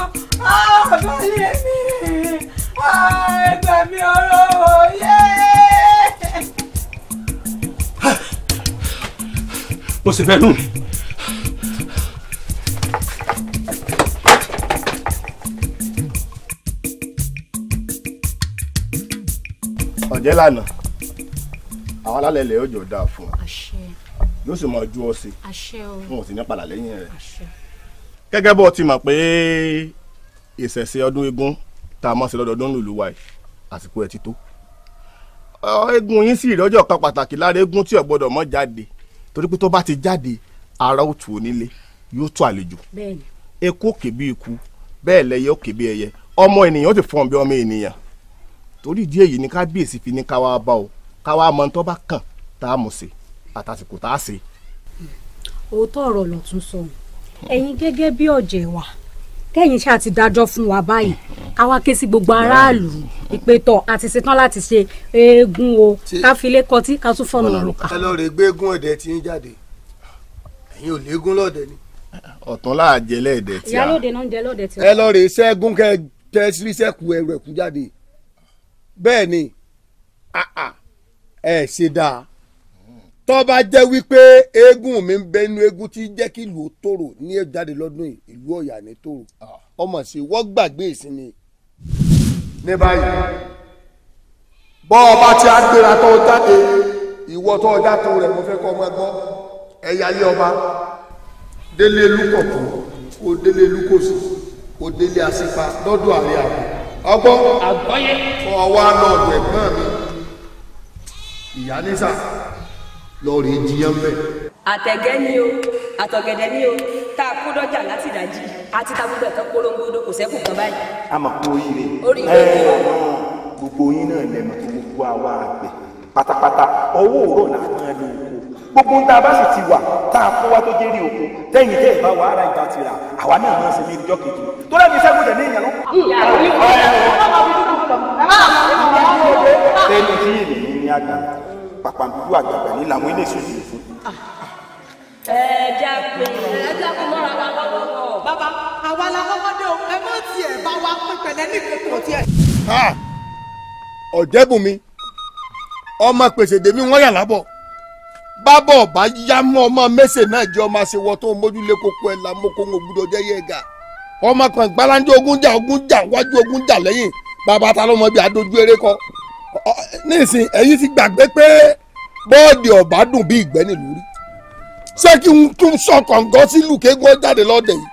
o bálẹ̀ mi ẹgbẹ́ mi ọ̀rọ̀ òye. mo sì fẹ́ nù mí. ọ̀jẹ́ lànà àwọn alálẹ̀ ilẹ̀ ọjọ́ dáa fún ọ yóò sì máa ju ọ sí wọn ò sì ní padà lẹ́yìn rẹ̀ gẹ́gẹ́ bó ti mọ̀ pé ìṣẹ̀ṣe ọdún eégún tá a máa ṣe lọ́dọọdún lùlù wa yìí àsìkò ẹ̀ ti tó. eégún yín sì ìrọ́jọ́ kan pàtàkì lára eégún tí ò gbọ́dọ̀ mọ́ jáde torí pé tó bá ti jáde ara ó tù onílé yóò tó àlejò. eku òkè bí ikú bẹ́ẹ̀ lẹ́yẹ òkè bí ẹyẹ ọmọ ènìyàn ó ti fọ́n bí ọmọ ènìyàn torí ìdí èyí ni kábíyèsí fi ní káwá bá o káwá mọ tó bá kàn tá a mọ̀ sí àtàsìkò tá a ṣe. òótọ́ ọ̀rọ̀ lọ́tún sọ ẹ̀yin gẹ́gẹ́ bí ọ̀jẹ̀ wa kẹ́yìn ṣáà ti dájọ́ fún wa báyìí káwá ké sí gbogbo aráàlú ìpètọ̀ àti ṣetán láti ṣe eégún o káfílẹ̀ kọtí ká tún fọ́nà òrùka. ẹ lọ rè gbégún ọ̀dẹ tí ń jáde ẹ̀yin ò léegún lọ́dẹ ni. ọ̀tún láà jẹ lẹ́ẹ̀dẹ̀ tí a ìyálòde náà ń jẹ lọ́dẹ tí a. ẹ lọ rè ṣẹ́gun kẹ tẹ ṣíṣẹ́kù ẹrù ẹ̀kú jáde bẹ́ẹ̀ ni ẹ ṣe dáa tó bá jẹ́ wípé eégún mi ń bẹ inú eégún tí jẹ́ kí ìlú ó tòrò ní ìjáde lọ́dún yìí ìlú ọ̀yà ní tòrò ah. ọmọ sí wọ́n gbàgbé ìsinmi. ní báyìí bọ́ ọba tí a gbéra tó jáde ìwọ tó ọjà tó rẹ̀ mo fẹ́ kọ́ ọmọ ẹgbọ́n ẹ̀yà ilé ọba délé lúkọ̀tún kó délé lúkòsì kó délé àṣepa lọ́dún àrẹ àbọ̀ ọgbọ́n àgbọ́yé fọ ọwọ́ àlọ́ ọ̀dọ̀ ẹ̀gbọ́n mi ìyá nísà lọ́ọ̀rì jiyàn bẹ́ẹ̀. àtẹ̀gẹ́ ni o àtọ̀gẹ̀dẹ̀ ni o tá a kó dọ́jà láti ìdájí àti ta gbogbo ẹ̀tọ́ polongodo kò sẹ́kù kan báyìí. a máa kó oríire oríire ni o. gbogbo yín náà lẹ́mọ̀ tó gbogbo àwa àgbẹ̀ pátápátá ọwọ́ òró là á máa lo oko gbogbo ń tá a bá sì ti wà tá a kó wá tó jẹ́rìí oko tẹ́yìn tẹ́ ìbá wa ara ìgbà ti rà àwa náà máa ṣe ní ìjọ́ kejì tó lẹ́nu iṣẹ́ gbọ́dọ̀ ní ìyànlọ́. tẹ́lifíìnì ni àgbà pàpàǹdùdù àgbàgbà ní làwọn ilé ìsòjì yìí fún. ẹ jẹ́ pé ẹ jẹ́ kó mọ́ra wa lọ́wọ́. bàbá àwa la kọ́kọ́ dé o ẹ má tiẹ̀ bá wa pín pẹ̀lẹ́ ní ìkókò tiẹ̀. ọ̀jẹ̀bùnmi ọmọ pèsèdè mi wọ́n yà lábọ̀ bábọ̀ ọ̀bá yá mọ́ ọmọ mẹ́sẹ̀ náà jẹ́ ọmọ àṣewọ́ tó ń mójúlé kókó ẹ̀ làmókò ń gbúdọ̀ jẹ́ yẹ̀gà ọmọ kan gbalanjẹ ogun jà ogun jà wájú ogun jà lẹ́yìn bàbá ta ló mọ bí adójú eré kọ́ nísìn ẹ̀yin ti gbàgbé pé bọ́ọ̀dì ọ̀bá dùn bí ìgbẹ́ nílùú rí ṣé kí n tún sọ kọ̀ǹgọ́ sílùú kéegun jáde lọ́dẹ̀ yìí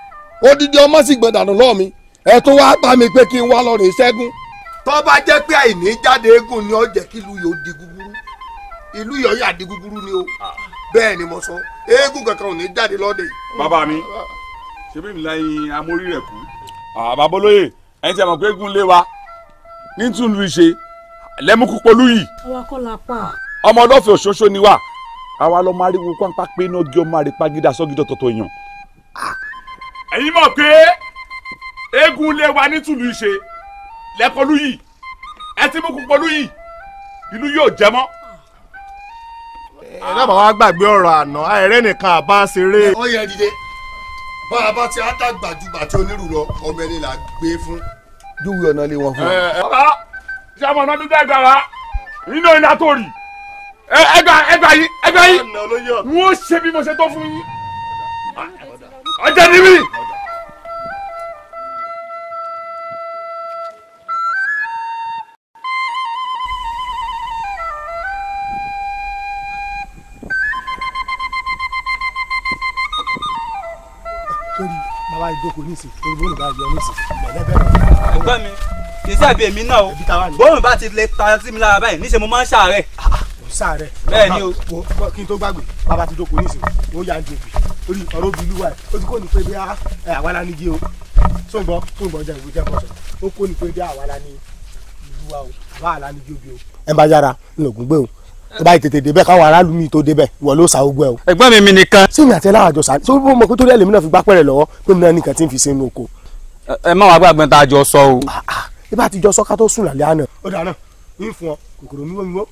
odidi ọmọ sì gbọ̀dànù lọ́ọ̀ mi ẹ̀ tó wá pa mi pé kí n wá lọ rè ṣẹ́gun tó bá jẹ́ pé àìní jáde eégún ni ó jẹ́ kí ìlú yóò di gúgúrú ìlú yóò yà di gúgúrú ni o ah. bẹ́ẹ̀ ni mo sọ eégún kankan ò ní jáde lọ́dẹ. bàbá mi ah. ṣebí mi láyìn amórí rẹ̀ kú. Ah, bàbá olóyè ẹni tí a mọ̀ pé eégún lé wa ní túlù ìṣe lẹ́mùkú polú yìí. àwa kọ́ la pa. ọmọ ọlọ́fẹ́ òṣooṣo ni wá àwa lọ máa ríwo pàǹpà pé iná gé ọmọ àrèpá gídà sọ́gídọ̀ tọ̀tọ̀ èèyàn. ẹ̀yin mọ̀ pé eégún lé wa nítùlù ìṣe lẹ́kọ̀ọ́lù yìí ẹ ti mú kú polú yìí ìlú yóò jẹ mọ́. ẹ dábàá wá gbàgbé ọ̀rọ̀ àná àìrẹ́ nìkan àbá ṣeré. ó yẹ dìde bá a bá ti á dàgbà ju bàtí onírù lọ ọmọ ẹni là gbé fún. júwe ọ̀nà lé wọn fún ọ ṣé ọmọ náà dídá ẹgbàá wa iná iná tó rì ẹgbàá ẹgbàá yìí ẹgbàá yìí wọ́n ṣe bí mo ṣe tó fún yín ọjà níbí. sórí bàbá ìdókòó nísìnyí olùbọ́ọ̀lù bá yọ nísìnyí. ẹgbẹ́ mi kì í sàbí èmi náà o bóun bá ti lè ta sí mi lára báyìí níṣẹ́ mo máa ń ṣàárẹ̀. Ah, ah, ṣàárẹ̀ bẹ́ẹ̀ ni o. kí n tó gbàgbé bàbá ti dóko nísìnyí ó yà ń di òbí orí ọ̀rọ̀ òbí ìlú wa ẹ̀ o ti kó ní pé bí àwa la nígi o tó ń bọ̀ tó ń bọ̀ jẹ́ ìwé jẹ́ bọ̀ sọ ó kó ní pé bí àwa la ní ìlú wa o àwa la nígi òbí o. ẹ bá yára ńlọgùn gbé o tó báyìí tètè débẹ̀ káwọn aráàlú mi tó débẹ̀ ìwọ ló sa ogun ẹ o. ẹ̀gbọ́n mi mi nìkan. sí ìyàtẹ láwàjọ sa tó bó mọ kó tó rí ẹlẹmí náà fi gbá pẹrẹ lọ́wọ́ pé mi náà nìkan ti ń fi sínú oko. ẹ má wàá gbàgbọ́n tá a jọ sọ o. Ah, ibà àtijọ́ sọ́ká tó sùn lálẹ́ àná. ó dáná ń fún ọ kòkòrò mímọ́ mímọ́.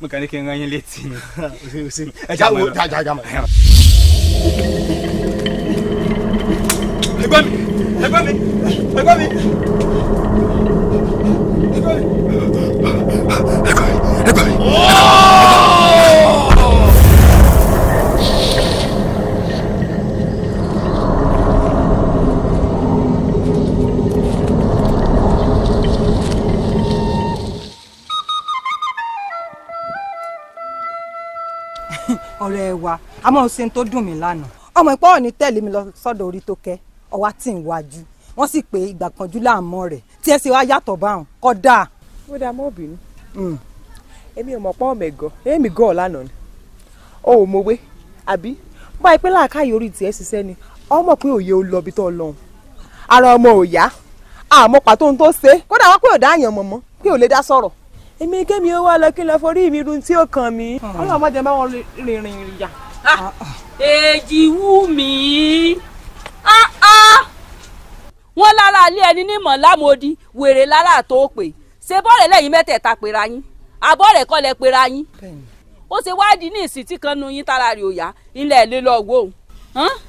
mo kàn ní kí n rán yín létí ni. [laughs] ẹ já wo já já já mọ̀. ẹgbẹ́ mi ẹgbẹ́ mi ẹgbẹ́ mi. ẹgbẹ́ mi ẹgbẹ́ mi. ọ̀rẹ́ ẹ wa a máa ṣe tó dùn mí lánàá ọmọ ìpá ò ní tẹ̀lé mi lọ sọ́dọ̀ orí tó kẹ́ ọwá tí ń wájú wọ́n sì pé ìgbà kanjú láàmọ́ rẹ̀ tí ẹ ṣe wá yàtọ̀ báwọn kódà. ó dáa mọ́ bínú hmm. èmi ò mọ̀ pọ́ ọmọ ẹ̀gọ́ èmi gọ́ lánàá ni o ò mọ̀wé àbí bá ipé làákàyè orí tiẹ̀ ṣiṣẹ́ ni ọmọ pé òye ò lọ ibi tó lọ́hùn ara ọmọ ò yá àmọ́ pàtó ohun tó ṣe kódà wọ́n pé ò dá àyàn mọ̀mọ́ pé ò lè dá sọ̀rọ̀ èmi kémi ó wá lọ kí n lọ forí mi run tí ó kàn mí. Hmm. ọlọ́run má jẹ́ bá wọn rìnrìn ìyà. Ah, ah, ah. èjì wú mi wọ́n lára ilé ẹni ní mọ̀lámọ́dí wèrè lára tó pè ṣé bọ́ọ̀rẹ̀ lẹ́yìn mẹ́tẹ̀ẹ̀ta pera yín àbọ̀rẹ̀ kọ́ lẹ pera yín ó ṣe wádìí ní ìsìtì kan nu yín tára rè òyà ilẹ̀ ilé lọ́gbọ́.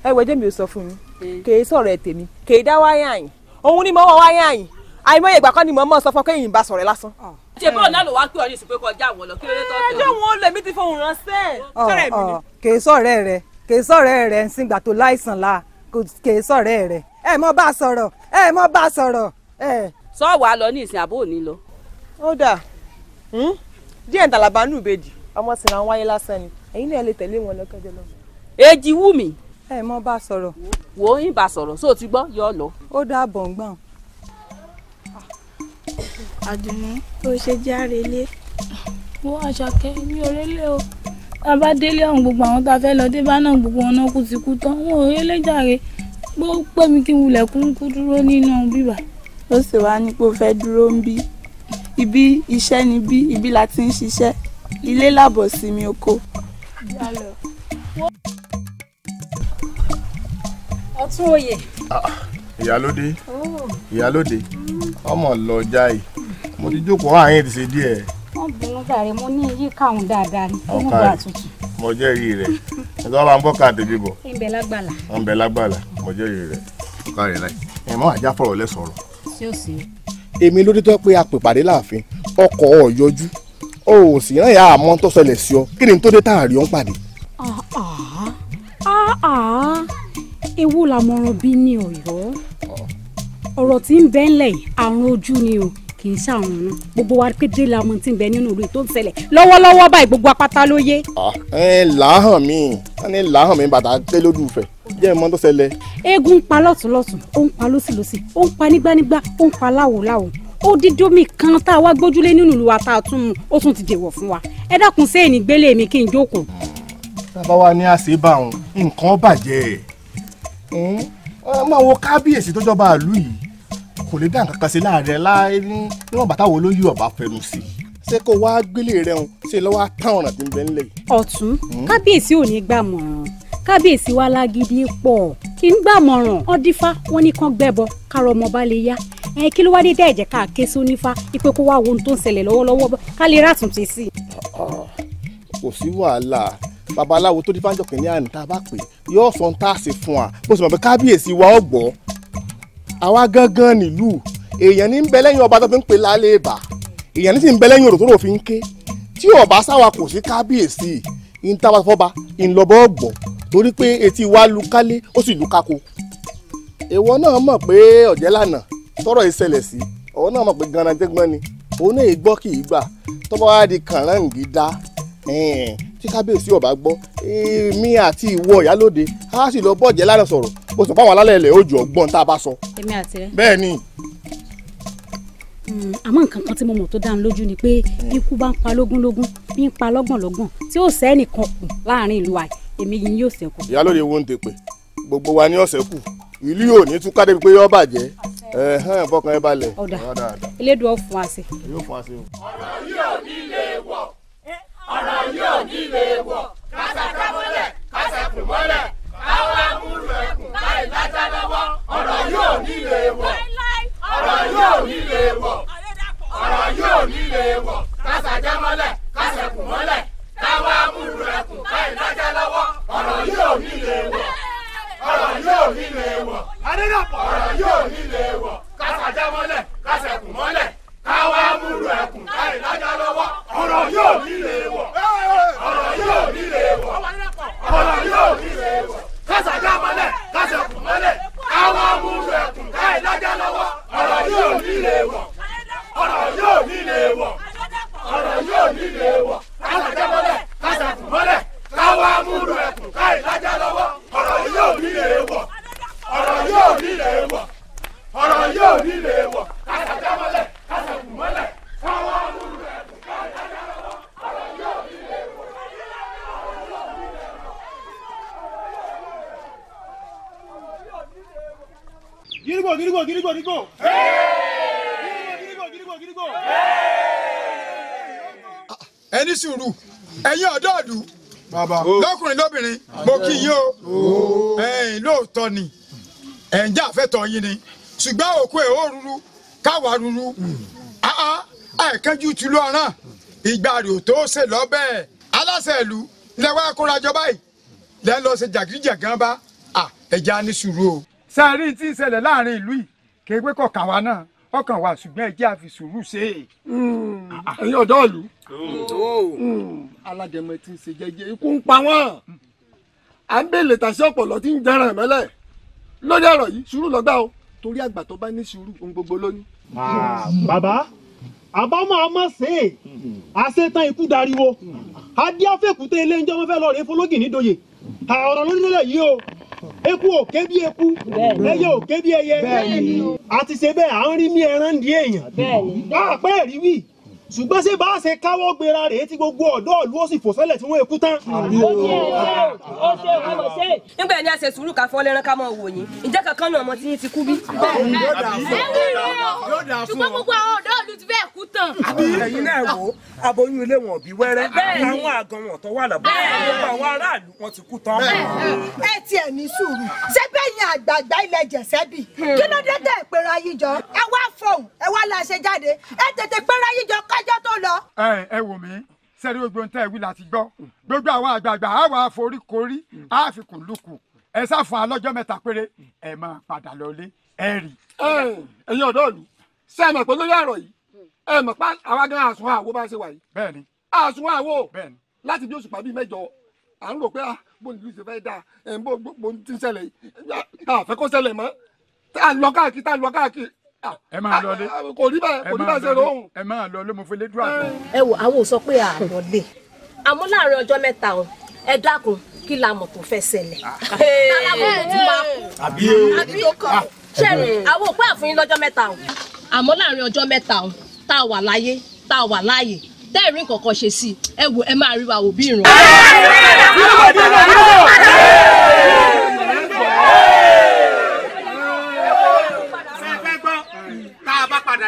ẹ wẹ́jẹ́ mi ò sọ fún mi eh. kèé sọ̀rọ̀ ẹ̀ tèmi kèé dá wáyà yín òun ni mo wọ wáyà yín àìmọye ìgbà kan ni mo mọ sọ fún pé ìyìnbá sọ̀rọ̀ lásán. Ah. ṣe bọ́ọ̀ náà ló wá pé ọ̀rẹ́ ìsìnkú kọjá àwọn lọ kí ló dé tọ́ tẹ. ẹjọ́ wọn ò lè mí ti fohùn ránṣẹ́. Ah, ah. kè é sọ̀rẹ́ rẹ kè é sọ̀rẹ́ rẹ ń sin gbà tó láìsàn la kè é sọ̀rẹ́ rẹ ẹ mọ bá a sọ̀rọ̀ ẹ mọ bá a sọ̀rọ̀. sọ wàá lọ ní ìsìn àbó òní lọ. ó dà hmm? díẹ̀ ń tàlàbà nù ìbejì ọmọ sì ra wáyé lásán ni ẹ̀yin náà lè tẹ̀lé wọn lọ́kẹ́jọ́ lọ. èjì wù mí. ẹ mọ bá a sọ̀rọ̀. wò ó yín bá a sọ̀rọ̀ sóò ti gbọ́ yọ ọ lọ. ó dà bọ̀ àdùnmọ́ ó ṣe jẹ́ àrèlé. wo àṣàkẹ́ mi ò rélé o tá a bá délé ọ̀hún gbogbo àwọn tá a fẹ́ lọ dé bá náà gbogbo wọn náà tán wọn ò rélé jàre bó pẹ́ mi kí n wulẹ̀ kún kú dúró nínú bíbà. ó sì wá ní pé fẹ́ dúró ń bí ibi iṣẹ́ ni bí ibi la ti ń ṣiṣẹ́ ilé làbọ̀ sí mi oko. ọtún òye. Ah, ìyálóde oh. ìyálóde mm. ọmọ lọ jáì mo ti jókòó àárín ah, ti ṣe díẹ̀. wọ́n bínú dàrí mo ní iyì káwọn dáadáa ní gbogbo àtútù. mo jẹ́rìí rẹ̀ ẹ̀dọ́ bá ń bọ́ káàdì bíbọ̀. ìbẹ̀ lágbàlá. ìbẹ̀ lágbàlá mo jẹ́rìí rẹ̀. ọ̀ká rẹ̀ láì ẹ̀ mọ́ àjà fọ̀rọ̀ lẹ́ sọ̀rọ̀. ṣé o sì. èmi ló dé tó pé a pè pàdé láàfin ọkọ̀ ọ̀ yọjú o ò sì rán ìyá àmọ́ tó ṣẹlẹ̀ sí ọ kí ni tó dé táàrí ọ̀n pàdé. Ah, ah, ewu làmọ̀ràn bí ní ọ̀yọ́ ọ̀rọ̀ tí ń bẹ́ńlẹ̀ àrùn ojú ni o. Ah, ah, kì í ṣàwọn ọ̀nà gbogbo wa kéde la mọ̀ tí ń bẹ nínú ìlú tó ń ṣẹlẹ̀ lọ́wọ́lọ́wọ́ báyìí gbogbo apáta ló yé. ẹ làáhàn mi wọn ní làáhàn mi bàtà dé lódùfẹ́ jẹ́ ìmọ̀ tó ṣẹlẹ̀. eégún ń pa lọ́tùnlọ́tùn ó ń pa lọ́sìlọ́sì ó ń pa nígbànígbà ó ń pa láwòláwò ó di domi kan tá a wá gbójúlé nínú ìlú wa tá a tún mu ó tún ti dèwọ̀ fún wa ẹ dákun sí èyí gbélé mi kí n jókòó. bàbá wa ní kò lè dá nǹkan kan sí láàrin ẹ láì níwọ̀n bàtà wo lóyún ọ̀bà fẹnu sí i ṣé kó wá gbélé rẹ hàn ṣe lọ́wọ́ tán ọ̀ràn tí ń bẹ nílẹ̀. ọ̀tún hmm? kábíyèsí ò ní gbàmọ̀ràn kábíyèsí wa lágídí pọ̀ kí n gbàmọ̀ràn ọdífá wọn ní kán gbẹ́bọ kárọ̀ ọmọ bá lè yá ẹ kí ló wá dé dá ẹ̀jẹ̀ ká ké sí onífá ipe kó wá ohun tó ń ṣẹlẹ̀ lọ́wọ́lọ́wọ́ ká lè ràtúnṣe sí i. Ah, kò sí wàhálà babaláwo tó dífá jọkìn ní àná tá a bá pè yóò sọ ń tá a ṣe fún wa bó ṣe mọ̀ pé kábíyèsí wa ọ̀gbọ́ àwa gangan nílùú èèyàn ní ń bẹ lẹ́yìn ọba tó fi ń pè lálẹ́ ìbà èèyàn ní sì ń bẹ lẹ́yìn òròtòrò fi ń ké tí ọba sáwa kò sí kábíyèsí ìntàbàfọba ìnlọbọ ọgbọ torí pé etí wa lu kálé ó sì lu kákó ìwọ náà mọ̀ pé ọ̀jẹ́ lànà tọ́rọ̀ ìṣẹ̀lẹ̀ sí ọ̀wọ́ náà mọ̀ pé ganan jẹ́gbọ́n ni òun náà gbọ́ kì í gbà tọ́ba wa di kànáǹgì dá tí kábíyèsí ọba gbọ́ èmi àti ìwọ ìyálóde a sì lọ bọ́ọ̀jẹ́ lànà sọ̀rọ̀ o sọ fáwọn alálẹ̀ ilẹ̀ òjò ọgbọ́n tá a bá sọ. èmi àti rẹ. bẹ́ẹ̀ ni. Hmm, àmọ́ nǹkan kan tí mo mọ̀ tó dá mi lójú ni pé ikú bá ń pa lógúnlógún bí ń pa lọ́gbọ̀nlọ́gbọ̀n tí ó sẹ́ nìkan kù láàrin ìlú àì èmi yìí yóò sẹ́kù. ìyálòde wo ń tèpè gbogbo wa ni ọ̀sẹ̀ kù ìlú yóò ní túká débi pé yọ́ bàjẹ́ ẹ̀hán fọkàn ẹ balẹ̀. ọ̀dà elédùn ọ̀fun àṣẹ. yóò fún àṣẹ o. ọ̀rọ̀ yóò ní lè wọ̀ ọ̀rọ̀ yóò ní lè wọ̀ kásà yóò nílé wọ̀. ọ̀rọ̀ yóò nílé wọ̀. ọ̀rọ̀ yóò nílé wọ̀. kásàjá mọ́lẹ̀ kásẹ̀kùn mọ́lẹ̀ káwá múlù ẹkùn káì lájá lọ́wọ́. ọ̀rọ̀ yóò nílé wọ̀. ọ̀rọ̀ yóò nílé wọ̀. ọ̀rọ̀ yóò nílé wọ̀. kásàjá mọ́lẹ̀ kásẹ̀kùn mọ́lẹ̀ káwá múlù ẹkùn káì lájá lọ́wọ́. ọ̀rọ̀ yóò nílé wọ̀. ọ̀rọ̀ yóò nílé wọ̀. ọ̀rọ̀ yóò nílé wọ̀. kásàjá mọ́lẹ̀ múlò ẹkùn káì lájà lọ́wọ́ ọ̀rọ̀ yóò nílé wọ̀ ọ̀rọ̀ yóò nílé wọ̀ ọ̀rọ̀ yóò nílé wọ̀ kásàjẹ́ mọ́lẹ̀ kásàkùn mọ́lẹ̀ káwá múlò ẹkùn káì lájà lọ́wọ́ ọ̀rọ̀ yóò nílé wọ̀ ọ̀rọ̀ yóò nílé wọ̀ ọ̀rọ̀ yóò nílé wọ̀. Gidigo, gidigo, gidigo, gidigo. Gidigo, gidigo, gidigo, gidigo. Ẹni sùúrù, ẹ̀yin ọ̀dọ́ ọ̀dù, lọ́kùnrin lóbìnrin, mo kí yín o. Ẹ̀yin lóòótọ́ ni, ẹ̀ ń jà fẹ́tọ̀ yín ni, ṣùgbọ́n òkú ẹ̀ ó ruru, káwa ruru. Àìkánjú tu ló ọ̀ràn, ìgbà rè tó ṣe lọ́bẹ̀. Aláṣẹ ìlú lẹ́wọ́ akórajọ báyìí, lẹ́ lọ ṣe jàgídíjàgán bá, ẹja ní sùúrù o sẹ́ẹ̀rí tí ń ṣẹlẹ̀ láàrin ìlú yìí kì í pé kọ̀ọ̀kan wa náà ọkàn wa ṣùgbọ́n ẹ jẹ́ àfi sùúrù ṣe é. Hmm. ẹ̀yin ọ̀dọ́ ìlú hmm. aládẹ̀mọ ti ń ṣe jẹ́jẹ́ ikú ń pa wọ́n à ń bèèlè tàṣí ọ̀pọ̀lọ́ tí ń jẹran mẹ́lẹ̀ lórí ọ̀rọ̀ yìí sùúrù lọ́gbà o torí àgbà tó bá ní sùúrù ohun gbogbo lónìí. Ah, bàbá àbámọ̀ ọmọ ṣe é àṣetán ikú dariwo adíáfẹ́kùtẹ́ ilé ń jẹ́ wọ́n fẹ́ lọ rèé fọlọ́gì nídòye tààrọ̀ lórílẹ̀ yìí o eku ò ké bí eku ẹyẹ ò ké bí ẹyẹ àti ṣe bẹ́ẹ̀ à ń rí mí ẹran di èèyàn bá àpẹẹrí wì ṣùgbọ́n ṣé bá ṣe káwọ́ gbéra rèé tí gbogbo ọ̀dọ́ ìlú ó sì fò sẹ́lẹ̀ tí wọ́n ekú tán. nígbà yẹn a ṣe sùúrù ká fọ́ lẹ́ran ká mọ̀ wò yín ǹjẹ́ kankan náà ọmọ tí yín ti kú bí. ṣùgbọ́n gbogbo àwọn ọ̀dọ́ ìlú ti bẹ́ẹ̀ kú tán. ẹ̀yin náà wò aboyún ilé wọn bí wẹ́rẹ́ àwọn àgàn wọn tó wà lọ́bọ̀ gbogbo àwọn aráàlú wọn ti kú tán. ẹ tiẹ̀ ní sùúrù ṣé bẹ́yìn àgbààgbà ilẹ̀ jẹ̀sẹ́bì hmm. kí ló dé tẹ̀ pera yín lọ́jọ́ tó lọ. ẹ ẹ wò mí sẹ́rí gbogbo ń tẹ́ ìwí láti gbọ́ gbogbo àwọn àgbààgbà á wà á forí korí á fi kùn lùkù ẹ sá fún alọ́jọ́ mẹ́ta péré ẹ máa padà lọlé ẹ rí. ẹ̀yin ọ̀dọ́ ìlú ṣé ẹ mọ̀ pé lórí ọ̀rọ̀ yìí ẹ mọ̀ pé àwa gan àsun àwo bá ṣe wà yìí. bẹ́ẹ̀ni. àsun àwo láti bí òṣùpá bíi mẹ́jọ à ń rò pé bó ni ìlú ṣe fẹ́ dáa bó ti ń ṣẹlẹ̀ yìí àfẹ́kọ́ṣẹlẹ̀ mọ́ tá a lọ káàkiri tá a lọ káàkiri ẹ máa lọ lé kò ní bá kò ní bá ṣe lóhùn. ẹ máa lọ lé mo fi lé dúró àná. ẹ wò àwọn ò sọ pé àlọ lè àmọ́ láàrin ọjọ́ mẹ́ta o ẹ dákun kí la mọ̀ tó fẹ́ ṣẹlẹ̀. tálámù kò tún máa kú àbí tó kàn ṣẹ́ni àwọn òpin àfún yín lọ́jọ́ mẹ́ta o àmọ́ láàrin ọjọ́ mẹ́ta o tá a wà láyé tá a wà láàyè tẹ́ẹ̀rín kọ̀ọ̀kan ṣe sí ẹ wò ẹ máa rí wa wò bí ìrùn.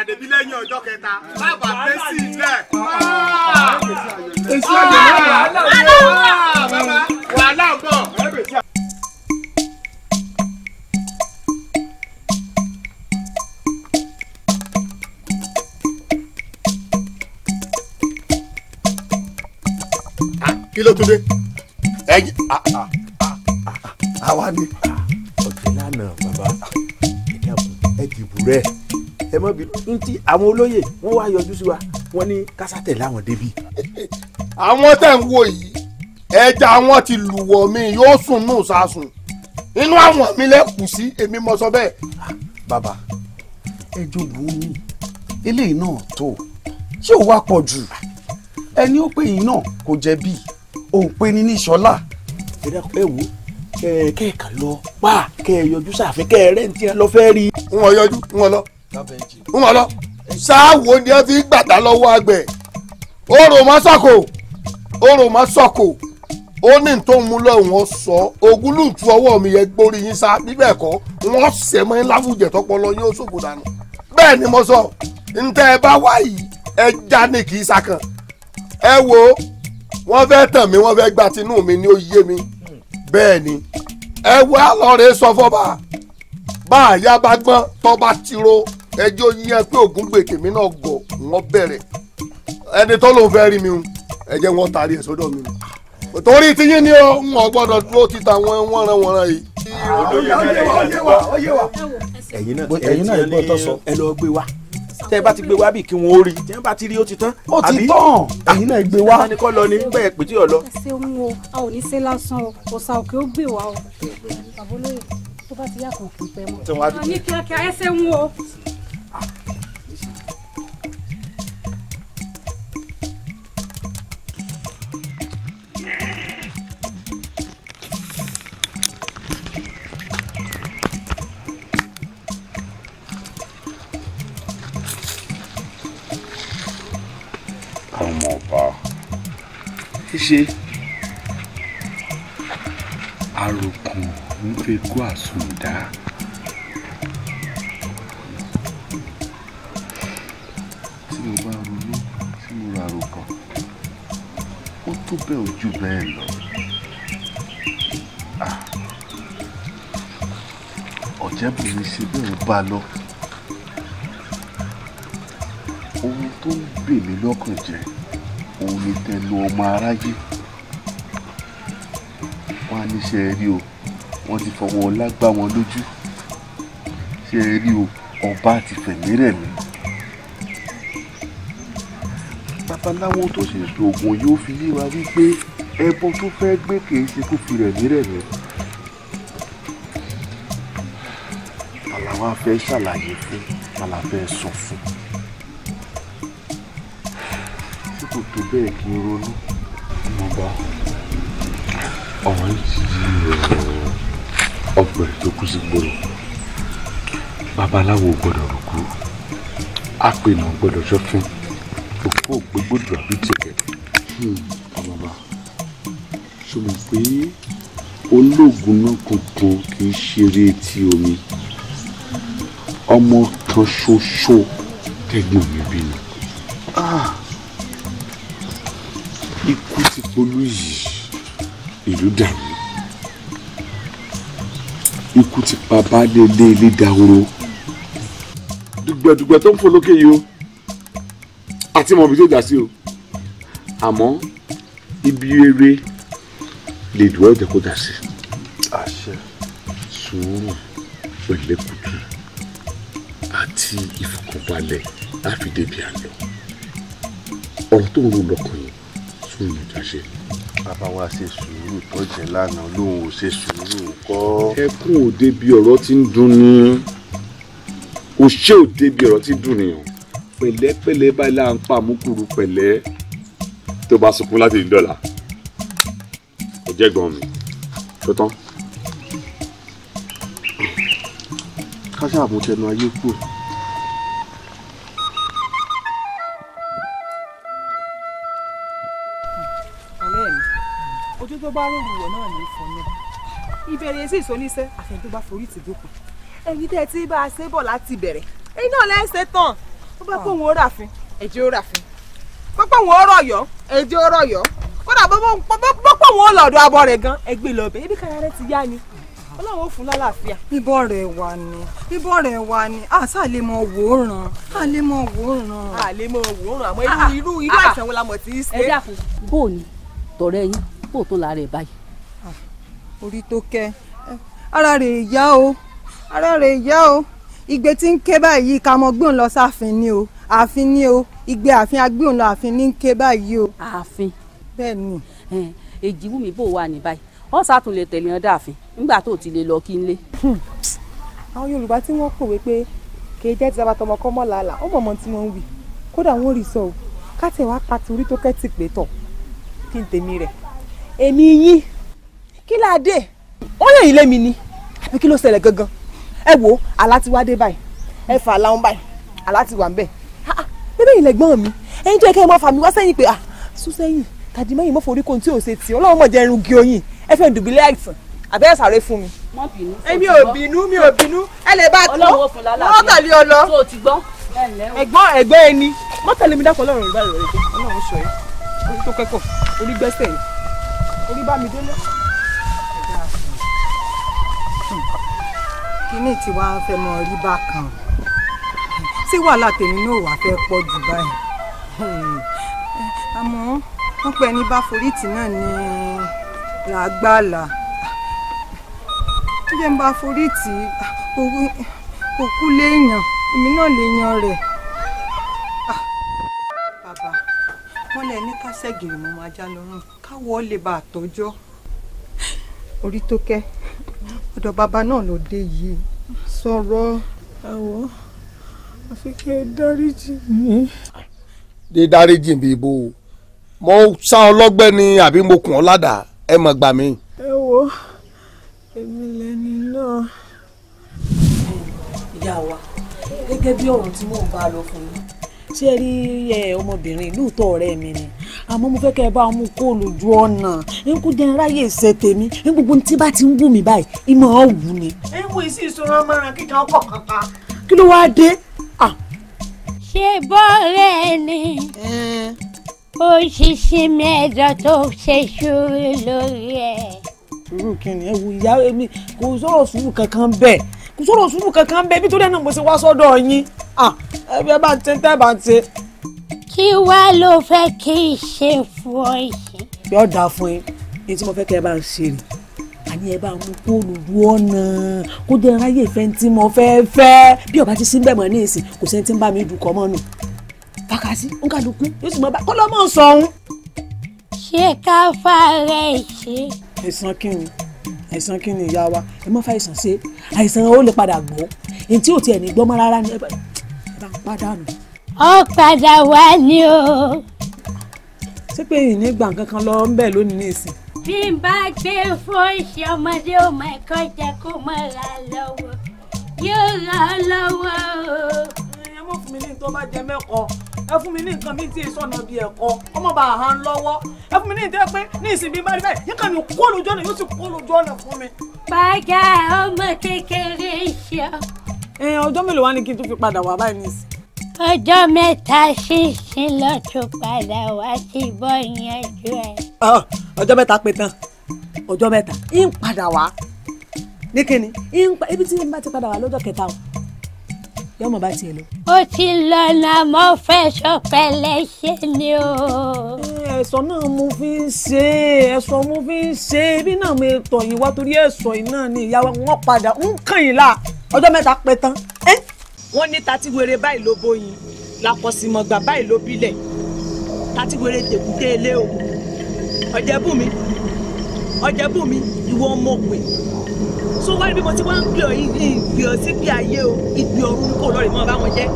débí lẹ́yìn ọjọ́ kẹta bàbá pé sí ilẹ̀. èsì ọjọ́ náà wàhálà ń bọ̀. kí ló tún dé ẹ̀yin àwa ni ọ̀tẹ̀ lánàá bàbá ẹ dìbò rẹ̀ ẹ mọ̀ bí ntí àwọn olóyè wọ́n wá yọjú sí wa wọ́n ní kásátẹ̀ láwọn débi. àwọn tẹ̀ ń wo yìí ẹja wọn ti lùwọ̀ mi yóò sùn nù sásùn inú àwọn mi lẹ́kù sí èmi mọ̀ sọ bẹ́ẹ̀. Ah, bàbá ẹ jọ̀wọ́ eléyìí náà tó ṣé ò wá pọ̀ jù ẹni ó pè yín náà kò jẹ̀bi ò ń pè ní ní ìṣọ́lá. ẹ wo kẹ́ẹ̀kan lọ pa kẹ́ẹ̀ yọjú sáfin kẹ́ẹ̀ rẹ́ǹtì lọ fẹ́ rí. n ò yọjú n ò lọ ń wọ́n lọ sáàwó ni ẹ fi gbàdá lọ́wọ́ àgbẹ̀ orò má sọ̀kò orò má sọ̀kò ó ní tó ń mú lọ́hùn ọ sọ ogúnlùtù ọwọ́ mi yẹ gbórí yín sá bíbẹ̀ kọ́ wọ́n sẹ̀ mọ́ láwùjẹ tọpọlọ yín ó ṣòfò dànù bẹ́ẹ̀ ni mo sọ ntẹ́ ẹ bá wá ẹ já ní kì í sakàn ẹ wo wọ́n fẹ́ tàn mí wọ́n fẹ́ gba tinú mi ní ó mi bẹ́ẹ̀ ni ẹ wá lọ́ọ́ rẹ sọ fọ́ba bá àyà bá gbọ́n tọ́ bá tiro ẹjọ́ yíyan pé ògùn gbèkè mi náà gọ̀ wọ́n bẹ̀rẹ̀ ẹni tó lòun fẹ́ rí mi o ẹ jẹ́ wọ́n taari ẹ̀ sọ́dọ̀ mi o torí ti yín ni ó ń wọ́n gbọ́dọ̀ dúró ti ta wọn wọ́nranwọ́nran yìí. ẹ̀yin náà ẹ̀gbọ́n tó sọ ẹ lọ gbé wa tẹ bá ti gbé wá bí kí wọn ó rí tẹ bá ti rí ó ti tán. ó ti tán ah, ẹ̀yin náà gbé wá. ẹni kọ́ lọ ní bẹ́ẹ̀ pètè ọ lọ. ṣé ń wo a ò ní ṣe lásán o ọ̀sà òkè ó gbé wa o bàbá olóyè tó bá ti yà kó pípẹ́ mọ́. ní kíákíá ẹ ṣe ń wo. ṣe àròkàn ń fegú àsùndá. tí mo bá ronú tí mo ra àròkàn ó tó bẹ́ẹ̀ ojú bẹ́ẹ̀ lọ. Ah. ọ̀jẹ̀bùnmi ṣe bẹ́ẹ̀ ń bá lọ ohun tó ń bè mí lọ́kàn jẹ́ òun ni tẹnu ọmọ aráyé wọn á níṣẹ́ rí o wọ́n ti fọwọ́ ọlá gbá wọn lójú ṣe é rí o ọba àti fẹ̀mí rẹ̀ mi. babaláwo tó ṣe ṣoògùn yóò fi yé wa wípé ẹbọ tó fẹ́ gbé kìí ṣe kó fi rẹ̀ mí rẹ̀ mi. àlàwọ̀ afẹ́ ṣàlàyé fún àlàfẹ́ sọ fún kò tó bẹ́ẹ̀ kí n ronú mo bá ọ̀rọ̀ yìí ti di ọgbẹ́ tó kú sí gbòòrò babaláwo gbọ́dọ̀ rúkú àpènà gbọ́dọ̀ ṣọ́fín òkú ògbégbòdò àbí tẹ̀kẹ̀. Hmm, bàbá ṣùgbọ́n pé olóògùn náà kankan kì í ṣeré etí omi ọmọ kan ṣoṣo tẹ́gbọ̀n mi bí ni. gbólú yìí ìlú dàrú ikú ti pa baálé ilé ilé dahoro dùgbẹ̀dùgbẹ̀ tó ń fò lókè yìí o àti mọ̀ bí tó dà sí o àmọ́ ibi eré lè dùn ọ́ jẹ́ kó dà sí. àṣẹ sùúrù pẹ̀lẹ́kùtù àti ìfọkànbalẹ̀ láfi débi àlọ́ ọ̀rọ̀ tó ń ro lọ́kàn fíìmù tó ṣe bàbá wa ṣe sùúrù tọ́jẹ̀ lánàá lóun ò ṣe sùúrù kọ́. ẹkún ò débi ọ̀rọ̀ tí ń dùn ni kò ṣe ò débi ọ̀rọ̀ tí ń dùn nìyàn pẹ̀lẹ́pẹ̀lẹ́ báyìí là ń pa àmúkúrú pẹ̀lẹ́ tó bá sunkún láti di dọ́là kò jẹ́ gan mi tó tán. ká ṣáà mú tẹnu ayé kúrò. bá rọrùn wọ̀ náà ní ìfọ̀ náà ìbẹ̀rẹ̀ sí ìsọníṣẹ́ àfẹn tó bá forí ti dókun ẹ̀yin tẹ́ ẹ ti bá a ṣe bọ̀ láti bẹ̀rẹ̀ ẹ̀yin náà lẹ́sẹ̀ tán ó bá kó òun ó ràfin ẹ̀jẹ̀ ó ràfin pọ́pọ́ òun ó rọ̀yọ́ ẹ̀jẹ̀ ó rọ̀yọ́ kódà pọ́pọ́ òun ó lọ́dọ̀ abọ́ rẹ̀ gan ẹgbẹ́ lọ́bẹ̀ ibi kára rẹ ti yá ni ọlọ́run ó fún lálàáfíà. bíbọ̀ rẹ̀ wà ní bíbọ̀ rẹ̀ wà ní àṣà lè mọ wòóràn à lè mọ wòóràn. à lè mọ wòóràn àmọ́ irú irú ah, ah. àìsàn wo la mọ̀ tí í ṣe. ẹ dákun bóòní tọ̀rẹ́ yín bò tó la rẹ̀ báyìí. Ah, orí tó kẹ́ ara rẹ̀ yá o ara rẹ̀ yá o igbe tí ń ké báyìí ká mọ gbóhùn lọ sáfin ni o àfin ni o igbe àfin agbóhùn lọ àfin ní ké báyìí o. àfin. bẹ́ẹ̀ ni. èjì wù mí bò wà ní báyìí ó sàtún lè tẹ̀lé ọ dàfin nígbà tó ti lè lọ kí n lé. Hmm. àwọn yorùbá tí wọ́n pòwe pé kì í jẹ́ ti abatọmọ kọ́ mọ́ làálà ó mọ̀mọ́ tí wọ́n ń wí kódà wọ́n rí sọ o ká tẹ̀ wá pati tó kẹ́ ti pè tọ̀ kí n tèmi rẹ̀ èmi yín kí láà dé wọ́n yẹ̀ yín lé mi ni àbí kí ló ṣẹlẹ̀ gangan ẹ wo àlá ti wá dé báyìí ẹ fà àlá wọn báyìí àlá ti wà ń bẹ̀ bẹ́ẹ̀ yìí lẹ́gbọ́n mi ẹ̀yin tó yẹ kẹ́ ẹ mọ́ fà mí wá sẹ́yìn pé à sún sẹ́yìn tàdí mẹ́yìn mọ́ forí kóhun tí ò ṣe tì ọlọ́run mọ̀ jẹ́ irun gé oyin ẹ fẹ́ dùbílẹ̀ àìsàn àbẹ́ sàré fún mi. mọ bínú sọ ti gbọ́ èmi ò bínú mi ò bínú ẹ lè bá tó wọ́n tẹ̀lé ọ lọ. tó o ti gbọ́ ẹ̀gbọ́n ẹ̀gbẹ́ ẹni mọ́tẹ̀lẹ́mi dákọ̀ ọlọ́run ìbára rẹ̀ ọlọ́run sọ ẹ́ orí tó kẹ́kọ̀ọ́ orí gbẹ́sẹ̀ yìí orí bá mi délé. kíní tí wàá fẹ́ mọ rí bákan tí wàhálà tèmi náà wàá fẹ́ pọ̀ jù báyìí àmọ́ wọ́n pẹ́ ní bá forítì náà ní làgbàlà bí ẹ ń bá forítì kò kú léèyàn èmi náà léèyàn rẹ̀ ah, bàbá wọ́n lẹ ní ká mọ́ máa já lọ́rùn káwọ́ lè bá àtọ́jọ́ orí tó kẹ́ ọ̀dọ̀ bàbá náà ló dé yìí sọ̀rọ̀. àwọ̀ àfi kí ẹ dáríjì mi. dé dáríjì mi bò ó mo sá ọlọ́gbẹ́ ni àbí mo kùn ọ́ ládàá ẹ mọ̀ gbà mí. ẹ wo èmi lẹni náà. ìyá wa gẹ́gẹ́ bí ọ̀rọ̀ tí mò ń bá lọ fún yín ṣé rí ọmọbìnrin lóòótọ́ ọ̀rẹ́ mi ni àmọ́ mo fẹ́ kẹ́ ẹ bá mú kó lójú ọ̀nà nkú jẹ́ ráyè ṣe tèmi gbogbo tí bá ti ń wù mí báyìí ìmọ̀ ọ́ wù ni. ẹ wo èsì ìṣòro ọmọràn kíkà ọkọ̀ kan pa. kí ló wáá dé. ṣé bọ́ọ̀rẹ́ ni òṣìṣẹ́ mẹ́jọ tó ṣe ṣòro lórí ẹ̀. sùúrù kìnìún ẹ wù ìyá mi kò sọ̀rọ̀ sùúrù kankan bẹ́ẹ̀ kò sọ̀rọ̀ sùúrù kankan bẹ́ẹ̀ nítorí ẹ̀ náà mo ṣe wá sọ́dọ̀ yín ẹ bá ń tẹ́ bá ń kí wá ló fẹ́ kí n ṣe fún ọ yìí. yóò dáa fún yín ní tí mo fẹ́ kẹ́ ẹ bá ń ṣe rè àní ẹ bá mú kóòlù wú ọ̀nà kó jẹ́ ráyè ìfẹ́ tí mo fẹ́ fẹ́ bí ọba ti sí bẹ́ẹ̀ mọ̀ ní ìsìn kò sẹ́ni tí ń bá mi dùkọ́ mọ́ nù. fàkàsí ń kàlùkù yóò sì mọ bá kọ́lọ́ mọ̀ sọ̀hún. ṣé ká fara ẹ̀ ṣe. ẹ̀sán kí ni ẹ̀sán kí ni ìyá wa ẹ mọ́ fàìsàn ṣe àìsàn ó lè padà gbọ́ ọ padà wá ní o. ṣé pé èyí ní gbàǹkan kan lọ ń bẹ̀ lónìí nìsín. bí n bá gbé fóònù ọmọdé ò mọ ẹ̀kọ́ jẹ kó mọ ra lọ́wọ́ yóò ra lọ́wọ́ o. ẹ mọ̀ fún mi ní tó bá jẹ mẹ́kọ̀ọ́ ẹ fún mi ní nǹkan mi tí èso ọ̀nà bíi ẹ̀kọ́ ọmọ bá hàn lọ́wọ́ ẹ fún mi ní ìdí pé ní ìsìn bíi báyìí báyìí yíkan mi kó lójú ọ̀nà yóò sì kó lójú ọ̀nà fún mi. pàgà ọmọ kékeré ṣe. ẹ ọjọ́ mélòó wá ni kí n tún fi padà wá báyìí nísìnyí ọjọ́ mẹ́ta ṣinṣin lọ́tún padà wá sí bọ́ yanjú ẹ̀. ọjọ́ mẹ́ta pé tán ọjọ́ mẹ́ta ń padà wá ní kíni ibi tí n bá ti padà wá lọ́jọ́ kẹta o yọmọ bá tiẹ̀ lọ. ó ti lọ́nà mọ́ fẹ́ sọpẹ́ lẹ́sẹ̀ ni o. ẹ̀sọ́ náà mo fi ń ṣe ẹ̀sọ́ mo fi ń ṣe ibi náà mo tọ̀ wá torí ẹ̀sọ́ yìí náà ni ìyá wọn padà ń kàn yín là ọjọ́ mẹ́ta pé tán. Eh? wọ́n ní tati wèrè báyìí ló bóyin làkọ̀sìmọ̀gbà báyìí ló bílẹ̀ tati wèrè tèkúté ilé o ọ̀jẹ̀bùnmi ọ̀jẹ̀bùnmi ìwọ ọmọ òpè tó wá bí mo ti wá ń gbé ọ yìí ìgbé ọ sí bí ayé o ìgbé ọrùn kò lọ rè mọ́ báwọn jẹ́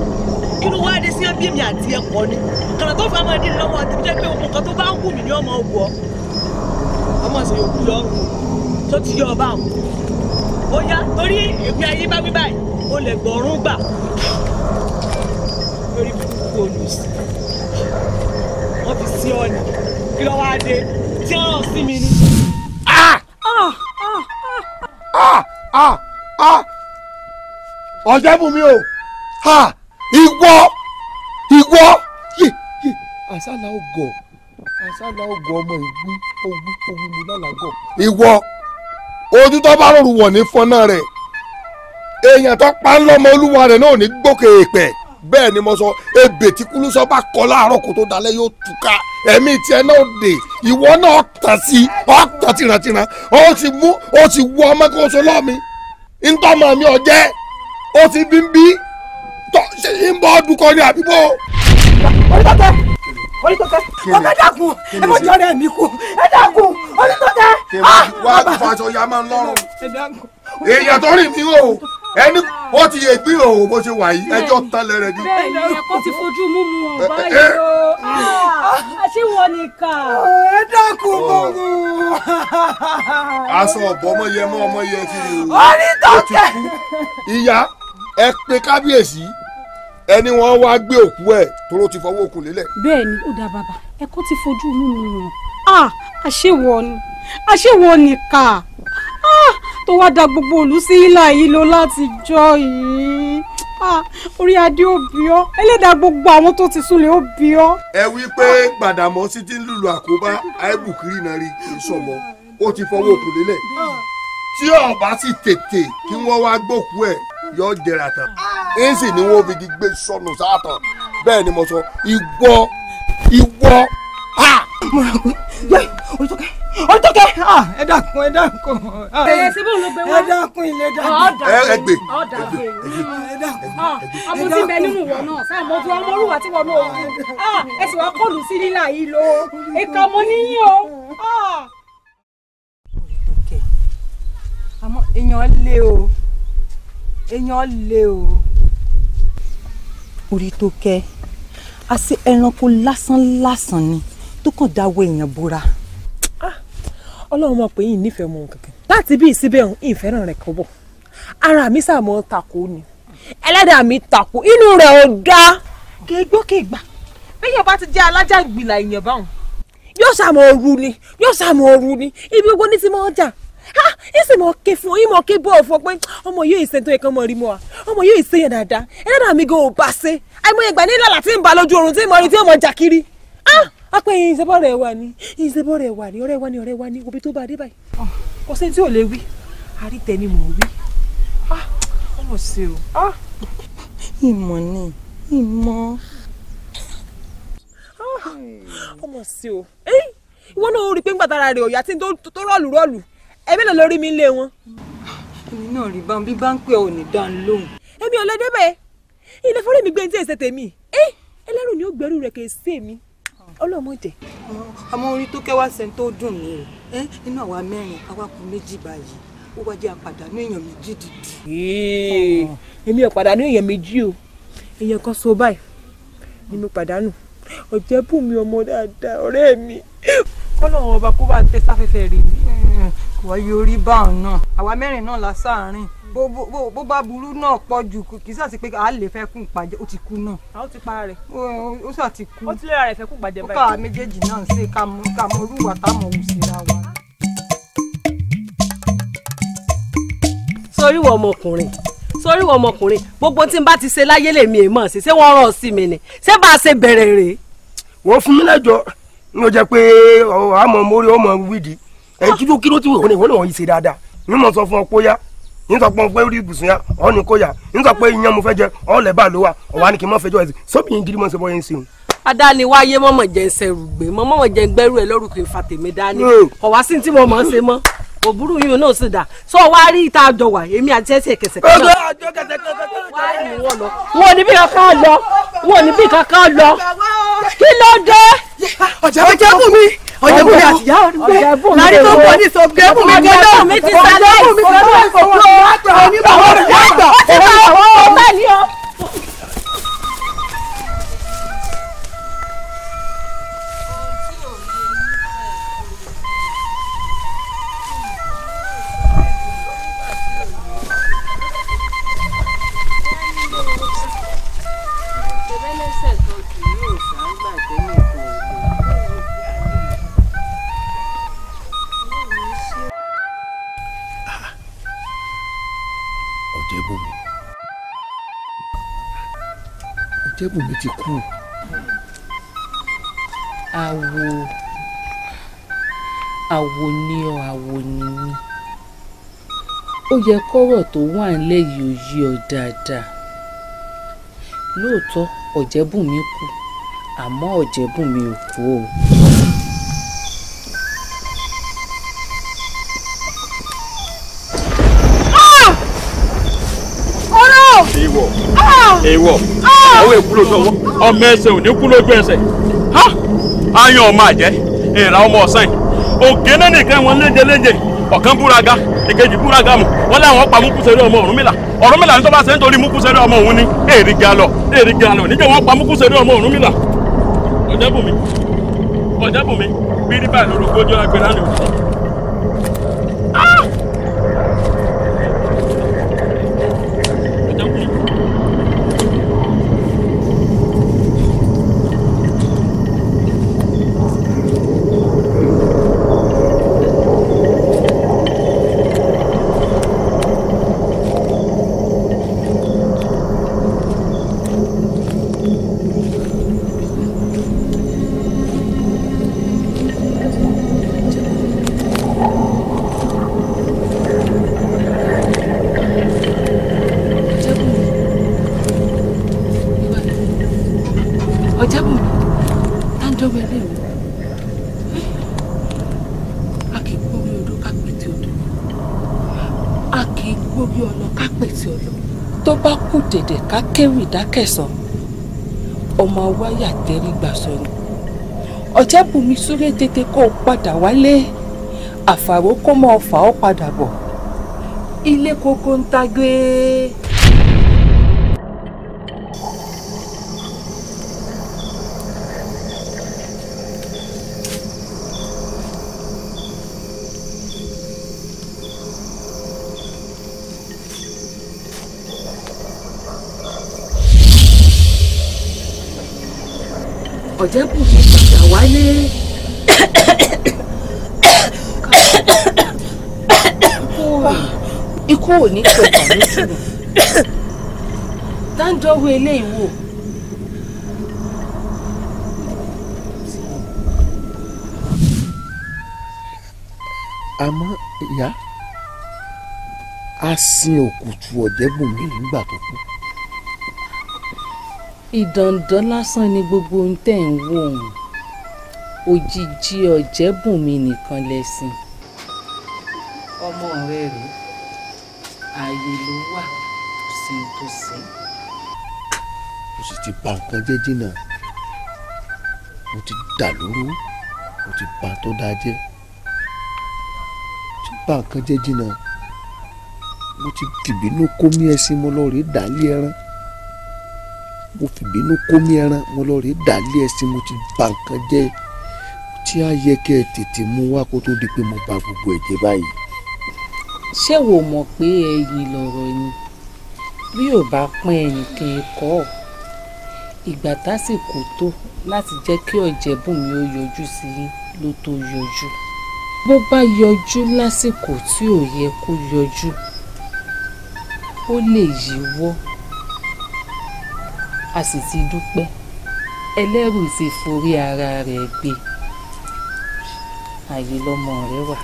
kí ló wá dé sí ẹbí mi àti ẹkọ ni kàrà tó fà máa dín lọ́wọ́ àti jẹ́ pé òkú kan tó bá ń wù mí ni ọmọ òwú ọ ọmọ sì yóò kú lọ́rùn tó ti yọ ọba àwọn ó yá torí èmi ayé bá mi báyìí o lè gbọ̀rún gbà lórí burúkú olùsí wọ́n fi sí ọ̀nà kí ló wáá dé tí wọ́n rán sí mi ni. ọ̀jẹ̀bùnmi o ìwọ ìwọ àṣàlà ògọ̀ àṣàlà ògọ̀ ọmọ ìgbín ogun ogun mi lálàgọ̀ ìwọ ojú tó bá rọrùn wọ̀ ní fọ́nà rẹ̀. èèyàn tó pa ń lọ́mọ olúwa ni mo sọ ebè tí bá kọ kó tó yóò túká náà dè ìwọ náà tàn sí ọ tàn tìrantìran ó mú ó wú ọmọ kó so mi ó bí ah, ń bí ṣe ń ọdún kan ní àdúgbò. dàgùn ẹ mọ jọrọ ẹ̀mí kù ẹ dàgùn wàá o. ẹni wọ́n ti yẹ gbé òun bó ṣe wà yìí ẹjọ́ tán lẹ́rẹ̀ ni. bẹ́ẹ̀ni ẹkọ ti fojú mú mu ọ báyìí o ah, ṣé wọn nìkan. ẹ dákun gbogbo. Oh. aṣọ ọ̀bọ ọmọ yẹ mọ ọmọ yẹ ti rí o ó ti kú. ìyá ẹ pe kábíyèsí ẹni wọn wá gbé òkú ẹ tóró ti fọwọ́ òkú lélẹ̀. bẹ́ẹ̀ni ó dá bàbá ẹkọ ti fojú mú mu ọ ah, àṣewọ ni àṣewọ nìkan tó wá da gbogbo òlú sí ìlà yìí lọ láti jọ yìí orí adé òbí ọ ẹlẹ́dàá gbogbo àwọn tó ti súnlẹ̀ òbí ọ. ẹ wí pé Gbàdàmọ́sí ti ń lùlù àkóbá àìbùkírì náà rí ìṣọ̀mọ́ ó ti fọwọ́ òkú lélẹ̀ tí ọba sì tètè kí wọ́n wá gbòkú ẹ̀ yọ jẹrà tán ń ni wọ́n fi gbé sọnù sáàtàn bẹ́ẹ̀ ni mo sọ ìwọ ìwọ. mo rà yẹ orí kẹ́ ó tó kẹ́ ah, ẹ dákun ẹ dákun ah, ẹ dákun ilé dákun ẹ gbé ẹ dákun. Ah, ọmọ tí bẹ nínú wọn náà sáà mo tún ọmọ olúwa tí wọn náà wù ẹ sì wá kọlù sí nílà yìí lo ìka ọmọ níyìn o. àmọ́ èèyàn lé o èèyàn lé o. orí tó kẹ́ àṣé ẹranko lásán lásán ni tó kàn dáwọ́ èèyàn búra ọlọ́run mọ̀ pé yìí nífẹ̀ẹ́ mọ̀ kankan láti bí ìsíbẹ̀ ọ̀hún ìfẹ́ràn rẹ̀ kọ́ bọ̀ ara mi sàmọ́ tako ni ẹlẹ́dàá mi tako inú rẹ̀ ò dáa. kégbókègbà bẹ́yàn bá ti jẹ́ alájà ìgbìlà èèyàn báwọn. yóò sàmọ̀ ooru ni yóò sàmọ̀ ooru ni ibi owó ní ti máa ń ha ìsìn mọ̀ ké fún yín mọ̀ ké bọ́ọ̀ fún ọ pé ọmọ yóò ìsẹ́ tó yẹ kán mọ̀ rí mọ́ wa ọmọ yóò ìsẹ́ yẹn dáadáa ẹlẹ́dàá mi gan ò bá ṣe àìmọye ìgbà nílẹ̀ àti ń oorun tí mo rí tí ó mọ̀ jà kiri a pé yín ìṣẹ́bọ̀ rẹ̀ wà ní yín ìṣẹ́bọ̀ rẹ̀ wà ní ọ̀rẹ́ wa ní ọ̀rẹ́ wa ní òbí tó bá dé báyìí ah, kò sẹ́ni tí ò lè wí àrítẹ́ ni mò ń wí ah, ọmọ sí o. Ah. ìmọ̀ ni ìmọ̀. ọmọ sí o ìwọ náà rí i pé ń gbàtara rẹ̀ ọ̀yà tí tó rọ̀lù rọ̀lù ẹ̀mí lọ lórí mi ń lé wọn. èmi náà rí bá bí bá ń pè ọ ní dáhùn lóhùn. èmi ò lè débẹ̀ ilé fọ́lẹ́ mi gbé ní tí èsè tèmi ẹlẹ́rù ni ó gbẹ́rù rẹ̀ kì í sí èmi ọlọ́mọdé. àmọ́ orí tó kẹ́wàá sẹ́ni tó dùn mí rẹ̀ nínú àwa mẹ́rin àwa kù méjì báyìí ó wá jẹ́ àpàdánù èèyàn méjì dìdì. èmi ò pàdánù èèyàn méjì o èèyàn kan so báyìí ni mo pàdánù ọ̀jẹ̀ bù mí ọmọ dáadáa ọ̀rẹ́ mi. kọ́lọ́run ọba kó bá tẹ sáfẹ́fẹ́ rí mi. kò wáyé orí báwọn náà àwa mẹ́rin náà la sáàárín bó bá burú náà pọ̀ jù kì í sọ ti pé a lè fẹ́ kún ìpàjẹ́ ó ti kú náà. a ó ti para rẹ̀. ó sọ ti kú. ó ti lè ra rẹ̀ fẹ́ kún ìpàjẹ́ báyìí. ó káwa méjèèjì náà ń ṣe ká mọ irú wa tá mọ̀ wù síra wa. sórí wọ ọmọkùnrin sórí wọ ọmọkùnrin gbogbo tí n bá ti ṣe láyé lèmi èèmọ̀ sí ṣé wọ́n rán sí mi ni ṣé bá a ṣe bẹ̀rẹ̀ rèé. wọ́n fún mi lẹ́jọ́ ló jẹ́ pé àmọ́ mórí ọmọ wíìdì ẹ̀ ah. kí ló kí ló ti wọ̀ ọ́ ni wọ́n lè wọ́n yìí ṣe dáadáa ní mọ̀ sọ fún ọ pé ó yá nítorí pé orí ibùsùn ya ọ̀ ní kó yà nítorí pé iyán mo fẹ́ jẹ ọ̀ lẹ́bàá ló wà ọ̀wá ni kì í mọ̀ fẹjọ́ ẹ̀sìn sóbìyàn gidi mọ̀ ṣe bọ́yẹn sí i. adáni wá yé mọ̀mọ̀ jẹ́ sẹ́rùgbé mọ̀mọ̀ jẹ́ gbẹ́rù ẹ̀ lórúkọ ìfàtẹ̀mẹ́ dání ọ̀wá sí ti mọ̀ ṣe mọ́ òbúrú yìí náà sì dà sọ wá rí ìta àjọ wà èmi àti ẹsẹ kẹsẹ kan náà wá ní wọn lọ ní bí kankan lọ wọn ní bí kankan lọ kí ọjọ́bùn mi àtìyá ọ̀dùnkún láti tó kọ́ ní sọ pé ọjọ́bùn mi gbọ́dọ̀ mi ti sálẹ̀ ìfowópamọ́ oníbàárà ọ̀gbà ọ̀gbà ọ̀gbà ọ̀gbà ọ̀gbà Àjẹ́bùnmi ti kú. Àwo àwo ni ọ àwo ni mí. Ó yẹ kọ́rọ̀ tó wà nílẹ̀ yìí ó yí ọ dáadáa. Lóòótọ́ Ọ̀jẹ́bùnmi kú àmọ́ Ọ̀jẹ́bùnmi ò kú o. èèwọ̀ ah! ọwọ́ èkúrò tọwọ́ ọmọ ẹsẹ̀ ò ní kú lójú ẹsẹ̀ ha ayan ọmọ àjẹ́ ìrà ọmọ ọ̀sán òkè náà nìkan wọn léje léje ọ̀kan búraga èkejì búraga mu wọn láwọn pa múkúsẹ̀rẹ́ ọmọ Ọ̀rúnmìlà Ọ̀rúnmìlà ní tó bá ṣe nítorí múkúsẹ̀rẹ́ ọmọ òun ni èrì galọ èrì galọ níjẹ́ wọn pa múkúsẹ̀rẹ́ ọmọ Ọ̀rúnmìlà ọ̀jẹ̀bùnmi ọ̀jẹ̀bùnmi bíríbà lórúkọ jọra gbéra ní òkú. ká kéwì dákẹ̀sán ọmọ wáyà tẹ́rígbà sọnù ọ̀jẹ̀bùnmi súré tètè kó o padà wálé àfàró kó mọ́ ọ fà ọ́ padà bọ̀ ilé kókó ń tagbé. Ọ̀jẹ́bùnmi padà wálé. Ikú ò ní pẹ̀lú àmúṣùrù. Dáńdọ́wọ́ eléyìí wò. Àmọ́ ìyá a sin òkùtù Ọ̀jẹ́bùnmi nígbà tó kú ìdàndàn lásán ni gbogbo ohun tẹ́ ń wò ọ̀hún òjijì ọ̀jẹ̀bùnmi nìkan lẹ́sìn. ọmọ rẹ rèé ààyè ló wà sí tó sí. mo sì ti bà nǹkan jẹ́ jìnnà mo ti dà lóru mo ti bà tó dáa jẹ́ mo ti bà nǹkan jẹ́ jìnnà mo ti dìbínú kó mí ẹṣin mo lọ rèé dàálé ẹran mo fìbínú kómi ẹran mo lọ rèé dàlí ẹṣin mo ti bà nǹkan jẹ́ tí a yẹ kẹ́ ẹ tètè mú wá kó tó di pé mo bà gbogbo ẹ̀ jẹ́ báyìí. ṣé wo mọ̀ pé ẹyin lọ̀rọ̀ ni bí ò bá pín ẹyin kí n kọ́ ọ ìgbà tásìkò tó láti jẹ́ kí ọ̀jẹ̀bùnmi ó yọjú sí i ló tó yọjú bó bá yọjú lásìkò tí ò yẹ kó yọjú ó lè yíwọ́ a sì ti dúpẹ́ ẹlẹ́rù ti forí ara rẹ̀ gbé ààyè lọ́mọ rẹ wà.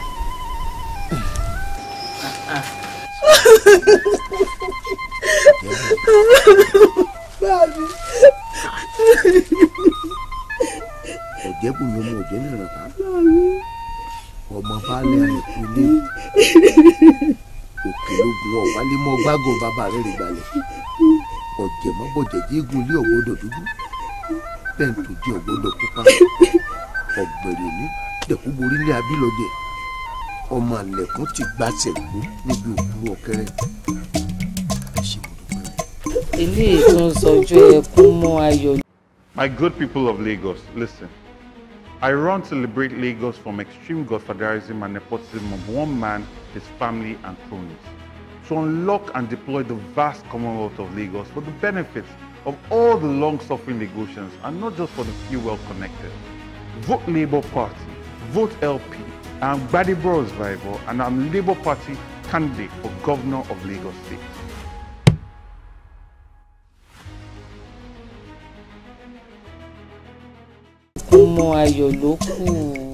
ọ̀jẹ̀ bùnmi ọmọ ọ̀jẹ̀ náà rà ọmọ baálé àìkú ilé òkè ló gun ọ̀wálé mọ́ gbágùn bàbá rẹ̀ rè balẹ̀ ọ̀jẹ̀mọ́bọ̀jẹ̀ jígun lé ògbódò dúdú pẹ̀ǹtù jẹ́ ògbódò pupa ọ̀gbẹ̀rẹ̀ ní dẹ̀kú borí ní abílọ́jẹ̀ ọmọ àlẹ̀kùn ti gbàṣẹ̀ kú níbi òkúrú ọ̀kẹ́rẹ́ My good people of Lagos, listen. I run to liberate Lagos from extreme godfatherism and nepotism of one man, his family, and cronies. to unlock and deploy the vast Commonwealth of Lagos for the benefits of all the long-suffering Lagosians and not just for the few well-connected. Vote Labour Party, vote LP. I'm Bros Bible and I'm Labour Party candidate for Governor of Lagos State.